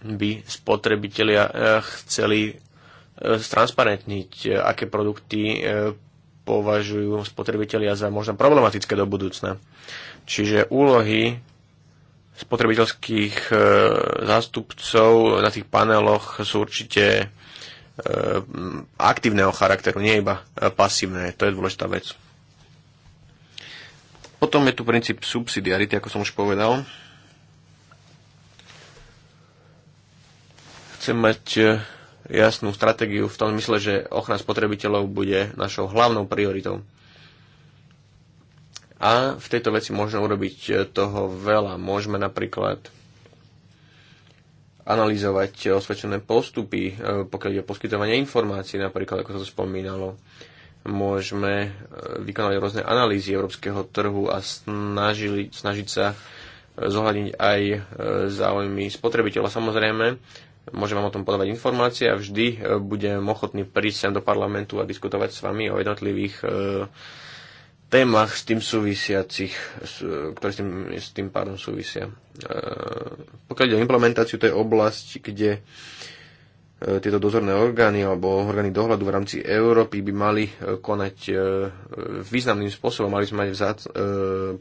by spotrebitelia e, chceli e, stransparentniť, aké produkty považujú spotrebitelia za možno problematické do budúcna. Čiže úlohy spotrebiteľských zástupcov na tých paneloch sú určite Eh, aktívneho charakteru, nie iba eh, pasívne. To je dôležitá vec. Potom je tu princíp subsidiarity, ako som už povedal. Chcem mať eh, jasnú stratégiu v tom mysle, že ochrana spotrebiteľov bude našou hlavnou prioritou. A v tejto veci môžeme urobiť toho veľa. Môžeme napríklad analyzovať osvedčené postupy, e, pokiaľ ide o poskytovanie informácií, napríklad, ako sa to spomínalo. Môžeme e, vykonávať rôzne analýzy európskeho trhu a snažili, snažiť sa e, zohľadniť aj záujmy spotrebiteľa. Samozrejme, môžem vám o tom podávať informácie a vždy budem ochotný prísť sem do parlamentu a diskutovať s vami o jednotlivých témach s tým súvisiacich, ktoré s tým, s tým pádom súvisia. E, pokiaľ ide o implementáciu, tej oblasti, kde kde E, tieto dozorné orgány alebo orgány dohľadu v rámci Európy by mali e, konať e, významným spôsobom, mali sme mať vzad,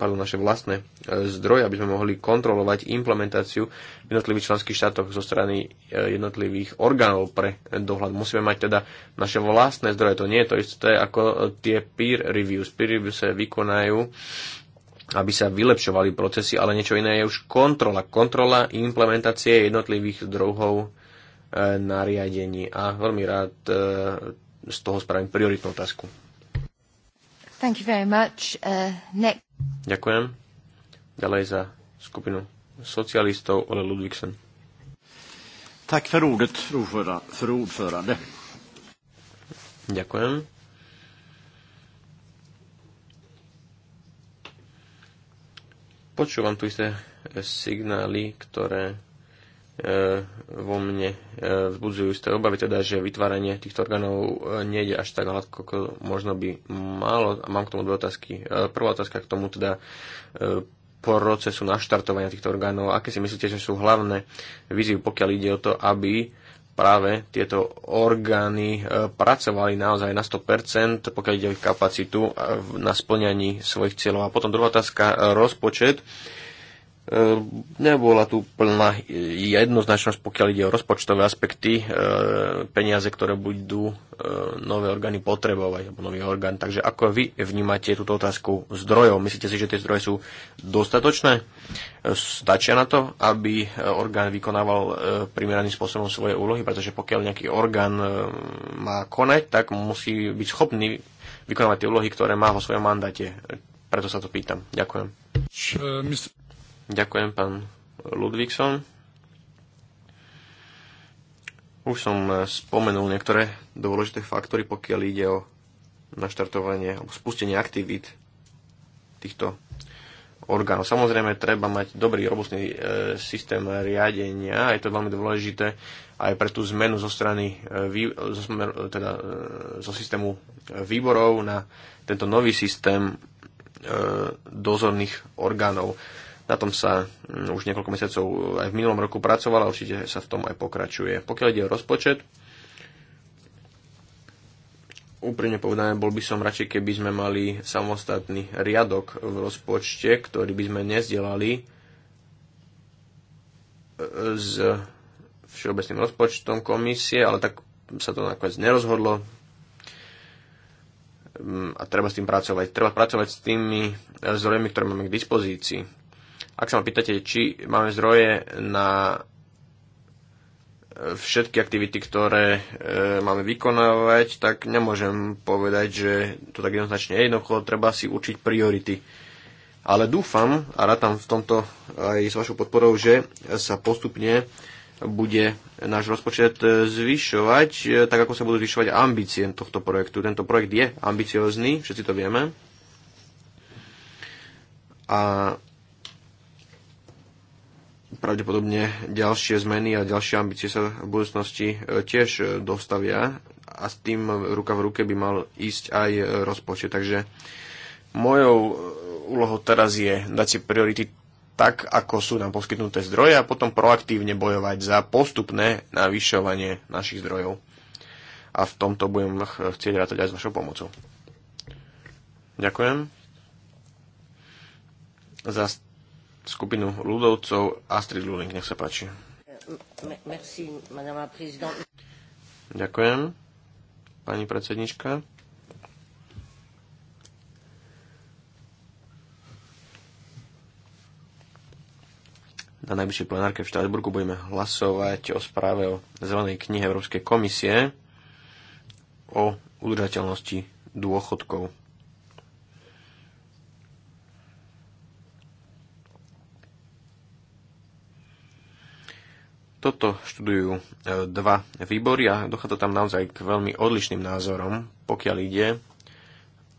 pardon, naše vlastné zdroje, aby sme mohli kontrolovať implementáciu v jednotlivých členských štátoch zo strany jednotlivých orgánov pre dohľad. Musíme mať teda naše vlastné zdroje, to nie je to isté ako tie peer reviews. Peer reviews sa vykonajú aby sa vylepšovali procesy, ale niečo iné je už kontrola. Kontrola implementácie jednotlivých druhov E, nariadení a veľmi rád e, z toho spravím prioritnú otázku. Thank you very much. Uh, next. Ďakujem. Ďalej za skupinu socialistov Ole Ludvigsen. Tak för ordet, för ordförande. Ďakujem. Počúvam tu isté signály, ktoré E, vo mne e, vzbudzujú isté obavy, teda, že vytváranie týchto orgánov e, nejde až tak hladko, ako možno by malo. A mám k tomu dve otázky. Prvá otázka k tomu teda procesu naštartovania týchto orgánov. Aké si myslíte, že sú hlavné víziu, pokiaľ ide o to, aby práve tieto orgány pracovali naozaj na 100%, pokiaľ ide o ich kapacitu na splňaní svojich cieľov. A potom druhá otázka, rozpočet Ehm, nebola tu plná jednoznačnosť, pokiaľ ide o rozpočtové aspekty, ehm, peniaze, ktoré budú ehm, nové orgány potrebovať, alebo nový orgán. Takže ako vy vnímate túto otázku zdrojov? Myslíte si, že tie zdroje sú dostatočné? Stačia na to, aby orgán vykonával primeraným spôsobom svoje úlohy? Pretože pokiaľ nejaký orgán má konať, tak musí byť schopný vykonávať tie úlohy, ktoré má vo svojom mandáte. Preto sa to pýtam. Ďakujem. E, Ďakujem, pán Ludvíkson. Už som eh, spomenul niektoré dôležité faktory, pokiaľ ide o naštartovanie alebo spustenie aktivít týchto orgánov. Samozrejme, treba mať dobrý, robustný e, systém riadenia, je to veľmi dôležité aj pre tú zmenu zo strany e, vý, zo, smer, teda, e, zo systému výborov na tento nový systém e, dozorných orgánov. E, na tom sa mm, už niekoľko mesiacov eh, aj v minulom roku pracovalo a určite sa v tom aj pokračuje. Pokiaľ ide o rozpočet, úprimne povedané, bol by som radšej, keby sme mali samostatný riadok v rozpočte, ktorý by sme nezdelali. Eh, s všeobecným rozpočtom komisie, ale tak sa to nakoniec nerozhodlo mm, a treba s tým pracovať. Treba pracovať s tými eh, zdrojmi, ktoré máme k dispozícii ak sa ma pýtate, či máme zdroje na e, všetky aktivity, ktoré e, máme vykonávať, tak nemôžem povedať, že to tak jednoznačne je. Jednoducho treba si určiť priority. Ale dúfam a rátam v tomto aj s vašou podporou, že sa postupne bude náš rozpočet e, zvyšovať, e, tak ako sa budú zvyšovať ambície tohto projektu. Tento projekt je ambiciózny, všetci to vieme. A pravdepodobne ďalšie zmeny a ďalšie ambície sa v budúcnosti e, tiež e, dostavia a s tým ruka v ruke by mal ísť aj rozpočet. Takže mojou e, úlohou teraz je dať si priority tak, ako sú nám poskytnuté zdroje a potom proaktívne bojovať za postupné navyšovanie našich zdrojov. A v tomto budem chcieť rátať aj s vašou pomocou. Ďakujem. Zast- skupinu ľudovcov Astrid Luling. Nech sa páči. Merci, madame Ďakujem, pani predsednička. Na najbližšej plenárke v Štrasburgu budeme hlasovať o správe o zelenej knihe Európskej komisie o udržateľnosti dôchodkov. Toto študujú e, dva výbory a dochádza tam naozaj k veľmi odlišným názorom, pokiaľ ide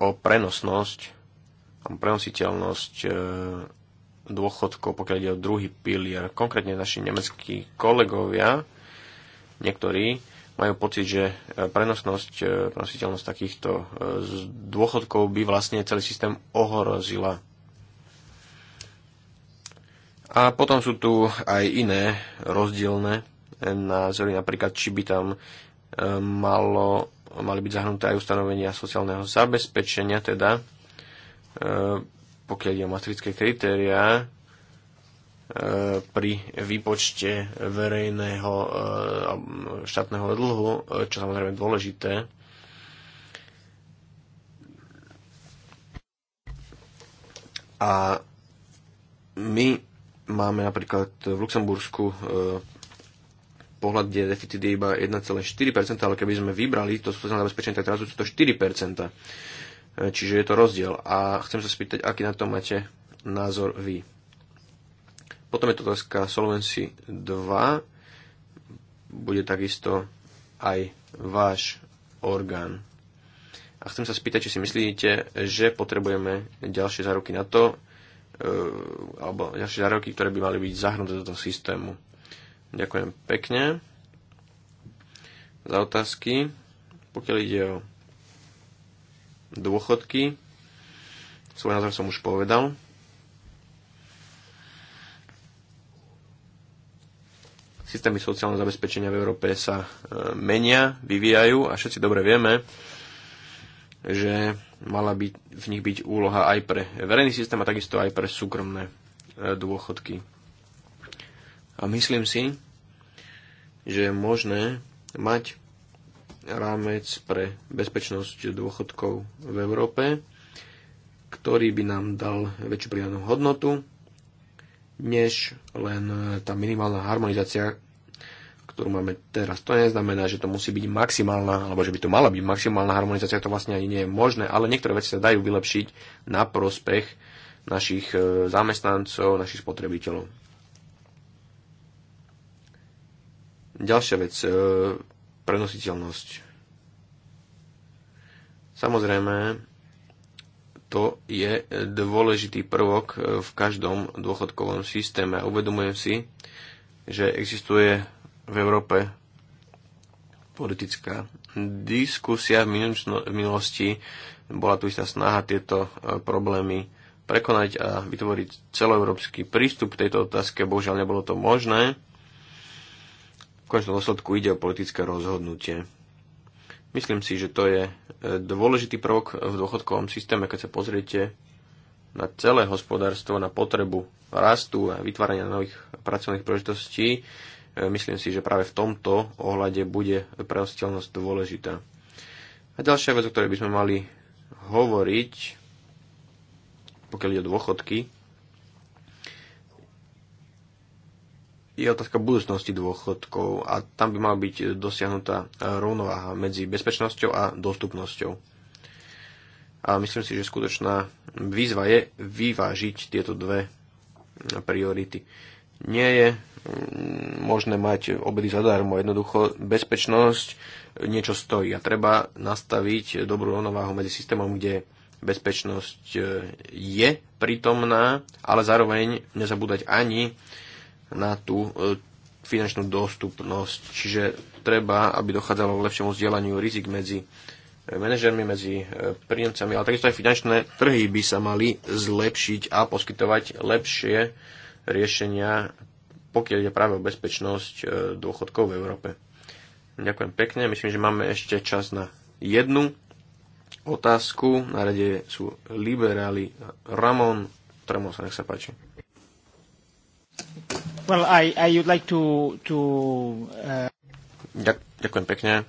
o prenosnosť, prenositeľnosť e, dôchodkov, pokiaľ ide o druhý pilier. Konkrétne naši nemeckí kolegovia, niektorí, majú pocit, že e, prenosnosť, prenositeľnosť takýchto dôchodkov by vlastne celý systém ohrozila. A potom sú tu aj iné rozdielne názory, napríklad či by tam eh, malo, mali byť zahrnuté aj ustanovenia sociálneho zabezpečenia, teda eh, pokiaľ je o matrické kritériá, eh, pri výpočte verejného štátneho dlhu, čo samozrejme dôležité. A my Máme napríklad v Luxembursku e, pohľad, kde deficit je iba 1,4%, ale keby sme vybrali to sociálne zabezpečenie, tak teraz sú to 4%. E, čiže je to rozdiel. A chcem sa spýtať, aký na to máte názor vy. Potom je to otázka Solvency 2. Bude takisto aj váš orgán. A chcem sa spýtať, či si myslíte, že potrebujeme ďalšie záruky na to, E, alebo ďalšie zároky, ktoré by mali byť zahrnuté do toho systému. Ďakujem pekne za otázky. Pokiaľ ide o dôchodky, svoj názor som už povedal. Systémy sociálneho zabezpečenia v Európe sa e, menia, vyvíjajú a všetci dobre vieme, že mala byť, v nich byť úloha aj pre verejný systém a takisto aj pre súkromné e, dôchodky. A myslím si, že je možné mať rámec pre bezpečnosť dôchodkov v Európe, ktorý by nám dal väčšiu pridanú hodnotu, než len tá minimálna harmonizácia, ktorú máme teraz. To neznamená, že to musí byť maximálna, alebo že by to mala byť maximálna harmonizácia, to vlastne ani nie je možné, ale niektoré veci sa dajú vylepšiť na prospech našich e, zamestnancov, našich spotrebiteľov. Ďalšia vec, e, prenositeľnosť. Samozrejme, to je dôležitý prvok e, v každom dôchodkovom systéme. Uvedomujem si, že existuje v Európe politická diskusia v minulosti. Bola tu istá snaha tieto e, problémy prekonať a vytvoriť celoeurópsky prístup k tejto otázke. Bohužiaľ nebolo to možné. V končnom dôsledku ide o politické rozhodnutie. Myslím si, že to je e, dôležitý prvok v dôchodkovom systéme, keď sa pozriete na celé hospodárstvo, na potrebu rastu a vytvárania nových pracovných príležitostí, myslím si, že práve v tomto ohľade bude prenositeľnosť dôležitá. A ďalšia vec, o ktorej by sme mali hovoriť, pokiaľ ide o dôchodky, je otázka budúcnosti dôchodkov a tam by mala byť dosiahnutá rovnováha medzi bezpečnosťou a dostupnosťou. A myslím si, že skutočná výzva je vyvážiť tieto dve priority nie je mm, možné mať obedy zadarmo. Jednoducho bezpečnosť niečo stojí a treba nastaviť dobrú rovnováhu medzi systémom, kde bezpečnosť e, je prítomná, ale zároveň nezabúdať ani na tú e, finančnú dostupnosť. Čiže treba, aby dochádzalo k lepšiemu vzdielaniu rizik medzi e, manažermi, medzi príjemcami, ale takisto aj finančné trhy by sa mali zlepšiť a poskytovať lepšie riešenia, pokiaľ ide práve o bezpečnosť e, dôchodkov v Európe. Ďakujem pekne. Myslím, že máme ešte čas na jednu otázku. Na rade sú liberáli Ramon. Tremosa. nech sa páči. Well, I, I would like to, to, uh... Ďakujem pekne.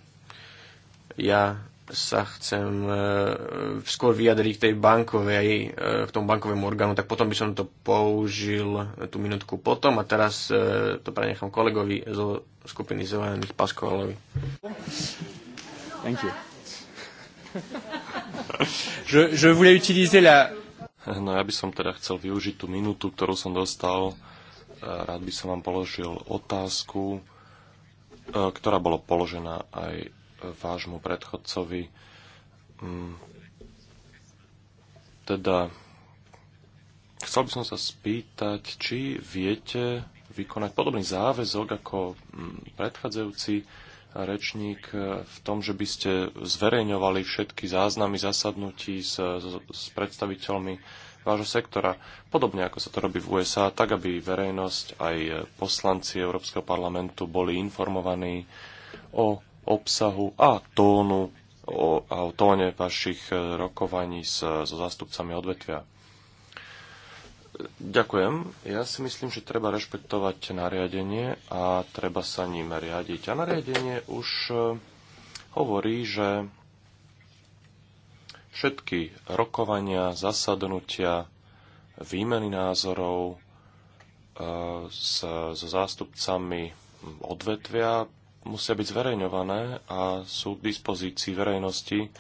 Ja sa chcem e, skôr vyjadriť k tej bankovej, e, k tomu bankovému orgánu, tak potom by som to použil e, tú minútku potom a teraz to prenechám kolegovi zo skupiny zelených Paskovalovi. Thank you. je, je voulais utiliser la... No ja by som teda chcel využiť tú minútu, ktorú som dostal. Rád by som vám položil otázku, ktorá bola položená aj vášmu predchodcovi. Mm. Teda chcel by som sa spýtať, či viete vykonať podobný záväzok ako mm, predchádzajúci rečník v tom, že by ste zverejňovali všetky záznamy zasadnutí s, s predstaviteľmi vášho sektora, podobne ako sa to robí v USA, tak aby verejnosť aj poslanci Európskeho parlamentu boli informovaní o obsahu a tónu o, a o tóne vašich e, rokovaní s, so zástupcami odvetvia. Ďakujem. Ja si myslím, že treba rešpektovať nariadenie a treba sa ním riadiť. A nariadenie už e, hovorí, že všetky rokovania, zasadnutia, výmeny názorov e, s, so zástupcami odvetvia musia byť zverejňované a sú k dispozícii verejnosti.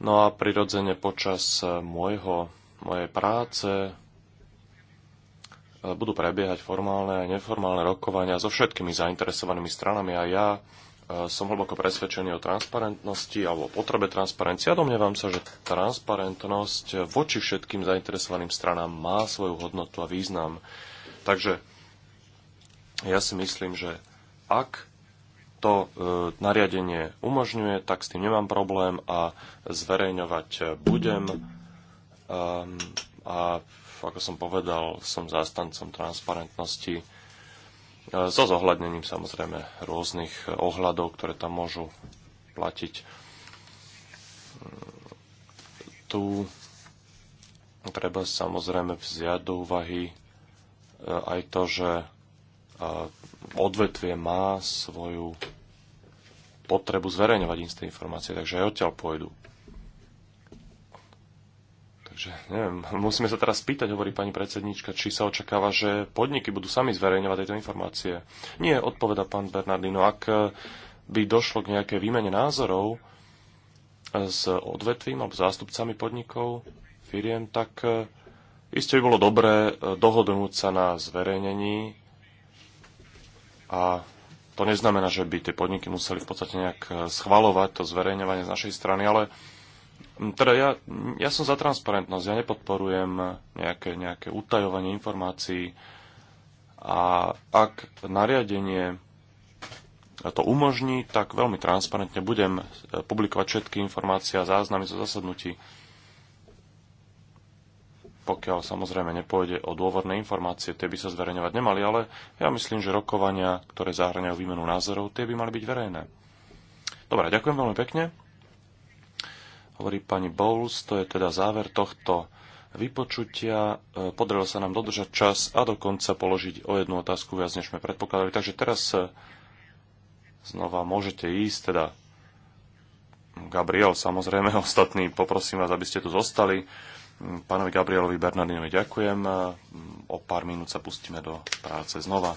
No a prirodzene počas eh, môjho, mojej práce eh, budú prebiehať formálne a neformálne rokovania so všetkými zainteresovanými stranami a ja eh, som hlboko presvedčený o transparentnosti alebo o potrebe transparencie a domnievam sa, že transparentnosť voči všetkým zainteresovaným stranám má svoju hodnotu a význam. Takže ja si myslím, že ak to e, nariadenie umožňuje, tak s tým nemám problém a zverejňovať e, budem. Ehm, a ako som povedal, som zástancom transparentnosti e, so zohľadnením samozrejme rôznych ohľadov, ktoré tam môžu platiť. Tu treba samozrejme vziať do úvahy aj to, že odvetvie má svoju potrebu zverejňovať isté informácie, takže aj odtiaľ pôjdu. Takže neviem, musíme sa teraz spýtať, hovorí pani predsednička, či sa očakáva, že podniky budú sami zverejňovať tieto informácie. Nie, odpoveda pán Bernardino, ak by došlo k nejakej výmene názorov e, s odvetvím alebo zástupcami podnikov, firiem, tak e, Isté by bolo dobré e, dohodnúť sa na zverejnení a to neznamená, že by tie podniky museli v podstate nejak e, schvalovať to zverejňovanie z našej strany, ale teda ja, ja som za transparentnosť, ja nepodporujem nejaké, nejaké utajovanie informácií a ak nariadenie to umožní, tak veľmi transparentne budem e, publikovať všetky informácie a záznamy zo zasadnutí pokiaľ samozrejme nepôjde o dôvodné informácie, tie by sa zverejňovať nemali, ale ja myslím, že rokovania, ktoré zahrňajú výmenu názorov, tie by mali byť verejné. Dobre, ďakujem veľmi pekne. Hovorí pani Bowles, to je teda záver tohto vypočutia. E, podarilo sa nám dodržať čas a dokonca položiť o jednu otázku viac, než sme predpokladali. Takže teraz e, znova môžete ísť, teda Gabriel, samozrejme, ostatní, poprosím vás, aby ste tu zostali. Pánovi Gabrielovi Bernardinovi ďakujem. O pár minút sa pustíme do práce znova.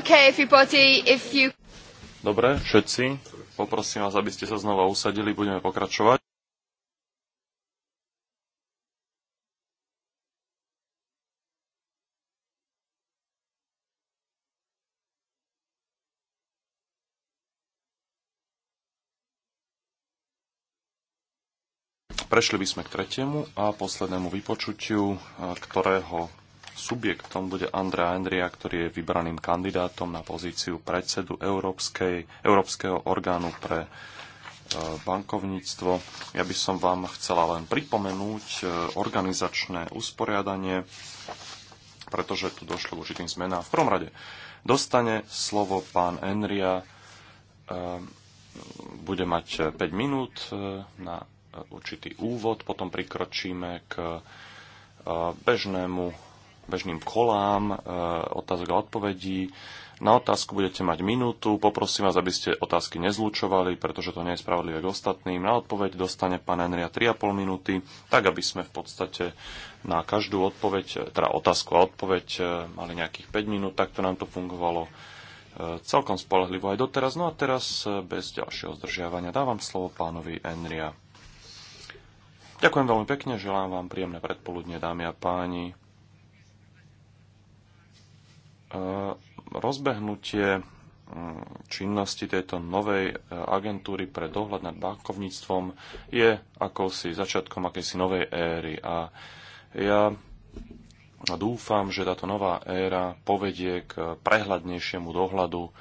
Okay, everybody, if you... Dobre, všetci, poprosím vás, aby ste sa znova usadili, budeme pokračovať. Prešli by sme k tretiemu a poslednému vypočutiu, eh, ktorého subjektom bude Andrea Andria, ktorý je vybraným kandidátom na pozíciu predsedu Európskej, Európskeho orgánu pre e, bankovníctvo. Ja by som vám chcela len pripomenúť e, organizačné usporiadanie, pretože tu došlo k určitým zmenám. V prvom rade dostane slovo pán Enria, e, bude mať 5 minút na určitý úvod, potom prikročíme k bežnému bežným kolám e, otázok a odpovedí. Na otázku budete mať minútu. Poprosím vás, aby ste otázky nezlučovali, pretože to nie je spravodlivé k ostatným. Na odpoveď dostane pán Enria 3,5 minúty, tak aby sme v podstate na každú odpoveď, teda otázku a odpoveď e, mali nejakých 5 minút. Takto nám to fungovalo e, celkom spolehlivo aj doteraz. No a teraz bez ďalšieho zdržiavania dávam slovo pánovi Enria. Ďakujem veľmi pekne, želám vám príjemné predpoludne, dámy a páni. Eh, rozbehnutie mm, činnosti tejto novej eh, agentúry pre dohľad nad bankovníctvom je akousi začiatkom akejsi novej éry. A ja dúfam, že táto nová éra povedie k prehľadnejšiemu dohľadu eh,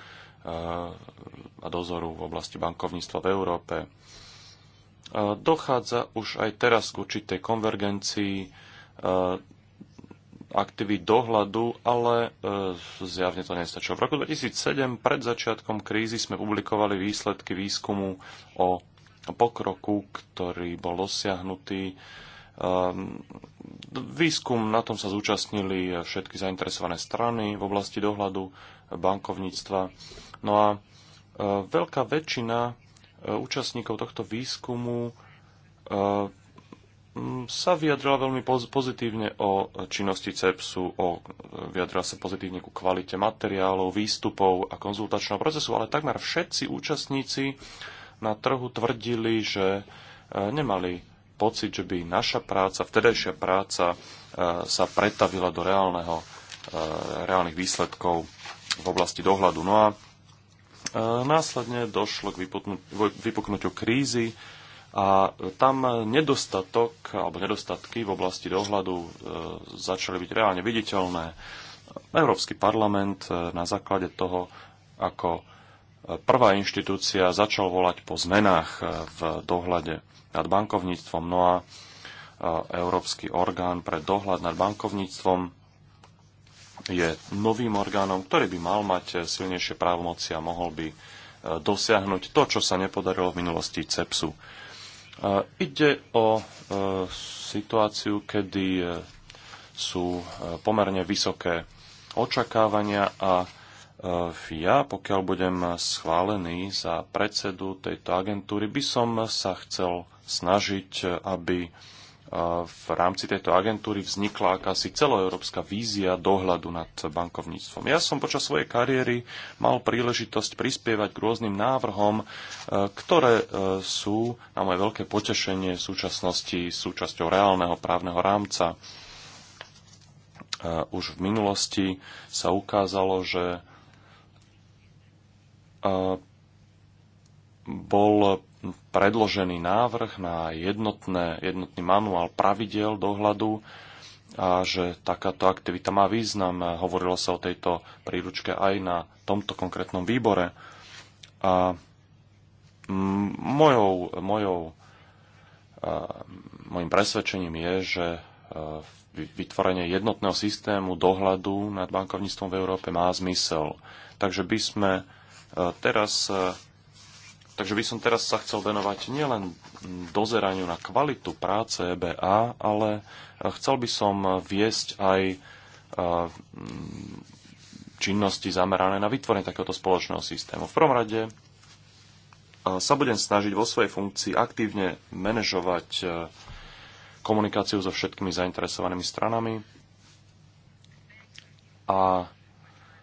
a dozoru v oblasti bankovníctva v Európe. Dochádza už aj teraz k určitej konvergencii aktivít dohľadu, ale e, zjavne to nestačilo. V roku 2007 pred začiatkom krízy sme publikovali výsledky výskumu o pokroku, ktorý bol dosiahnutý. Ehm, výskum, na tom sa zúčastnili všetky zainteresované strany v oblasti dohľadu bankovníctva. No a e, veľká väčšina e, účastníkov tohto výskumu Mm, sa vyjadrila veľmi pozitívne o činnosti CEPSu, o, e, vyjadrila sa pozitívne ku kvalite materiálov, výstupov a konzultačného procesu, ale takmer všetci účastníci na trhu tvrdili, že e, nemali pocit, že by naša práca, vtedajšia práca e, sa pretavila do reálneho, reálnych výsledkov v oblasti dohľadu. No a následne došlo k vypuknutiu krízy, a tam nedostatok alebo nedostatky v oblasti dohľadu e, začali byť reálne viditeľné. Európsky parlament e, na základe toho, ako e, prvá inštitúcia začal volať po zmenách v dohľade nad bankovníctvom. No a Európsky orgán pre dohľad nad bankovníctvom je novým orgánom, ktorý by mal mať silnejšie právomoci a mohol by dosiahnuť to, čo sa nepodarilo v minulosti CEPSu. Ide o e, situáciu, kedy e, sú e, pomerne vysoké očakávania a ja, pokiaľ budem schválený za predsedu tejto agentúry, by som sa chcel snažiť, aby v rámci tejto agentúry vznikla akási celoeurópska vízia dohľadu nad bankovníctvom. Ja som počas svojej kariéry mal príležitosť prispievať k rôznym návrhom, e, ktoré e, sú na moje veľké potešenie v súčasnosti súčasťou reálneho právneho rámca. E, už v minulosti sa ukázalo, že bol predložený návrh na jednotné, jednotný manuál pravidel dohľadu a že takáto aktivita má význam. Hovorilo sa o tejto príručke aj na tomto konkrétnom výbore. A mojou, mojou, mojim presvedčením je, že vytvorenie jednotného systému dohľadu nad bankovníctvom v Európe má zmysel. Takže by sme teraz Takže by som teraz sa chcel venovať nielen dozeraniu na kvalitu práce EBA, ale e, chcel by som viesť aj e, mm, činnosti zamerané na vytvorenie takéhoto spoločného systému. V prvom rade e, sa budem snažiť vo svojej funkcii aktívne manažovať komunikáciu so všetkými zainteresovanými stranami a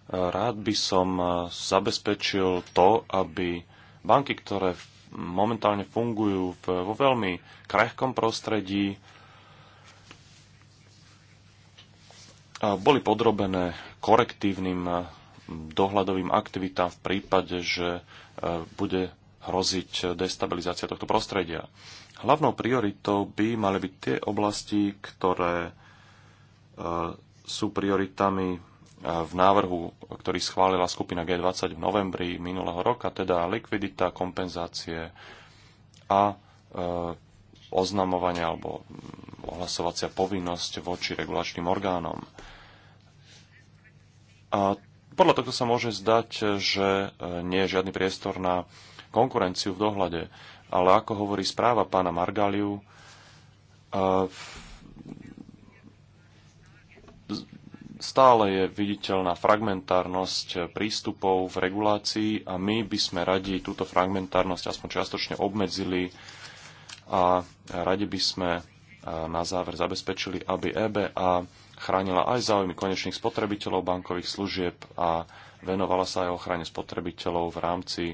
rád by som zabezpečil to, aby banky, ktoré momentálne fungujú vo veľmi krehkom prostredí, boli podrobené korektívnym dohľadovým aktivitám v prípade, že bude hroziť destabilizácia tohto prostredia. Hlavnou prioritou by mali byť tie oblasti, ktoré sú prioritami v návrhu, ktorý schválila skupina G20 v novembri minulého roka, teda likvidita, kompenzácie a e, oznamovania alebo mm, ohlasovacia povinnosť voči regulačným orgánom. A podľa tohto sa môže zdať, že e, nie je žiadny priestor na konkurenciu v dohľade, ale ako hovorí správa pána Margaliu, e, stále je viditeľná fragmentárnosť prístupov v regulácii a my by sme radi túto fragmentárnosť aspoň čiastočne obmedzili a radi by sme e, na záver zabezpečili, aby EBA chránila aj záujmy konečných spotrebiteľov bankových služieb a venovala sa aj ochrane spotrebiteľov v rámci,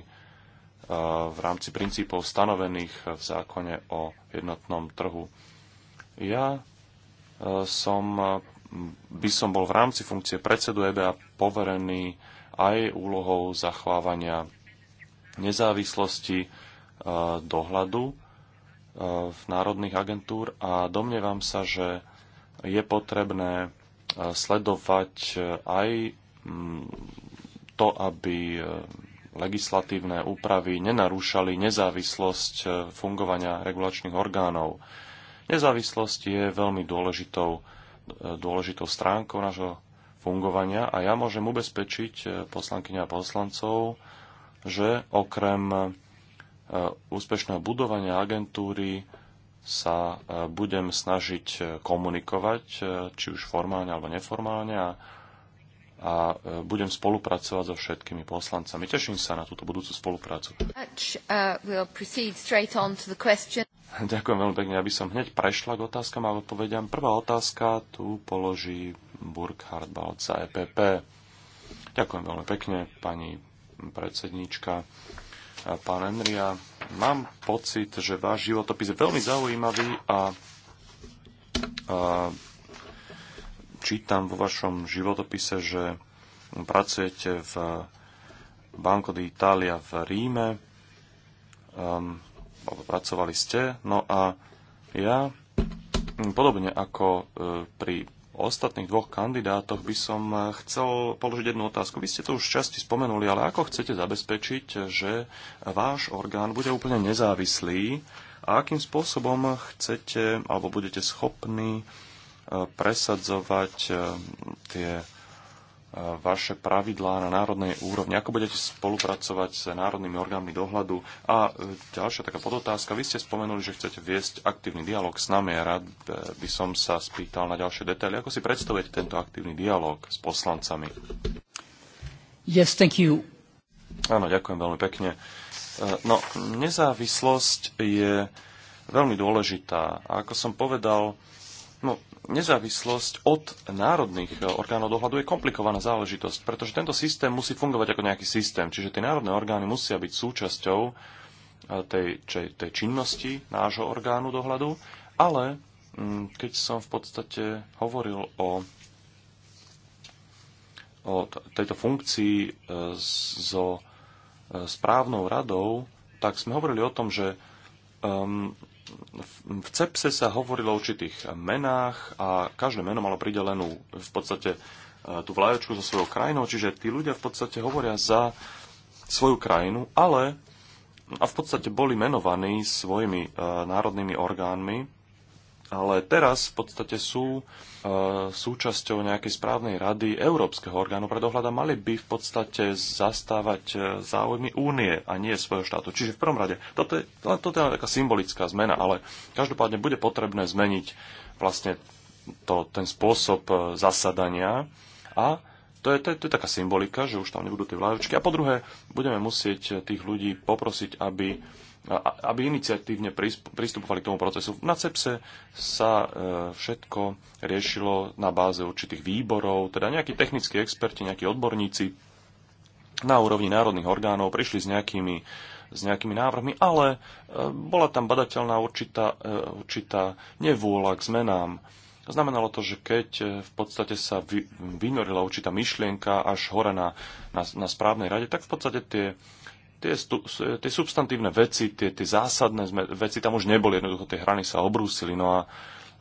e, v rámci princípov stanovených v zákone o jednotnom trhu. Ja e, som by som bol v rámci funkcie predsedu EBA poverený aj úlohou zachovávania nezávislosti e, dohľadu e, v národných agentúr a domnievam sa, že je potrebné e, sledovať aj to, aby legislatívne úpravy nenarúšali nezávislosť fungovania regulačných orgánov. Nezávislosť je veľmi dôležitou dôležitou stránkou nášho fungovania a ja môžem ubezpečiť eh, poslankyňa a poslancov, že okrem eh, úspešného budovania agentúry sa eh, budem snažiť komunikovať, či už formálne alebo neformálne a a e, budem spolupracovať so všetkými poslancami. Teším sa na túto budúcu spoluprácu. Uh, Ďakujem veľmi pekne, aby som hneď prešla k otázkam a odpovediam. Prvá otázka tu položí Burkhard Balca EPP. Ďakujem veľmi pekne, pani predsedníčka. Pán Enria, mám pocit, že váš životopis je veľmi zaujímavý a, a čítam vo vašom životopise, že pracujete v Banco d'Italia v Ríme, um, alebo pracovali ste. No a ja, podobne ako uh, pri ostatných dvoch kandidátoch, by som uh, chcel položiť jednu otázku. Vy ste to už časti spomenuli, ale ako chcete zabezpečiť, že váš orgán bude úplne nezávislý a akým spôsobom chcete alebo budete schopní E, presadzovať e, tie e, vaše pravidlá na národnej úrovni? Ako budete spolupracovať s národnými orgánmi dohľadu? A ďalšia taká podotázka. Vy ste spomenuli, že chcete viesť aktívny dialog s nami. a rád by som sa spýtal na ďalšie detaily. Ako si predstavujete tento aktívny dialog s poslancami? Yes, thank you. Áno, ďakujem veľmi pekne. No, nezávislosť je veľmi dôležitá. A ako som povedal, nezávislosť od národných eh, orgánov dohľadu je komplikovaná záležitosť, pretože tento systém musí fungovať ako nejaký systém, čiže tie národné orgány musia byť súčasťou eh, tej, či, tej činnosti nášho orgánu dohľadu, ale mm, keď som v podstate hovoril o, o tejto funkcii eh, so správnou radou, tak sme hovorili o tom, že um, v CEPSE sa hovorilo o určitých menách a každé meno malo pridelenú v podstate e, tú vlajočku so svojou krajinou, čiže tí ľudia v podstate hovoria za svoju krajinu, ale a v podstate boli menovaní svojimi e, národnými orgánmi ale teraz v podstate sú e, súčasťou nejakej správnej rady Európskeho orgánu pre dohľada, mali by v podstate zastávať e, záujmy únie a nie svojho štátu. Čiže v prvom rade, toto je, toto je taká symbolická zmena, ale každopádne bude potrebné zmeniť vlastne to, ten spôsob e, zasadania a to je, to, je, to je taká symbolika, že už tam nebudú tie vlajočky. A po druhé, budeme musieť tých ľudí poprosiť, aby aby iniciatívne pristupovali k tomu procesu. Na CEPSE sa e, všetko riešilo na báze určitých výborov, teda nejakí technickí experti, nejakí odborníci na úrovni národných orgánov prišli s nejakými, s nejakými návrhmi, ale e, bola tam badateľná určitá, e, určitá nevôľa k zmenám. Znamenalo to, že keď v podstate sa vy, vynorila určitá myšlienka až hore na, na, na správnej rade, tak v podstate tie, tie, tie substantívne veci, tie, tie zásadné veci tam už neboli, jednoducho tie hrany sa obrúsili. No a,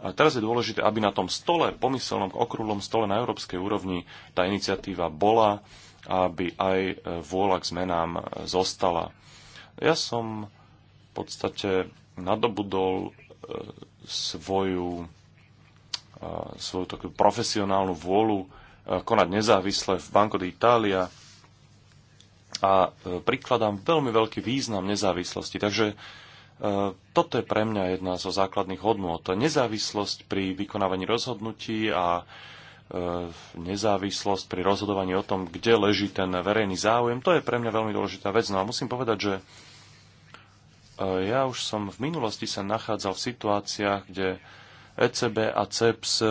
a teraz je dôležité, aby na tom stole, pomyselnom okrúhlom stole na európskej úrovni tá iniciatíva bola, aby aj e, vôľa k zmenám e, zostala. Ja som v podstate nadobudol e, svoju, svoju takú profesionálnu vôľu konať nezávisle v Banco d'Italia, a e, prikladám veľmi veľký význam nezávislosti. Takže e, toto je pre mňa jedna zo základných hodnôt. Nezávislosť pri vykonávaní rozhodnutí a e, nezávislosť pri rozhodovaní o tom, kde leží ten verejný záujem, to je pre mňa veľmi dôležitá vec. No a musím povedať, že ja už som v minulosti sa nachádzal v situáciách, kde ECB a CEPS eh,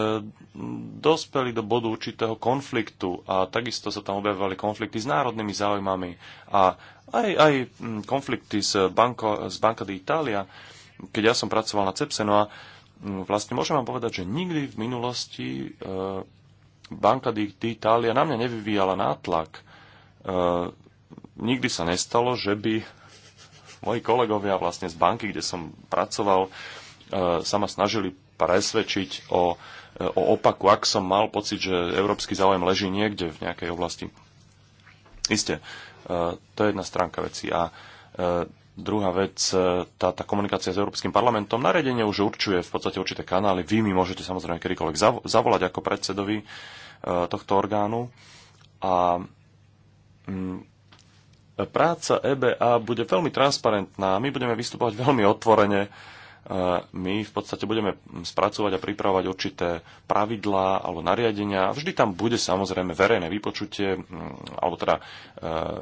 dospeli do bodu určitého konfliktu a takisto sa tam objavovali konflikty s národnými záujmami a aj, aj mm, konflikty s, banko, s Banca d'Italia, keď ja som pracoval na CEPSE. E, no a mm, vlastne môžem vám povedať, že nikdy v minulosti eh, Banka d'Italia na mňa nevyvíjala nátlak. Eh, nikdy sa nestalo, že by moji kolegovia vlastne z banky, kde som pracoval, sa ma snažili presvedčiť o, e, o opaku, ak som mal pocit, že európsky záujem leží niekde v nejakej oblasti. Isté, e, to je jedna stránka veci. A e, druhá vec, tá, tá komunikácia s Európskym parlamentom, nariadenie už určuje v podstate určité kanály. Vy mi môžete samozrejme kedykoľvek zavolať ako predsedovi tohto orgánu. A mm, práca EBA bude veľmi transparentná. My budeme vystupovať veľmi otvorene my v podstate budeme spracovať a pripravovať určité pravidlá alebo nariadenia. Vždy tam bude samozrejme verejné vypočutie, alebo teda e,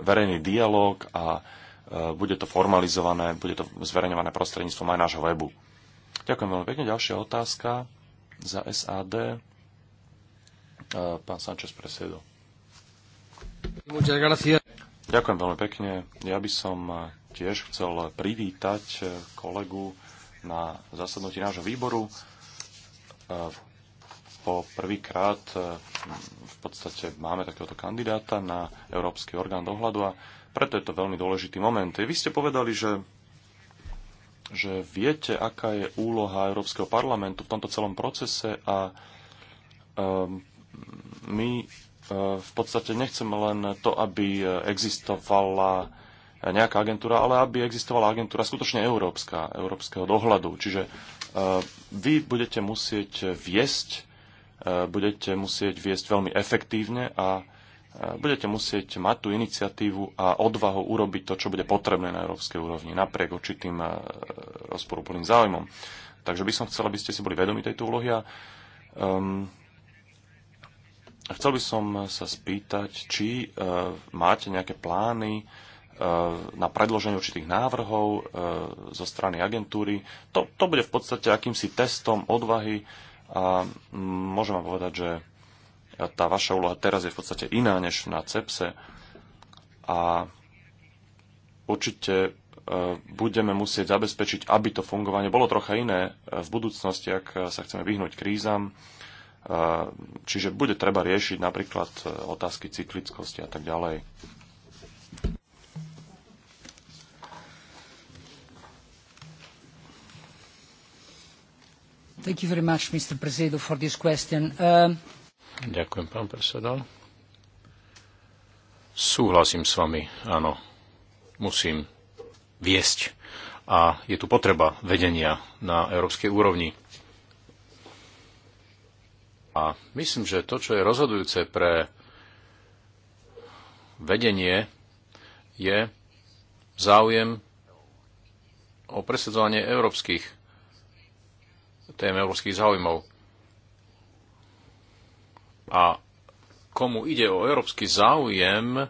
verejný dialog a e, bude to formalizované, bude to zverejňované prostredníctvom aj nášho webu. Ďakujem veľmi pekne. Ďalšia otázka za SAD. E, pán Sanchez presedo. Ďakujem veľmi pekne. Ja by som tiež chcel privítať kolegu na zasadnutí nášho výboru e, po prvýkrát e, v podstate máme takéhoto kandidáta na Európsky orgán dohľadu a preto je to veľmi dôležitý moment. Vy ste povedali, že, že viete, aká je úloha Európskeho parlamentu v tomto celom procese a um, my e, v podstate nechceme len to, aby existovala nejaká agentúra, ale aby existovala agentúra skutočne európska, európskeho dohľadu. Čiže eh, vy budete musieť viesť, eh, budete musieť viesť veľmi efektívne a eh, budete musieť mať tú iniciatívu a odvahu urobiť to, čo bude potrebné na európskej úrovni, napriek určitým rozporúplným záujmom. Takže by som chcel, aby ste si boli vedomi tejto úlohy a um, chcel by som sa spýtať, či uh, máte nejaké plány na predloženie určitých návrhov e, zo strany agentúry. To, to bude v podstate akýmsi testom odvahy a môžem vám povedať, že tá vaša úloha teraz je v podstate iná než na CEPSE a určite e, budeme musieť zabezpečiť, aby to fungovanie bolo trocha iné v budúcnosti, ak sa chceme vyhnúť krízam. E, čiže bude treba riešiť napríklad otázky cyklickosti a tak ďalej. Um, Ďakujem, pán predseda. Súhlasím s vami, áno. Musím viesť. A je tu potreba vedenia na európskej úrovni. A myslím, že to, čo je rozhodujúce pre vedenie, je záujem o presadzovanie európskych téme európskych záujmov. A komu ide o európsky záujem,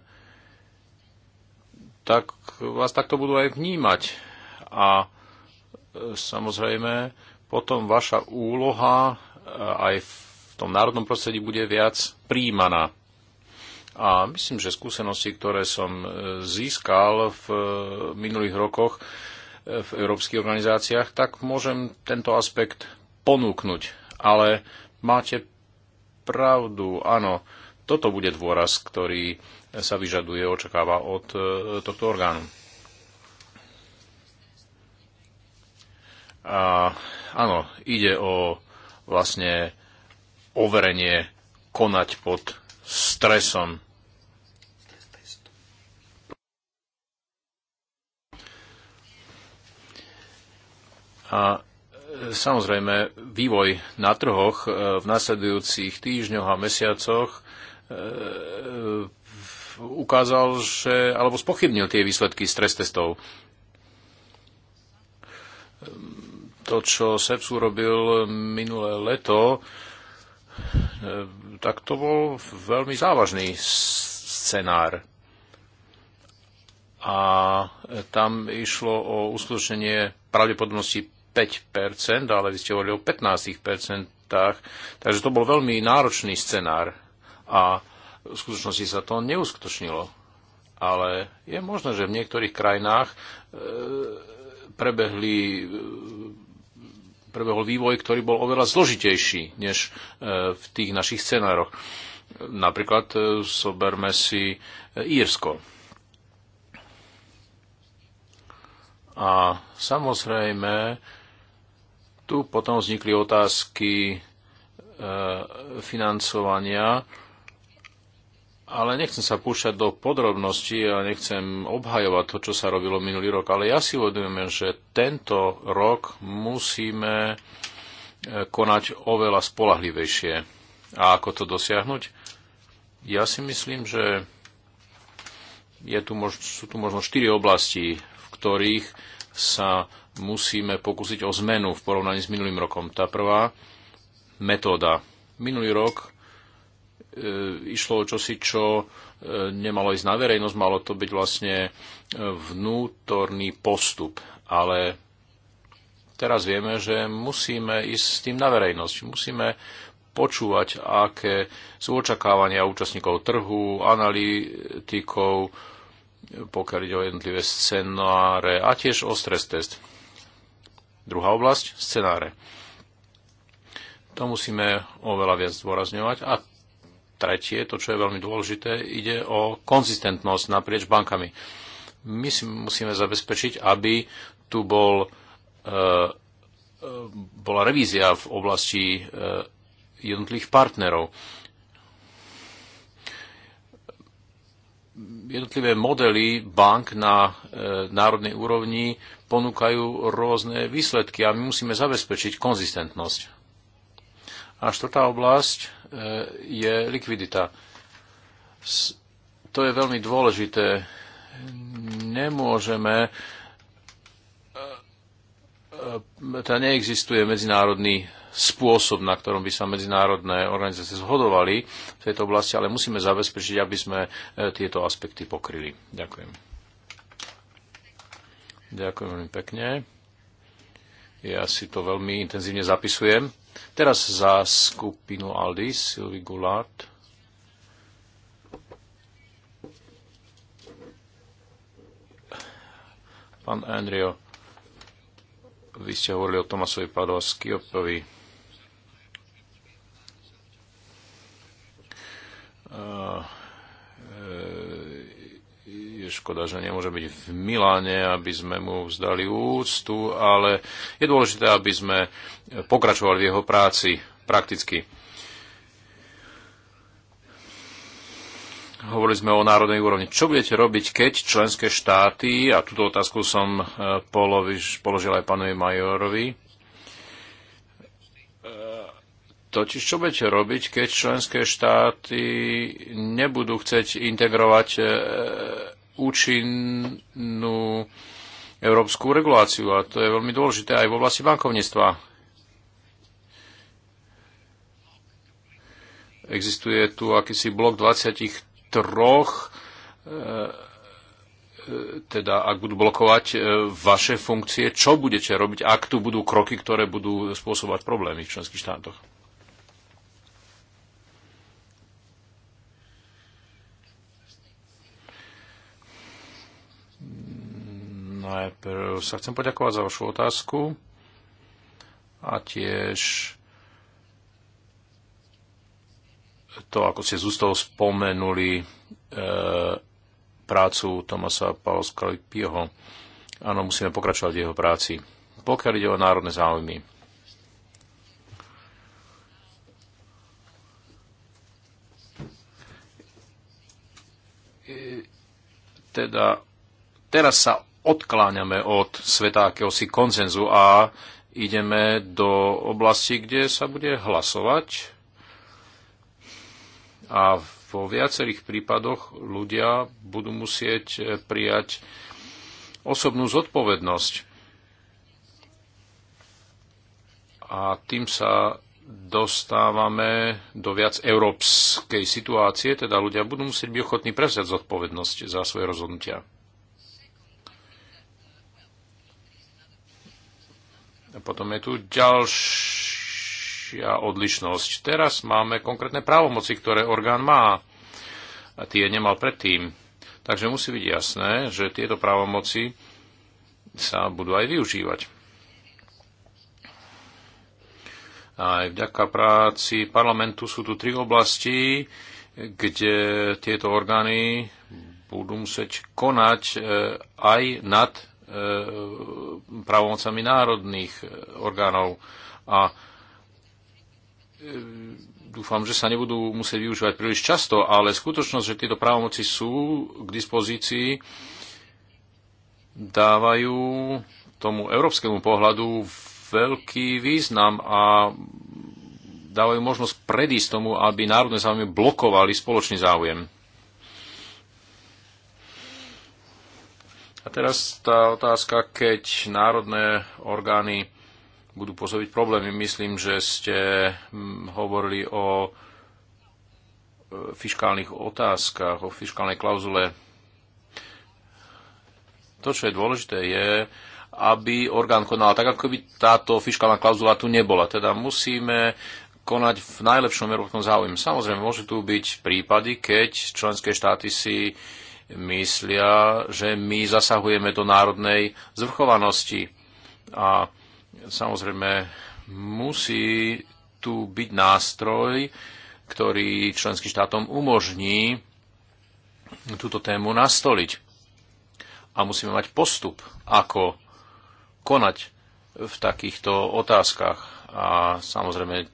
tak vás takto budú aj vnímať. A e, samozrejme, potom vaša úloha e, aj v tom národnom prostredí bude viac príjmaná. A myslím, že skúsenosti, ktoré som e, získal v minulých rokoch, v európskych organizáciách, tak môžem tento aspekt ponúknuť. Ale máte pravdu, áno, toto bude dôraz, ktorý sa vyžaduje, očakáva od e, tohto orgánu. A áno, ide o vlastne overenie konať pod stresom A e, samozrejme, vývoj na trhoch e, v nasledujúcich týždňoch a mesiacoch e, ukázal, že, alebo spochybnil tie výsledky stres testov. To, čo SEPS urobil minulé leto, tak to bol veľmi závažný scenár. A tam išlo o uskutočnenie pravdepodobnosti 5%, ale vy ste hovorili o 15%, takže to bol veľmi náročný scenár a v skutočnosti sa to neuskutočnilo. Ale je možné, že v niektorých krajinách e, prebehli, e, prebehol vývoj, ktorý bol oveľa zložitejší než e, v tých našich scenároch. Napríklad soberme si Írsko. A samozrejme, tu potom vznikli otázky e, financovania, ale nechcem sa púšťať do podrobností a nechcem obhajovať to, čo sa robilo minulý rok, ale ja si uvedomujem, že tento rok musíme e, konať oveľa spolahlivejšie. A ako to dosiahnuť? Ja si myslím, že je tu mož- sú tu možno štyri oblasti, v ktorých sa musíme pokúsiť o zmenu v porovnaní s minulým rokom. Tá prvá metóda. Minulý rok e, išlo o čosi, čo e, nemalo ísť na verejnosť, malo to byť vlastne e, vnútorný postup. Ale teraz vieme, že musíme ísť s tým na verejnosť. Musíme počúvať, aké sú očakávania účastníkov trhu, analytikov, pokiaľ ide o jednotlivé scenáre a tiež o stres test. Druhá oblasť, scenáre. To musíme oveľa viac zdôrazňovať. A tretie, to čo je veľmi dôležité, ide o konzistentnosť naprieč bankami. My si musíme zabezpečiť, aby tu bol, e, e bola revízia v oblasti e, jednotlivých partnerov jednotlivé modely bank na e, národnej úrovni ponúkajú rôzne výsledky a my musíme zabezpečiť konzistentnosť. A štvrtá oblasť e, je likvidita. S, to je veľmi dôležité. Nemôžeme e, E, teda neexistuje medzinárodný spôsob, na ktorom by sa medzinárodné organizácie zhodovali v tejto oblasti, ale musíme zabezpečiť, aby sme e, tieto aspekty pokryli. Ďakujem. Ďakujem veľmi pekne. Ja si to veľmi intenzívne zapisujem. Teraz za skupinu Aldi, Sylvie Goulart. Pán Andrio, vy ste hovorili o Tomasovi Padovskiopovi. E, je škoda, že nemôže byť v Miláne, aby sme mu vzdali úctu, ale je dôležité, aby sme pokračovali v jeho práci prakticky Hovorili sme o národnej úrovni. Čo budete robiť, keď členské štáty, a túto otázku som e, položil aj pánovi Majorovi, e, Totiž čo budete robiť, keď členské štáty nebudú chcieť integrovať e, účinnú európsku reguláciu? A to je veľmi dôležité aj v oblasti bankovníctva. Existuje tu akýsi blok 20 troch, e, e, teda ak budú blokovať e, vaše funkcie, čo budete robiť, ak tu budú kroky, ktoré budú spôsobovať problémy v členských štátoch? Najprv sa chcem poďakovať za vašu otázku a tiež to, ako ste z ústov spomenuli, e, prácu Tomasa Pauskalipiho. Áno, musíme pokračovať v jeho práci. Pokiaľ ide o národné záujmy, e, teda teraz sa odkláňame od sveta akéhosi koncenzu a ideme do oblasti, kde sa bude hlasovať a vo viacerých prípadoch ľudia budú musieť eh, prijať osobnú zodpovednosť. A tým sa dostávame do viac európskej situácie, teda ľudia budú musieť byť ochotní prevziať zodpovednosť za svoje rozhodnutia. A potom je tu ďalší väčšia odlišnosť. Teraz máme konkrétne právomoci, ktoré orgán má a tie nemal predtým. Takže musí byť jasné, že tieto právomoci sa budú aj využívať. Aj vďaka práci parlamentu sú tu tri oblasti, kde tieto orgány budú musieť konať e, aj nad e, pravomocami národných e, orgánov. A Ehm, dúfam, že sa nebudú musieť využívať príliš často, ale skutočnosť, že tieto právomoci sú k dispozícii, dávajú tomu európskemu pohľadu veľký význam a dávajú možnosť predísť tomu, aby národné záujmy blokovali spoločný záujem. A teraz tá otázka, keď národné orgány budú pôsobiť problémy. Myslím, že ste mm, hovorili o e, fiskálnych otázkach, o fiskálnej klauzule. To, čo je dôležité, je, aby orgán konal tak, ako by táto fiskálna klauzula tu nebola. Teda musíme konať v najlepšom európskom záujme. Samozrejme, môžu tu byť prípady, keď členské štáty si myslia, že my zasahujeme do národnej zvrchovanosti. A Samozrejme, musí tu byť nástroj, ktorý členským štátom umožní túto tému nastoliť. A musíme mať postup, ako konať v takýchto otázkach. A samozrejme,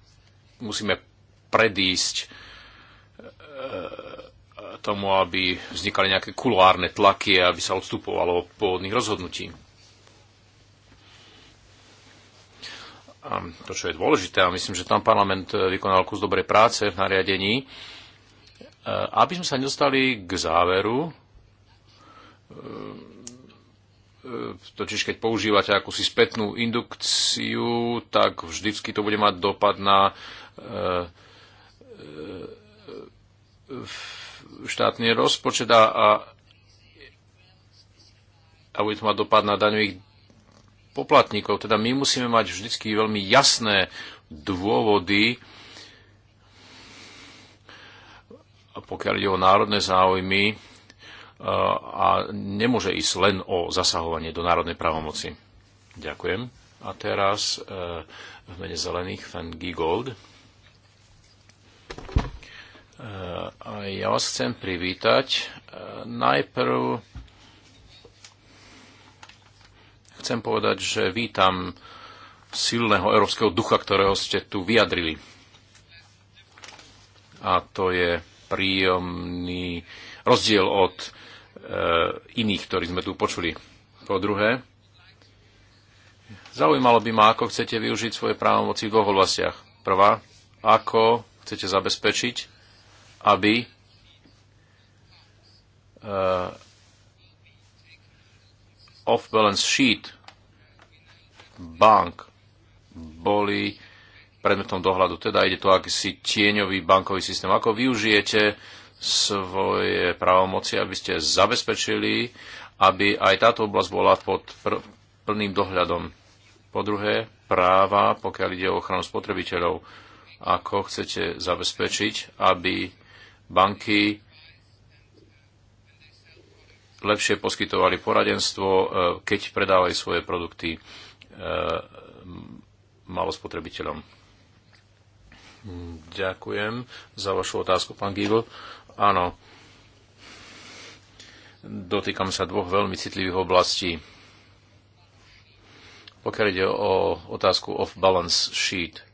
musíme predísť e, e, tomu, aby vznikali nejaké kulárne tlaky, aby sa odstupovalo od pôvodných rozhodnutí. a to, čo je dôležité, a myslím, že tam parlament e, vykonal kus dobrej práce v nariadení, e, aby sme sa nedostali k záveru, e, totiž keď používate akúsi spätnú indukciu, tak vždycky to bude mať dopad na štátny rozpočet a, a bude to mať dopad na daňových poplatníkov. Teda my musíme mať vždy veľmi jasné dôvody, pokiaľ ide o národné záujmy a nemôže ísť len o zasahovanie do národnej právomoci. Ďakujem. A teraz e, v mene zelených Fan Gold. E, a ja vás chcem privítať. E, najprv chcem povedať, že vítam silného európskeho ducha, ktorého ste tu vyjadrili. A to je príjemný rozdiel od e, iných, ktorí sme tu počuli. Po druhé, zaujímalo by ma, ako chcete využiť svoje právomoci v dvoch oblastiach. Prvá, ako chcete zabezpečiť, aby e, off-balance sheet bank boli predmetom dohľadu. Teda ide to akýsi tieňový bankový systém. Ako využijete svoje právomoci, aby ste zabezpečili, aby aj táto oblasť bola pod pr- plným dohľadom. Po druhé, práva, pokiaľ ide o ochranu spotrebiteľov. Ako chcete zabezpečiť, aby banky lepšie poskytovali poradenstvo, e, keď predávali svoje produkty e, malospotrebiteľom. Ďakujem za vašu otázku, pán Gigl. Áno, dotýkam sa dvoch veľmi citlivých oblastí. Pokiaľ ide o otázku of balance sheet,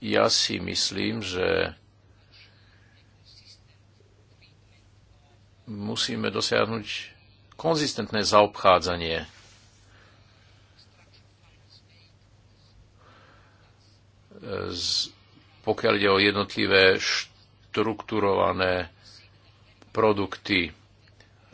ja si myslím, že musíme dosiahnuť konzistentné zaobchádzanie. Z, pokiaľ ide o jednotlivé štrukturované produkty.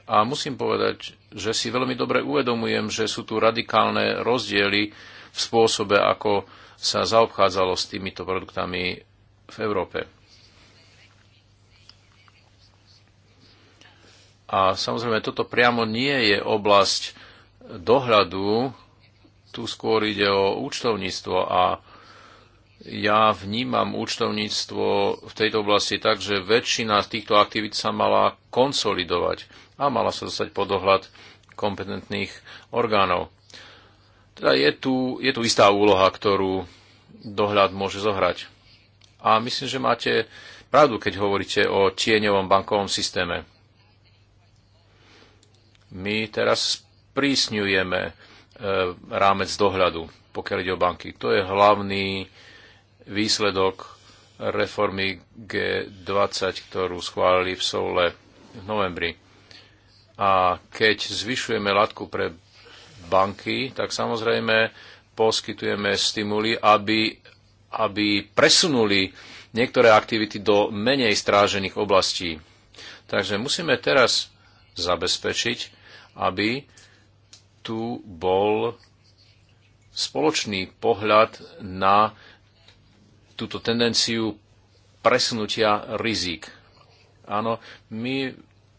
A musím povedať, že si veľmi dobre uvedomujem, že sú tu radikálne rozdiely v spôsobe, ako sa zaobchádzalo s týmito produktami v Európe. A samozrejme, toto priamo nie je oblasť dohľadu, tu skôr ide o účtovníctvo a ja vnímam účtovníctvo v tejto oblasti tak, že väčšina z týchto aktivít sa mala konsolidovať a mala sa dostať pod dohľad kompetentných orgánov. Teda je tu, je tu istá úloha, ktorú dohľad môže zohrať. A myslím, že máte pravdu, keď hovoríte o tieňovom bankovom systéme. My teraz sprísňujeme e, rámec dohľadu, pokiaľ ide o banky. To je hlavný výsledok reformy G20, ktorú schválili v Soule v novembri. A keď zvyšujeme latku pre banky, tak samozrejme poskytujeme stimuly, aby, aby presunuli niektoré aktivity do menej strážených oblastí. Takže musíme teraz zabezpečiť, aby tu bol spoločný pohľad na túto tendenciu presunutia rizik. Áno, my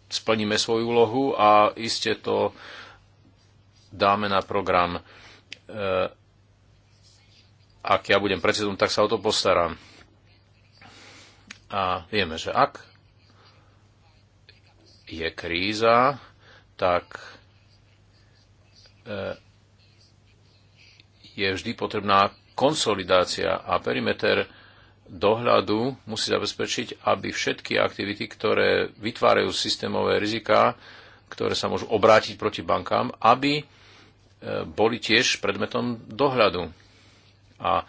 splníme svoju úlohu a iste to dáme na program. E, ak ja budem predsedom, tak sa o to postaram. A vieme, že ak je kríza, tak e, je vždy potrebná konsolidácia a perimeter dohľadu musí zabezpečiť, aby všetky aktivity, ktoré vytvárajú systémové riziká, ktoré sa môžu obrátiť proti bankám, aby e, boli tiež predmetom dohľadu. A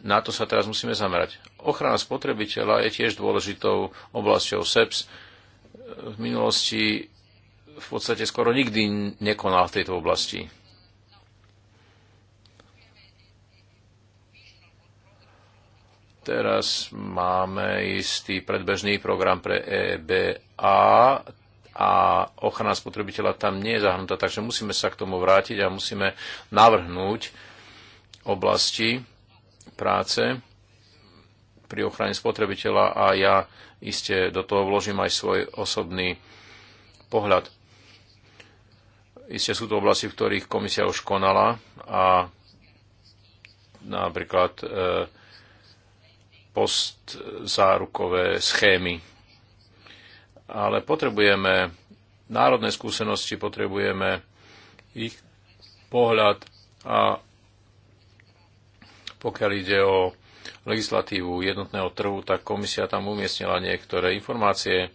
na to sa teraz musíme zamerať. Ochrana spotrebiteľa je tiež dôležitou oblasťou SEPS. E v minulosti v podstate skoro nikdy nekonal v tejto oblasti. Teraz máme istý predbežný program pre EBA a ochrana spotrebiteľa tam nie je zahrnutá, takže musíme sa k tomu vrátiť a musíme navrhnúť oblasti práce pri ochrane spotrebiteľa a ja iste do toho vložím aj svoj osobný pohľad. Isté sú to oblasti, v ktorých komisia už konala a napríklad e, postzárukové schémy. Ale potrebujeme národné skúsenosti, potrebujeme ich pohľad a pokiaľ ide o legislatívu jednotného trhu, tak komisia tam umiestnila niektoré informácie,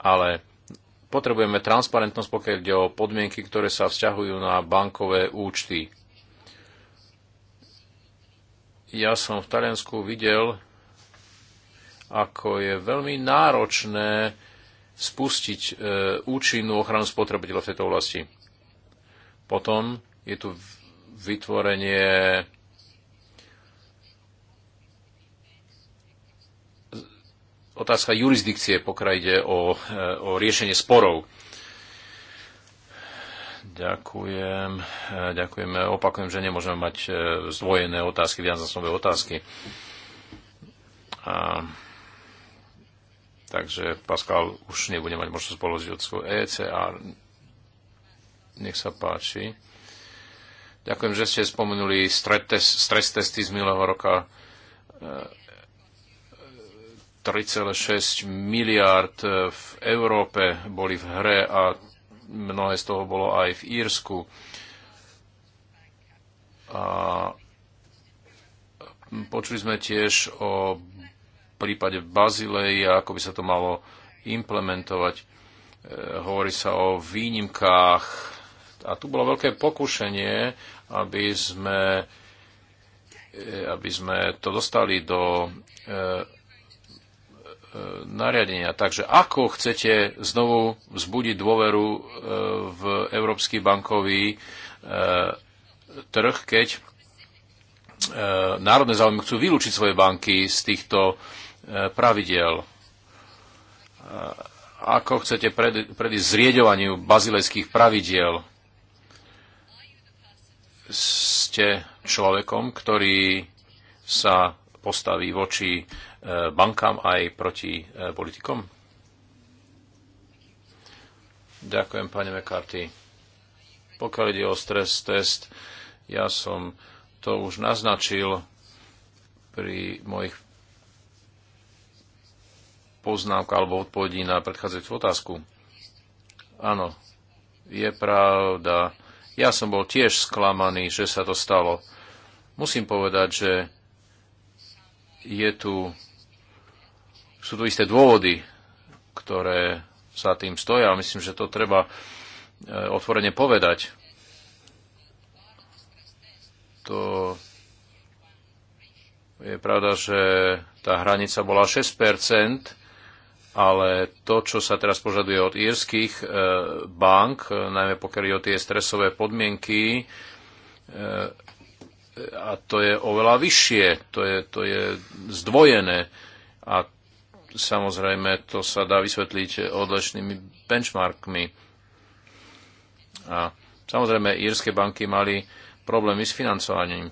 ale Potrebujeme transparentnosť, pokiaľ ide o podmienky, ktoré sa vzťahujú na bankové účty. Ja som v Taliansku videl, ako je veľmi náročné spustiť e, účinnú ochranu spotrebiteľov v tejto oblasti. Potom je tu vytvorenie otázka jurisdikcie, pokiaľ ide o, e, o riešenie sporov. Ďakujem. E, ďakujem. Opakujem, že nemôžeme mať e, zdvojené otázky, viacnásobné otázky. A, takže Pascal už nebude mať možnosť položiť otázku ECR. Nech sa páči. Ďakujem, že ste spomenuli stres, stres testy z minulého roka. 3,6 miliárd eh, v Európe boli v hre a mnohé z toho bolo aj v Írsku. A počuli sme tiež o prípade Bazilei ako by sa to malo implementovať. Eh, hovorí sa o výnimkách a tu bolo veľké pokušenie, aby sme, eh, aby sme to dostali do E, nariadenia. Takže ako chcete znovu vzbudiť dôveru e, v európsky bankový e, trh, keď národné záujmy chcú vylúčiť svoje banky z týchto pravidel? Ako chcete predísť zrieďovaniu bazilejských pravidiel? Ste človekom, ktorý sa postaví voči Eh, bankám aj proti eh, politikom? Ďakujem, pani McCarthy. Pokiaľ ide o stres test, ja som to už naznačil pri mojich poznámka alebo odpovedí na predchádzajúcu otázku. Áno, je pravda. Ja som bol tiež sklamaný, že sa to stalo. Musím povedať, že je tu sú tu isté dôvody, ktoré sa tým stoja. Myslím, že to treba e, otvorene povedať. To je pravda, že tá hranica bola 6%, ale to, čo sa teraz požaduje od írskych e, bank, e, najmä pokiaľ ide o tie stresové podmienky, a to je oveľa vyššie, to je, to je zdvojené. A Samozrejme, to sa dá vysvetliť odlišnými benchmarkmi. A samozrejme, írske banky mali problémy s financovaním.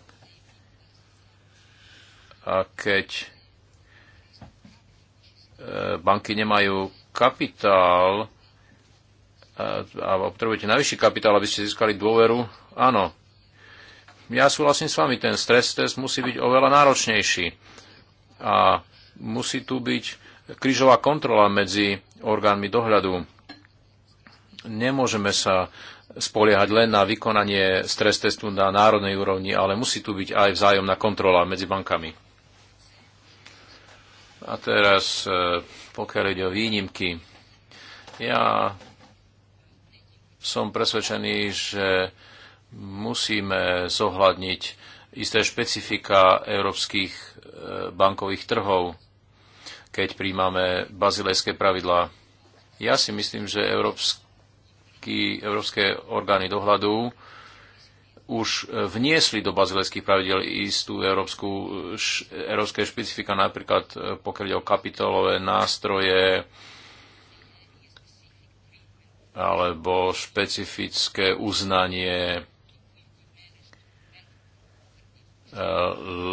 A keď e, banky nemajú kapitál e, a potrebujete najvyšší kapitál, aby ste získali dôveru, áno. Ja súhlasím s vami, ten stres test musí byť oveľa náročnejší. A musí tu byť krížová kontrola medzi orgánmi dohľadu. Nemôžeme sa spoliehať len na vykonanie stres testu na národnej úrovni, ale musí tu byť aj vzájomná kontrola medzi bankami. A teraz, e, pokiaľ ide o výnimky, ja som presvedčený, že musíme zohľadniť isté špecifika európskych e, bankových trhov keď príjmame bazilejské pravidlá. Ja si myslím, že európsky, európske orgány dohľadu už vniesli do bazilejských pravidel istú európsku, európske špecifika, napríklad eh, pokiaľ ide o kapitolové nástroje alebo špecifické uznanie eh,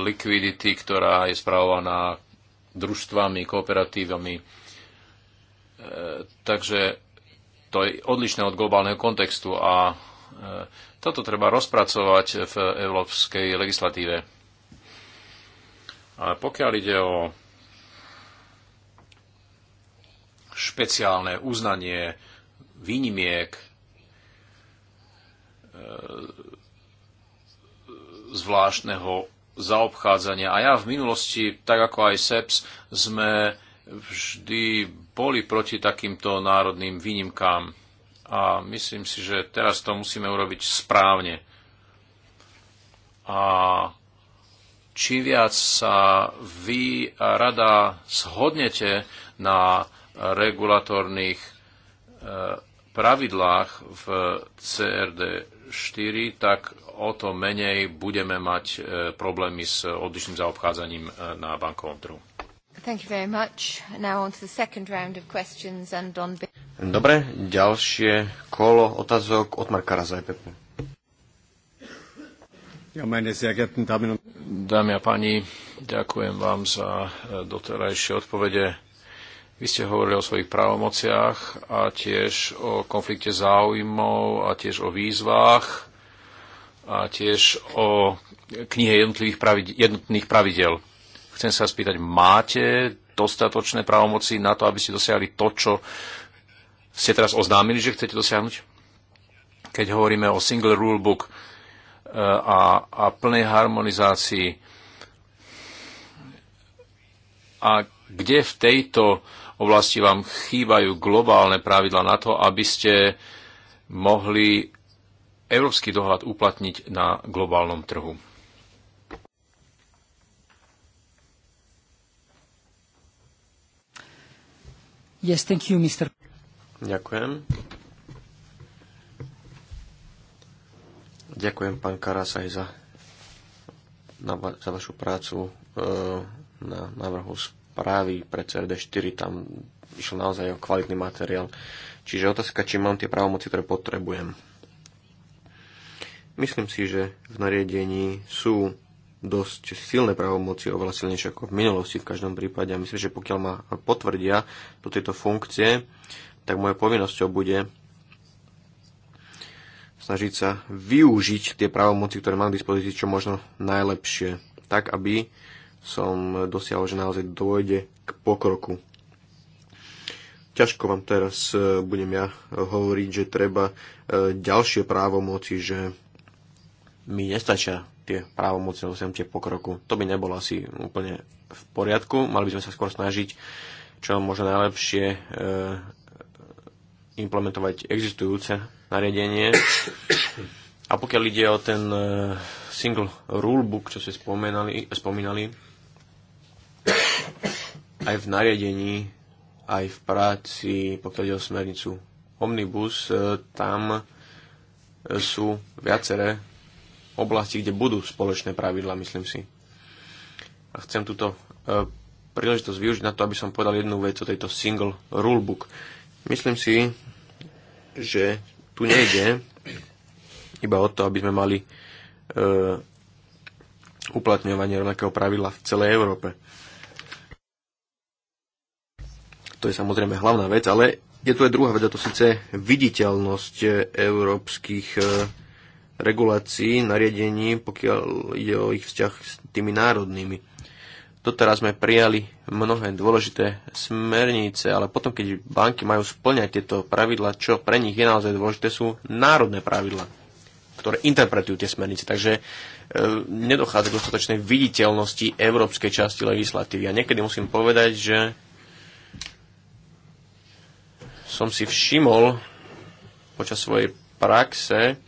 likvidity, ktorá je spravovaná družstvami, kooperatívami. E, takže to je odlišné od globálneho kontextu a e, toto treba rozpracovať v európskej legislatíve. Ale pokiaľ ide o špeciálne uznanie výnimiek e, zvláštneho zaobchádzania. A ja v minulosti, tak ako aj SEPS, sme vždy boli proti takýmto národným výnimkám. A myslím si, že teraz to musíme urobiť správne. A čím viac sa vy a rada shodnete na regulatórnych eh, pravidlách v CRD 4, tak o to menej budeme mať e, problémy s odlišným zaobchádzaním e, na bankovom trhu. Dobre, ďalšie kolo otázok od Marka Raza Ja, Dámy a páni, ďakujem vám za e, doterajšie odpovede vy ste hovorili o svojich právomociach a tiež o konflikte záujmov a tiež o výzvách a tiež o knihe jednotlivých pravidel, jednotných pravidel. Chcem sa spýtať, máte dostatočné právomoci na to, aby ste dosiahli to, čo ste teraz oznámili, že chcete dosiahnuť? Keď hovoríme o single rule book e, a, a plnej harmonizácii, a kde v tejto oblasti vám chýbajú globálne pravidla na to, aby ste mohli európsky dohľad uplatniť na globálnom trhu. Yes, thank you, Mr. Ďakujem. Ďakujem, pán Karas, aj za, na, za vašu prácu e, na návrhu správy pre CRD4, tam išlo naozaj o kvalitný materiál. Čiže otázka, či mám tie právomoci, ktoré potrebujem. Myslím si, že v nariadení sú dosť silné právomoci, oveľa silnejšie ako v minulosti v každom prípade. A myslím, že pokiaľ ma potvrdia do tejto funkcie, tak moje povinnosťou bude snažiť sa využiť tie právomoci, ktoré mám k dispozícii, čo možno najlepšie, tak aby som dosiahol, že naozaj dôjde k pokroku. Ťažko vám teraz e, budem ja hovoriť, že treba e, ďalšie právomoci, že mi nestačia tie právomoci na tie pokroku. To by nebolo asi úplne v poriadku. Mali by sme sa skôr snažiť čo možno najlepšie e, implementovať existujúce nariadenie. A pokiaľ ide o ten e, single rulebook, čo ste spomínali, aj v nariadení, aj v práci, pokiaľ ide o smernicu Omnibus, e, tam e, sú viaceré oblasti, kde budú spoločné pravidla, myslím si. A chcem túto e, príležitosť využiť na to, aby som povedal jednu vec o tejto single rulebook. Myslím si, že tu nejde iba o to, aby sme mali e, uplatňovanie rovnakého pravidla v celej Európe to je samozrejme hlavná vec, ale je tu aj druhá vec, a to síce viditeľnosť eh, európskych eh, regulácií, nariadení, pokiaľ ide o ich vzťah s tými národnými. Doteraz sme prijali mnohé dôležité smernice, ale potom, keď banky majú splňať tieto pravidla, čo pre nich je naozaj dôležité, sú národné pravidla, ktoré interpretujú tie smernice. Takže e, nedochádza k dostatočnej viditeľnosti európskej časti legislatívy. A niekedy musím povedať, že som si všimol počas svojej praxe,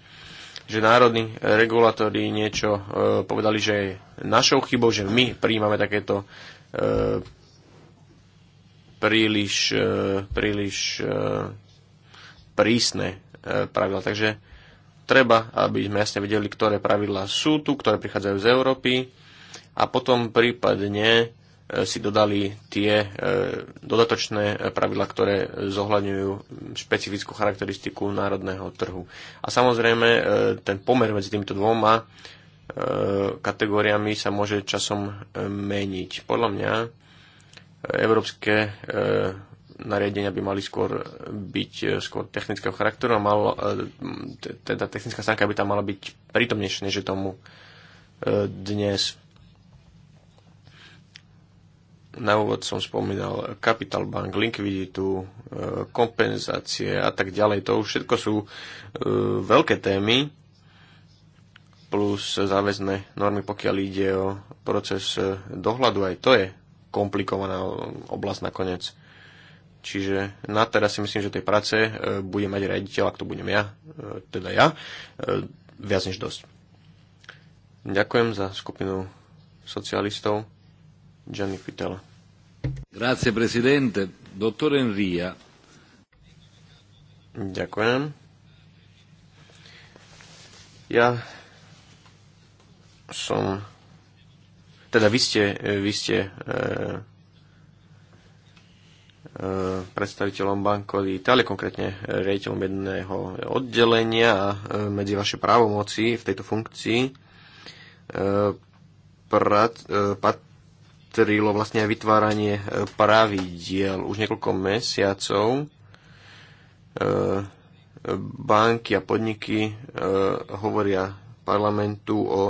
že národní regulátori niečo e, povedali, že je našou chybou, že my príjmame takéto e, príliš, e, príliš e, prísne e, pravidla. Takže treba, aby sme jasne vedeli, ktoré pravidlá sú tu, ktoré prichádzajú z Európy a potom prípadne E, si dodali tie e, dodatočné pravidla, ktoré zohľadňujú špecifickú charakteristiku národného trhu. A samozrejme, e, ten pomer medzi týmito dvoma kategóriami sa môže časom meniť. Podľa mňa európske nariadenia by mali skôr byť skôr technického charakteru a mal, teda technická stránka by tam mala byť prítomnejšie než tomu dnes na úvod som spomínal Capital Bank, likviditu, e, kompenzácie a tak ďalej. To už všetko sú e, veľké témy plus záväzné normy, pokiaľ ide o proces e, dohľadu. Aj to je komplikovaná oblasť nakoniec. Čiže na teraz si myslím, že tej práce bude mať riaditeľ, ak to budem ja, teda ja, viac než dosť. Ďakujem za skupinu socialistov. Gianni Pitella. Grazie, presidente. Dottor Enria. Ďakujem. Ja som... Teda vy ste, vy ste e, predstaviteľom Banco d'Italia, teda konkrétne eh, riaditeľom jedného oddelenia a medzi vaše právomoci v tejto funkcii prat, pat, ošetrilo vlastne aj vytváranie e, pravidiel. Už niekoľko mesiacov e, banky a podniky e, hovoria parlamentu o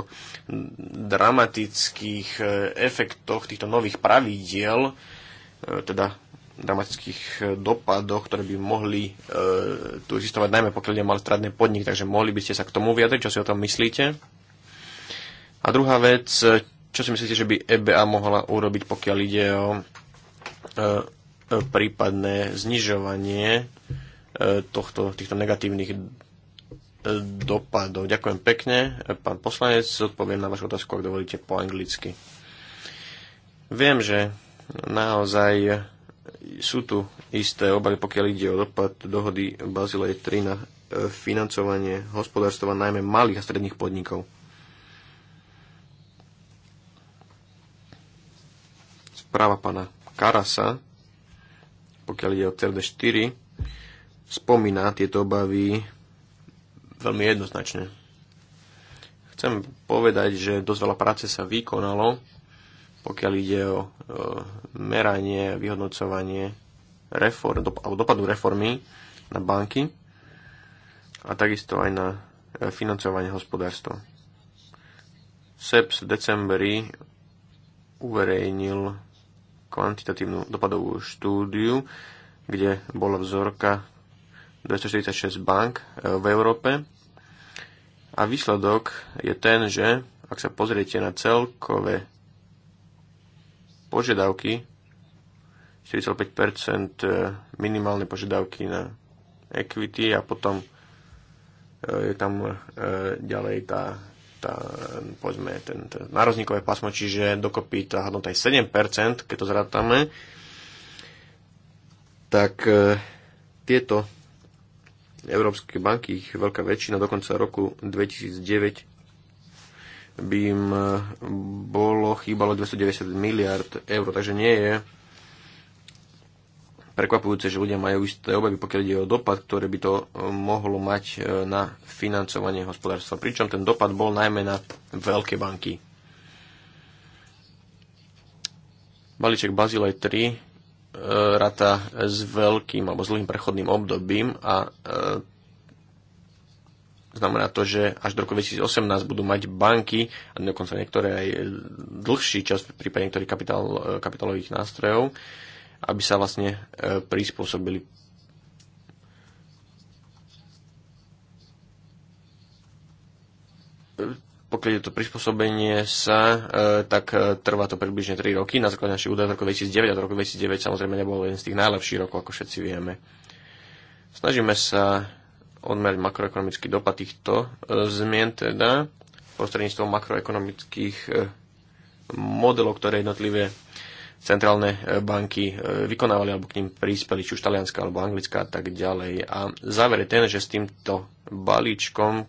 dramatických efektoch týchto nových pravidiel, teda dramatických dopadoch, ktoré by mohli e, tu existovať, najmä pokiaľ ide mal stradný podnik, takže mohli by ste sa k tomu vyjadriť, čo si o tom myslíte. A druhá vec, čo si myslíte, že by EBA mohla urobiť, pokiaľ ide o e, e prípadné znižovanie e, tohto, týchto negatívnych e, dopadov. Ďakujem pekne. Pán poslanec, odpoviem na vašu otázku, ak dovolíte, po anglicky. Viem, že naozaj sú tu isté obavy, pokiaľ ide o dopad dohody Bazilej 3 na financovanie hospodárstva najmä malých a stredných podnikov. správa pána Karasa, pokiaľ ide o CRD4, spomína tieto obavy veľmi jednoznačne. Chcem povedať, že dosť veľa práce sa vykonalo, pokiaľ ide o e, meranie, vyhodnocovanie reform, dop- alebo dopadu reformy na banky a takisto aj na e, financovanie hospodárstva. SEPS v decembri uverejnil kvantitatívnu dopadovú štúdiu, kde bola vzorka 246 bank e, v Európe. A výsledok je ten, že ak sa pozriete na celkové požiadavky, 45% e, minimálne požiadavky na equity a potom e, je tam ďalej tá tá, povedzme, ten, ten nározníkové pásmo, čiže dokopy tá hodnota je 7%, keď to zrátame, tak e, tieto európske banky, ich veľká väčšina do konca roku 2009 by im e, bolo chýbalo 290 miliard eur, takže nie je prekvapujúce, že ľudia majú isté obavy, pokiaľ ide o dopad, ktoré by to e, mohlo mať e, na financovanie hospodárstva. Pričom ten dopad bol najmä na veľké banky. Balíček Bazilej 3 e, rata s veľkým alebo zlým dlhým prechodným obdobím a znamená to, že až do roku 2018 budú mať banky a dokonca niektoré aj dlhší čas v prípade niektorých kapitál, kapitálových nástrojov aby sa vlastne e, prispôsobili. Pokiaľ je to prispôsobenie sa, e, tak e, trvá to približne 3 roky. Na základe našich údajov z roku 2009 a do roku 2009 samozrejme nebol jeden z tých najlepších rokov, ako všetci vieme. Snažíme sa odmerať makroekonomický dopad týchto zmien teda prostredníctvom makroekonomických modelov, ktoré jednotlivé centrálne e, banky e, vykonávali alebo k ním prispeli, či už talianská alebo anglická a tak ďalej. A záver je ten, že s týmto balíčkom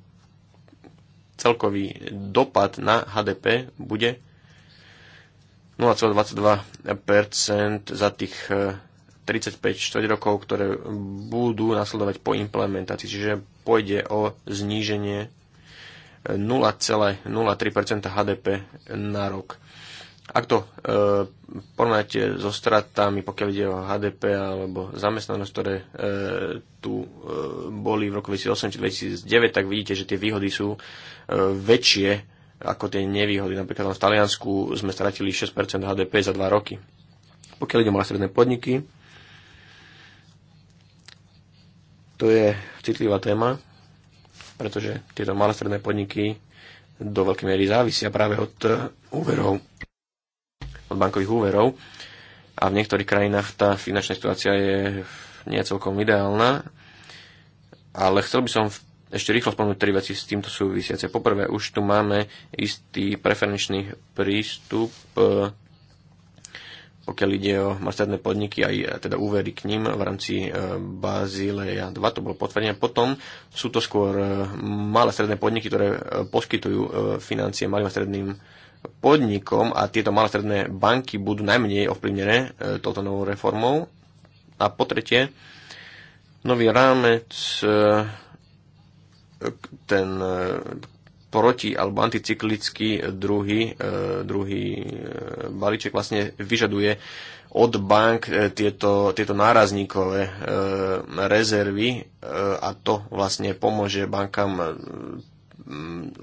celkový dopad na HDP bude 0,22% za tých 35 e, 4 rokov, ktoré budú nasledovať po implementácii. Čiže pôjde o zníženie 0,03% HDP na rok. Ak to e, porovnáte so stratami, pokiaľ ide o HDP alebo zamestnanosť, ktoré e, tu e, boli v roku 2008 či 2009, tak vidíte, že tie výhody sú e, väčšie ako tie nevýhody. Napríklad v Taliansku sme stratili 6% HDP za 2 roky. Pokiaľ ide o stredné podniky, to je citlivá téma, pretože tieto malé stredné podniky do veľkej miery závisia práve od e, úverov od bankových úverov a v niektorých krajinách tá finančná situácia je nie celkom ideálna, ale chcel by som ešte rýchlo spomenúť tri veci s týmto súvisiace. Poprvé, už tu máme istý preferenčný prístup, e, pokiaľ ide o masterné podniky, aj e, teda úvery k ním v rámci e, Bazileja 2, to bolo potvrdené. Potom sú to skôr malé stredné podniky, ktoré poskytujú financie malým a stredným podnikom a tieto malé stredné banky budú najmenej ovplyvnené e, touto novou reformou. A po tretie, nový rámec e, ten e, proti alebo anticyklický druhý, druhý balíček vlastne vyžaduje od bank tieto, tieto nárazníkové rezervy a to vlastne pomôže bankám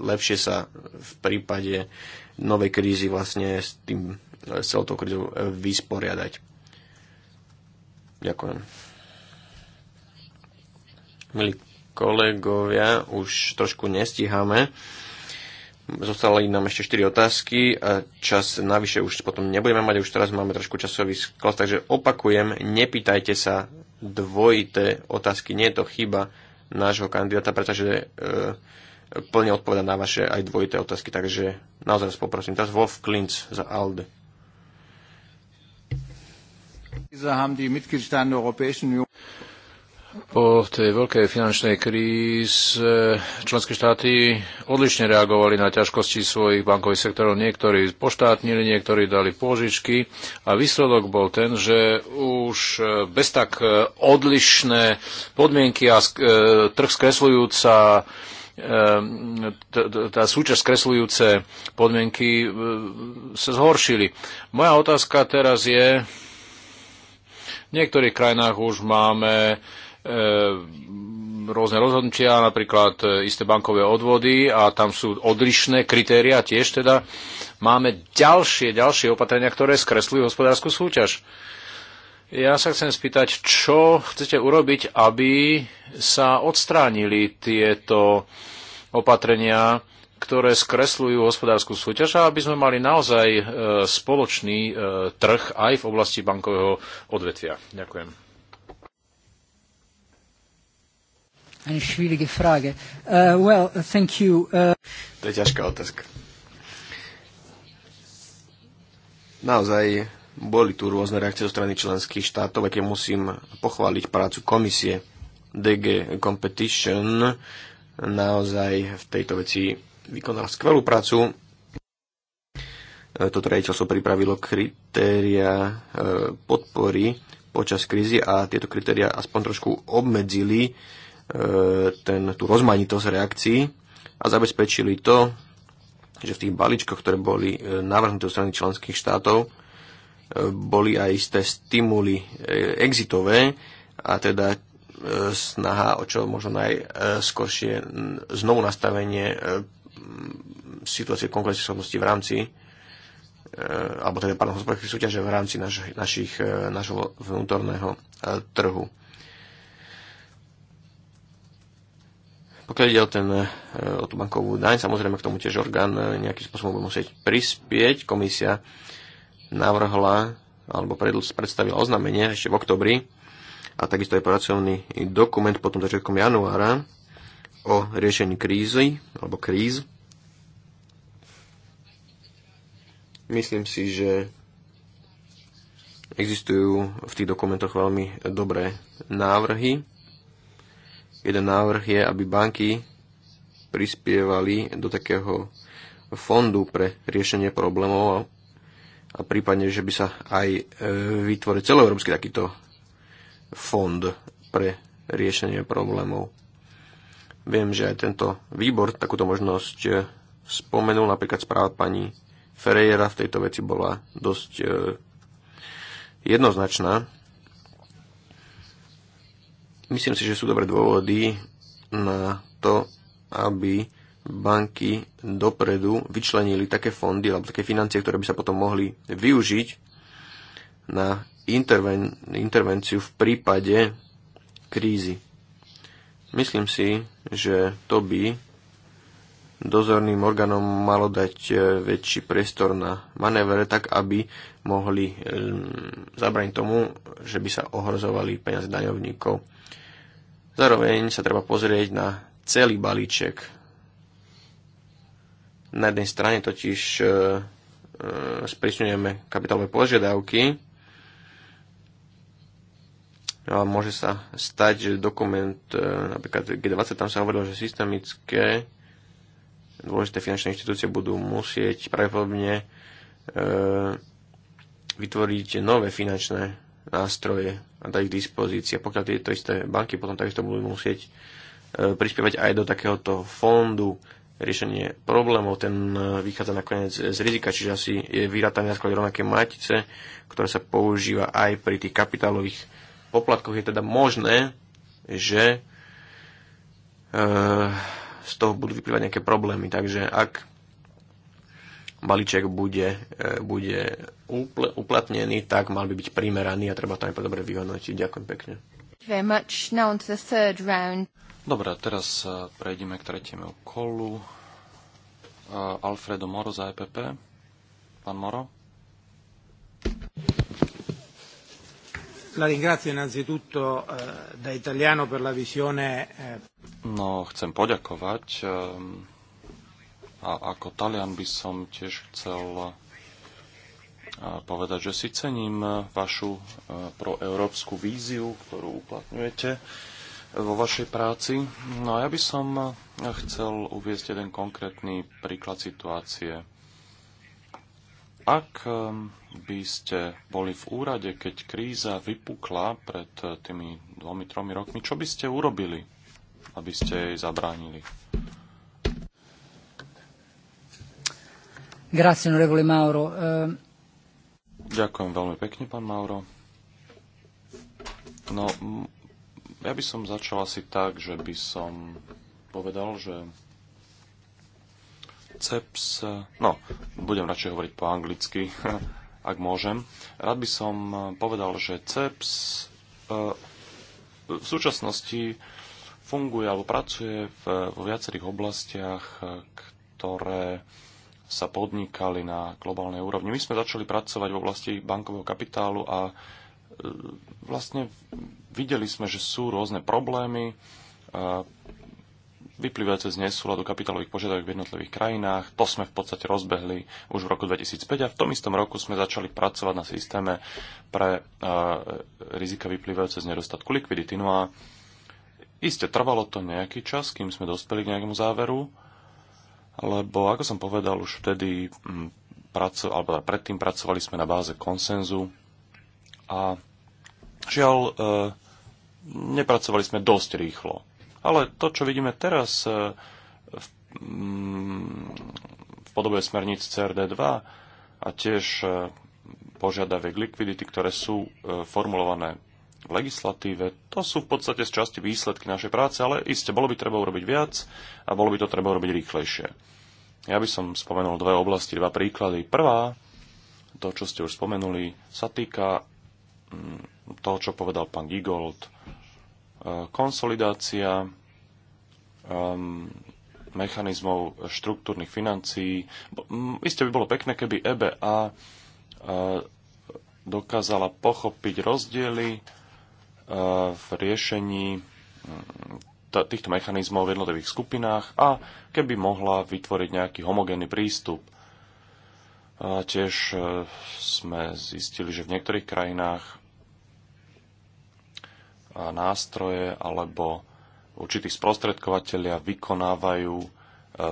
lepšie sa v prípade novej krízy vlastne s tým e, s celou tou krízou e, vysporiadať. Ďakujem. Milí kolegovia, už trošku nestíhame. Zostali nám ešte 4 otázky a čas navyše už potom nebudeme mať, už teraz máme trošku časový sklas, takže opakujem, nepýtajte sa dvojité otázky, nie je to chyba nášho kandidáta, pretože e, plne odpovedať na vaše aj dvojité otázky, takže naozaj vás poprosím. Teraz Wolf Klinc za ALDE. Po tej veľkej finančnej kríze členské štáty odlišne reagovali na ťažkosti svojich bankových sektorov. Niektorí poštátnili, niektorí dali pôžičky a výsledok bol ten, že už bez tak odlišné podmienky a e, trh skresľujúca Ehm, tá súčasť kresľujúce podmienky e, sa zhoršili. Moja otázka teraz je, v niektorých krajinách už máme ehm, rôzne rozhodnutia, napríklad e, isté bankové odvody a tam sú odlišné kritéria tiež teda. Máme ďalšie, ďalšie opatrenia, ktoré skresľujú hospodárskú súťaž. Ja sa chcem spýtať, čo chcete urobiť, aby sa odstránili tieto opatrenia, ktoré skresľujú hospodárskú súťaž a aby sme mali naozaj e, spoločný e, trh aj v oblasti bankového odvetvia. Ďakujem. Eine schwierige Frage. Uh, well, thank you. Uh... To je ťažká otázka. Naozaj boli tu rôzne reakcie zo strany členských štátov, aké musím pochváliť prácu komisie DG Competition. Naozaj v tejto veci vykonal skvelú prácu. E, toto rejiteľstvo pripravilo kritéria e, podpory počas krízy a tieto kritéria aspoň trošku obmedzili e, ten, tú rozmanitosť reakcií a zabezpečili to, že v tých balíčkoch, ktoré boli navrhnuté zo strany členských štátov, boli aj isté stimuly e, exitové a teda e, snaha o čo možno najskoršie znovu nastavenie e, situácie konkurencieschopnosti v rámci alebo teda pardon, hospodárskej súťaže v rámci naš, našich, našho vnútorného trhu. Pokiaľ ide o, ten, o tú bankovú daň, samozrejme k tomu tiež orgán nejakým spôsobom bude musieť prispieť. Komisia navrhla alebo predstavila oznámenie ešte v oktobri a takisto aj pracovný dokument potom začiatkom januára o riešení krízy alebo kríz. Myslím si, že existujú v tých dokumentoch veľmi dobré návrhy. Jeden návrh je, aby banky prispievali do takého fondu pre riešenie problémov a prípadne, že by sa aj e, vytvoril celoeurópsky takýto fond pre riešenie problémov. Viem, že aj tento výbor takúto možnosť e, spomenul, napríklad správa pani Ferreira v tejto veci bola dosť e, jednoznačná. Myslím si, že sú dobré dôvody na to, aby banky dopredu vyčlenili také fondy alebo také financie, ktoré by sa potom mohli využiť na interven- intervenciu v prípade krízy. Myslím si, že to by dozorným orgánom malo dať e, väčší priestor na manévere, tak aby mohli e, zabrať tomu, že by sa ohrozovali peniaze daňovníkov. Zároveň sa treba pozrieť na celý balíček na jednej strane totiž e, e sprísňujeme kapitálové požiadavky, ale môže sa stať, že dokument, e, napríklad G20, tam sa hovorilo, že systemické dôležité finančné inštitúcie budú musieť pravdepodobne e, vytvoriť nové finančné nástroje a dať ich dispozície. pokiaľ tieto isté banky potom takisto budú musieť e, prispievať aj do takéhoto fondu riešenie problémov, ten e, vychádza nakoniec z rizika, čiže asi je vyrátaný na sklade rovnaké matice, ktoré sa používa aj pri tých kapitálových poplatkoch. Je teda možné, že e, z toho budú vyplývať nejaké problémy. Takže ak balíček bude, e, bude upl- uplatnený, tak mal by byť primeraný a treba to aj dobre vyhodnotiť. Ďakujem pekne. Very much. Now on to the third round. Dobre, teraz e, prejdeme k tretiemu kolu. E, Alfredo Moro za EPP. Pán Moro. La ringrazio innanzitutto e, da italiano per la visione. No, chcem poďakovať. A ako Talian by som tiež chcel povedať, že si cením vašu proeurópsku víziu, ktorú uplatňujete vo vašej práci. No a ja by som chcel uviezť jeden konkrétny príklad situácie. Ak ehm, by ste boli v úrade, keď kríza vypukla pred eh, tými dvomi, tromi rokmi, čo by ste urobili, aby ste jej zabránili? Grazie, onorevole Mauro. Ehm, Ďakujem veľmi pekne, pán Mauro. No, ja by som začal asi tak, že by som povedal, že CEPS, no, budem radšej hovoriť po anglicky, ak môžem. Rád by som povedal, že CEPS e, v súčasnosti funguje alebo pracuje vo viacerých oblastiach, ktoré sa podnikali na globálnej úrovni. My sme začali pracovať v oblasti bankového kapitálu a vlastne videli sme, že sú rôzne problémy vyplývajúce z nesúladu kapitálových požiadaviek v jednotlivých krajinách. To sme v podstate rozbehli už v roku 2005 a v tom istom roku sme začali pracovať na systéme pre rizika vyplývajúce z nedostatku likvidity. No a iste trvalo to nejaký čas, kým sme dospeli k nejakému záveru, lebo ako som povedal, už vtedy m, alebo teda predtým pracovali sme na báze konsenzu a žiaľ, e, nepracovali sme dosť rýchlo. Ale to, čo vidíme teraz e, v, mm, v podobe smerníc CRD2 a tiež e, požiadaviek likvidity, ktoré sú formulované v legislatíve, to sú v podstate z časti výsledky našej práce, ale iste, bolo by treba urobiť viac a bolo by to treba urobiť rýchlejšie. Ja by som spomenul dve oblasti, dva príklady. Prvá, to, čo ste už spomenuli, sa týka Mm, toho, čo povedal pán Gigold. E, konsolidácia ehm, mechanizmov štruktúrnych financií. Mm, Isté by bolo pekné, keby EBA e, dokázala pochopiť rozdiely e, v riešení mm, týchto mechanizmov v jednotlivých skupinách a keby mohla vytvoriť nejaký homogénny prístup. A tiež sme zistili, že v niektorých krajinách nástroje alebo určití sprostredkovateľia vykonávajú e,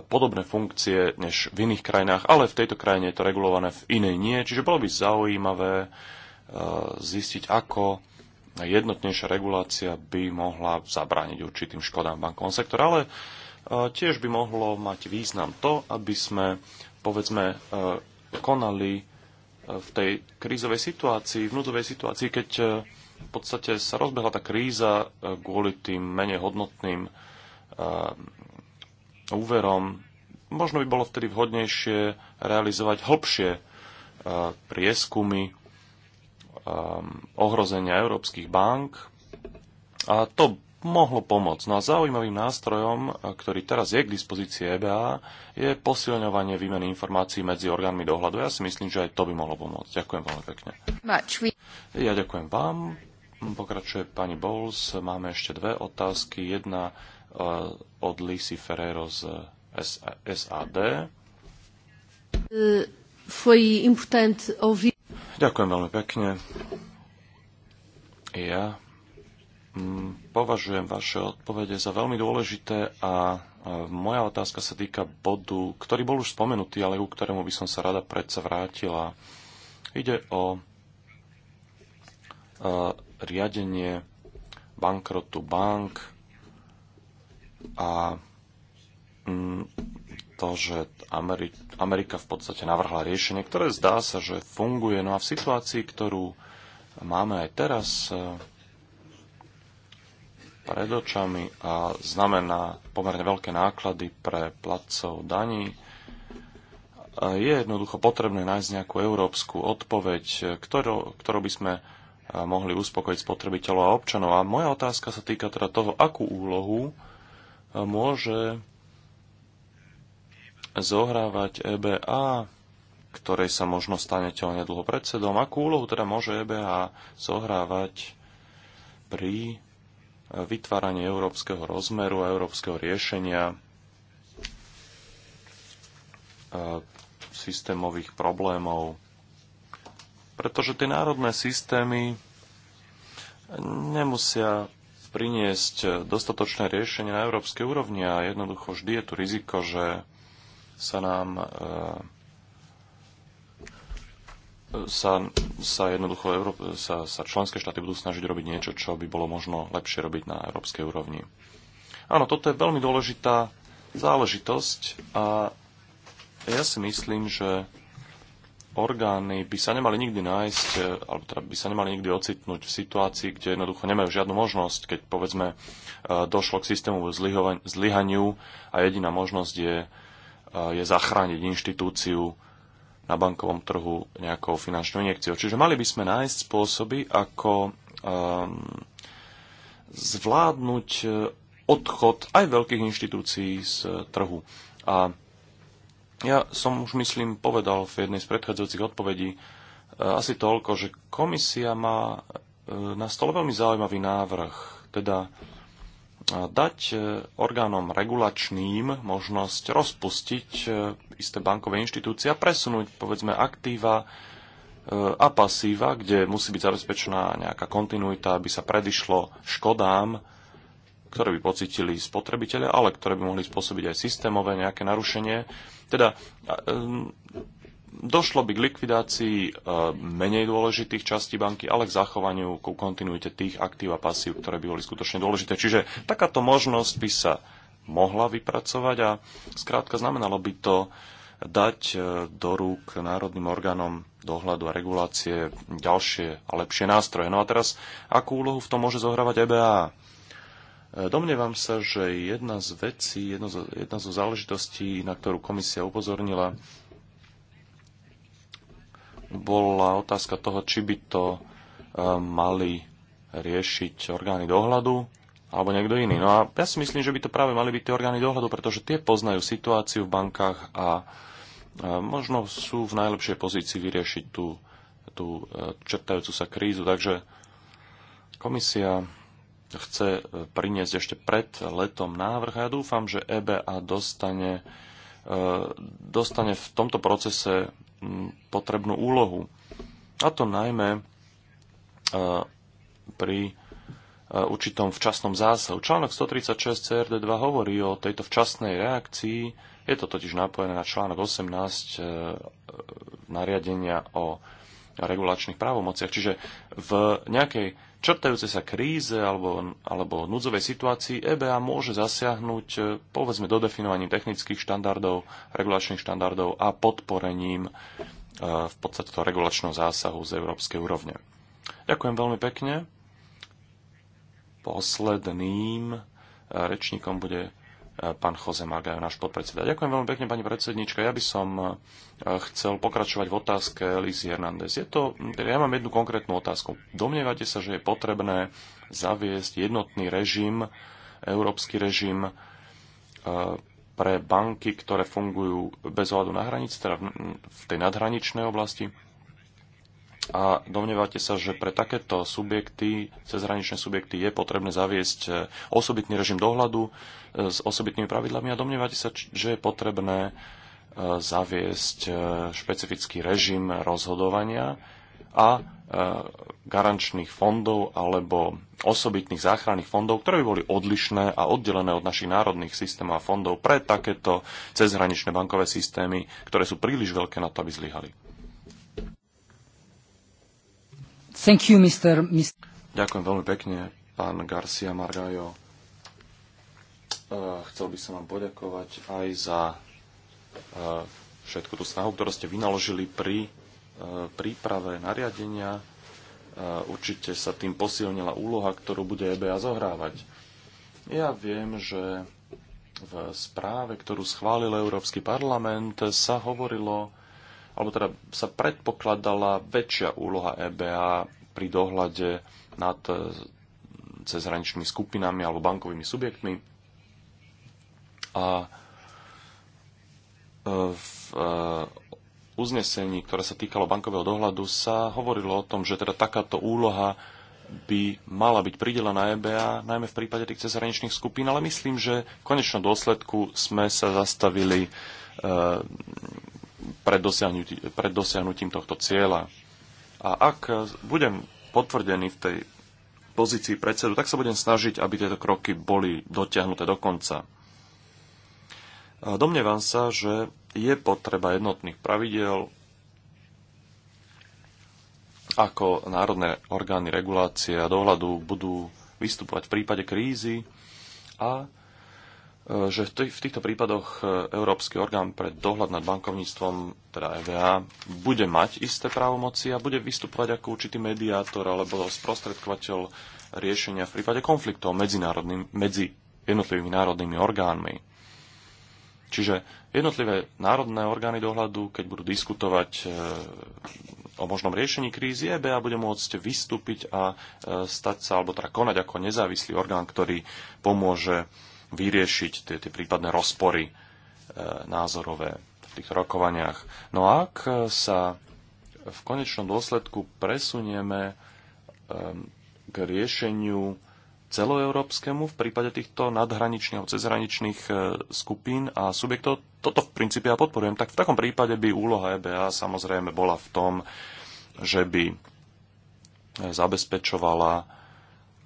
podobné funkcie než v iných krajinách, ale v tejto krajine je to regulované, v inej nie. Čiže bolo by zaujímavé e, zistiť, ako jednotnejšia regulácia by mohla zabrániť určitým škodám v bankovom sektore, ale e, tiež by mohlo mať význam to, aby sme, povedzme, konali v tej krízovej situácii, v núdzovej situácii, keď v podstate sa rozbehla tá kríza e, kvôli tým menej hodnotným e, úverom. Možno by bolo vtedy vhodnejšie realizovať hlbšie e, prieskumy ohrozenia európskych bank a to mohlo pomôcť. No a zaujímavým nástrojom, ktorý teraz je k dispozícii EBA, je posilňovanie výmeny informácií medzi orgánmi dohľadu. Ja si myslím, že aj to by mohlo pomôcť. Ďakujem veľmi pekne. Ja ďakujem vám. Pokračuje pani Bowles. Máme ešte dve otázky. Jedna e, od Lisi Ferrero z SAD. Ďakujem veľmi pekne. Ja mm, považujem vaše odpovede za veľmi dôležité a e, moja otázka sa týka bodu, ktorý bol už spomenutý, ale ku ktorému by som sa rada predsa vrátila. Ide o e, riadenie bankrotu bank a mm, to, že Amerika v podstate navrhla riešenie, ktoré zdá sa, že funguje. No a v situácii, ktorú máme aj teraz e, pred očami a znamená pomerne veľké náklady pre platcov daní, e, je jednoducho potrebné nájsť nejakú európsku odpoveď, e, ktorou, ktorou by sme mohli uspokojiť spotrebiteľov a občanov. A moja otázka sa týka teda toho, akú úlohu e, môže zohrávať EBA, ktorej sa možno stanete nedlho predsedom. Akú úlohu teda môže EBA zohrávať pri vytváraní európskeho rozmeru a európskeho riešenia e, systémových problémov pretože tie národné systémy nemusia priniesť dostatočné riešenie na európskej úrovni a jednoducho vždy je tu riziko, že sa nám e, sa, sa jednoducho Euró- sa, sa členské štáty budú snažiť robiť niečo, čo by bolo možno lepšie robiť na európskej úrovni. Áno, toto je veľmi dôležitá záležitosť a ja si myslím, že orgány by sa nemali nikdy nájsť, e, alebo teda by sa nemali nikdy ocitnúť v situácii, kde jednoducho nemajú žiadnu možnosť, keď povedzme e, došlo k systému zlyhaniu a jediná možnosť je, e, je zachrániť inštitúciu na bankovom trhu nejakou finančnou injekciou. Čiže mali by sme nájsť spôsoby, ako um, zvládnuť odchod aj veľkých inštitúcií z trhu. A ja som už, myslím, povedal v jednej z predchádzajúcich odpovedí e, asi toľko, že komisia má e, na stole veľmi zaujímavý návrh, teda e, dať orgánom regulačným možnosť rozpustiť isté bankové inštitúcie a presunúť, povedzme, aktíva a pasíva, kde musí byť zabezpečená nejaká kontinuita, aby sa predišlo škodám, ktoré by pocitili spotrebitelia, ale ktoré by mohli spôsobiť aj systémové nejaké narušenie. Teda došlo by k likvidácii e, menej dôležitých častí banky, ale k zachovaniu ku kontinuite tých aktív a pasív, ktoré by boli skutočne dôležité. Čiže takáto možnosť by sa mohla vypracovať a skrátka znamenalo by to dať e, do rúk národným orgánom dohľadu a regulácie ďalšie a lepšie nástroje. No a teraz, akú úlohu v tom môže zohrávať EBA? Domnievam sa, že jedna z vecí, jedna zo, jedna zo záležitostí, na ktorú komisia upozornila, bola otázka toho, či by to e, mali riešiť orgány dohľadu alebo niekto iný. No a ja si myslím, že by to práve mali byť tie orgány dohľadu, pretože tie poznajú situáciu v bankách a e, možno sú v najlepšej pozícii vyriešiť tú, tú e, čertajúcu sa krízu. Takže komisia chce e, priniesť ešte pred letom návrh. A ja dúfam, že EBA dostane, e, dostane v tomto procese potrebnú úlohu. A to najmä e, pri určitom včasnom zásahu. Článok 136 CRD2 hovorí o tejto včasnej reakcii. Je to totiž napojené na článok 18 nariadenia o regulačných právomociach. Čiže v nejakej črtajúce sa kríze alebo, alebo núdzovej situácii EBA môže zasiahnuť e, povedzme dodefinovaním technických štandardov, regulačných štandardov a podporením e, v podstate toho regulačného zásahu z európskej úrovne. Ďakujem veľmi pekne. Posledným e, rečníkom bude pán Jose Magajo, náš podpredseda. Ďakujem veľmi pekne, pani predsednička. Ja by som e, chcel pokračovať v otázke Lizy Hernández. Je to, teda ja mám jednu konkrétnu otázku. Domnievate sa, že je potrebné zaviesť jednotný režim, európsky režim e, pre banky, ktoré fungujú bez ohľadu na hranice, teda v tej nadhraničnej oblasti? A domnievate sa, že pre takéto subjekty, cezhraničné subjekty, je potrebné zaviesť e, osobitný režim dohľadu e, s osobitnými pravidlami a domnievate sa, že je potrebné e, zaviesť špecifický režim rozhodovania a garančných fondov alebo osobitných záchranných fondov, ktoré by boli odlišné a oddelené od našich národných systémov a fondov pre takéto cezhraničné bankové systémy, ktoré sú príliš veľké na to, aby zlyhali. Thank you, Mr. Ďakujem veľmi pekne, pán Garcia Margajo. Eh, chcel by som vám poďakovať aj za eh, všetku tú snahu, ktorú ste vynaložili pri eh, príprave nariadenia. Určite sa tým posilnila úloha, ktorú bude EBA zohrávať. Ja viem, že v správe, ktorú schválil Európsky parlament, sa hovorilo alebo teda sa predpokladala väčšia úloha EBA pri dohľade nad e, cezhraničnými skupinami alebo bankovými subjektmi. A e, v e, uznesení, ktoré sa týkalo bankového dohľadu, sa hovorilo o tom, že teda takáto úloha by mala byť pridelená EBA, najmä v prípade tých cezhraničných skupín, ale myslím, že v konečnom dôsledku sme sa zastavili pred, dosiahnutí, pred dosiahnutím tohto cieľa. A ak budem potvrdený v tej pozícii predsedu, tak sa budem snažiť, aby tieto kroky boli dotiahnuté do konca. Domnievam sa, že je potreba jednotných pravidel, ako národné orgány regulácie a dohľadu budú vystupovať v prípade krízy a E, že v týchto prípadoch e, Európsky orgán pre dohľad nad bankovníctvom, teda EVA, bude mať isté právomoci a bude vystupovať ako určitý mediátor alebo sprostredkovateľ riešenia v prípade konfliktov medzi jednotlivými národnými orgánmi. Čiže jednotlivé národné orgány dohľadu, keď budú diskutovať e, o možnom riešení krízy, EBA bude môcť vystúpiť a stať sa, alebo teda konať ako nezávislý orgán, ktorý pomôže vyriešiť tie, tie prípadné rozpory e, názorové v týchto rokovaniach. No a ak sa v konečnom dôsledku presunieme e, k riešeniu celoeurópskemu v prípade týchto nadhraničných alebo cezhraničných e, skupín a subjektov, toto v princípe ja podporujem, tak v takom prípade by úloha EBA samozrejme bola v tom, že by e, zabezpečovala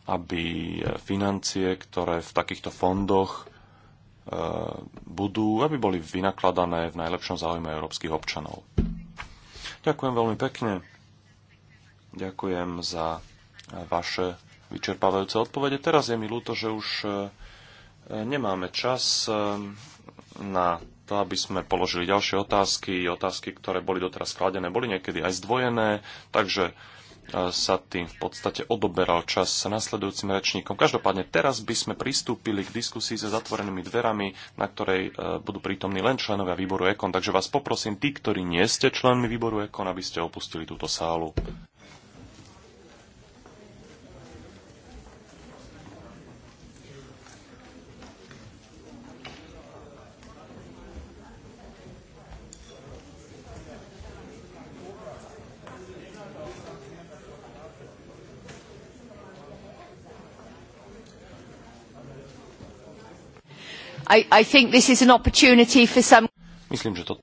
aby eh, financie, ktoré v takýchto fondoch eh, budú, aby boli vynakladané v najlepšom záujme európskych občanov. Ďakujem veľmi pekne. Ďakujem za eh, vaše vyčerpávajúce odpovede. Teraz je mi ľúto, že už nemáme čas na to, aby sme položili ďalšie otázky. Otázky, ktoré boli doteraz skladené, boli niekedy aj zdvojené, takže sa tým v podstate odoberal čas s nasledujúcim rečníkom. Každopádne teraz by sme pristúpili k diskusii so zatvorenými dverami, na ktorej e, budú prítomní len členovia výboru EKON. Takže vás poprosím, tí, ktorí nie ste členmi výboru EKON, aby ste opustili túto sálu. I, I think this is an opportunity for some... Myslím, že to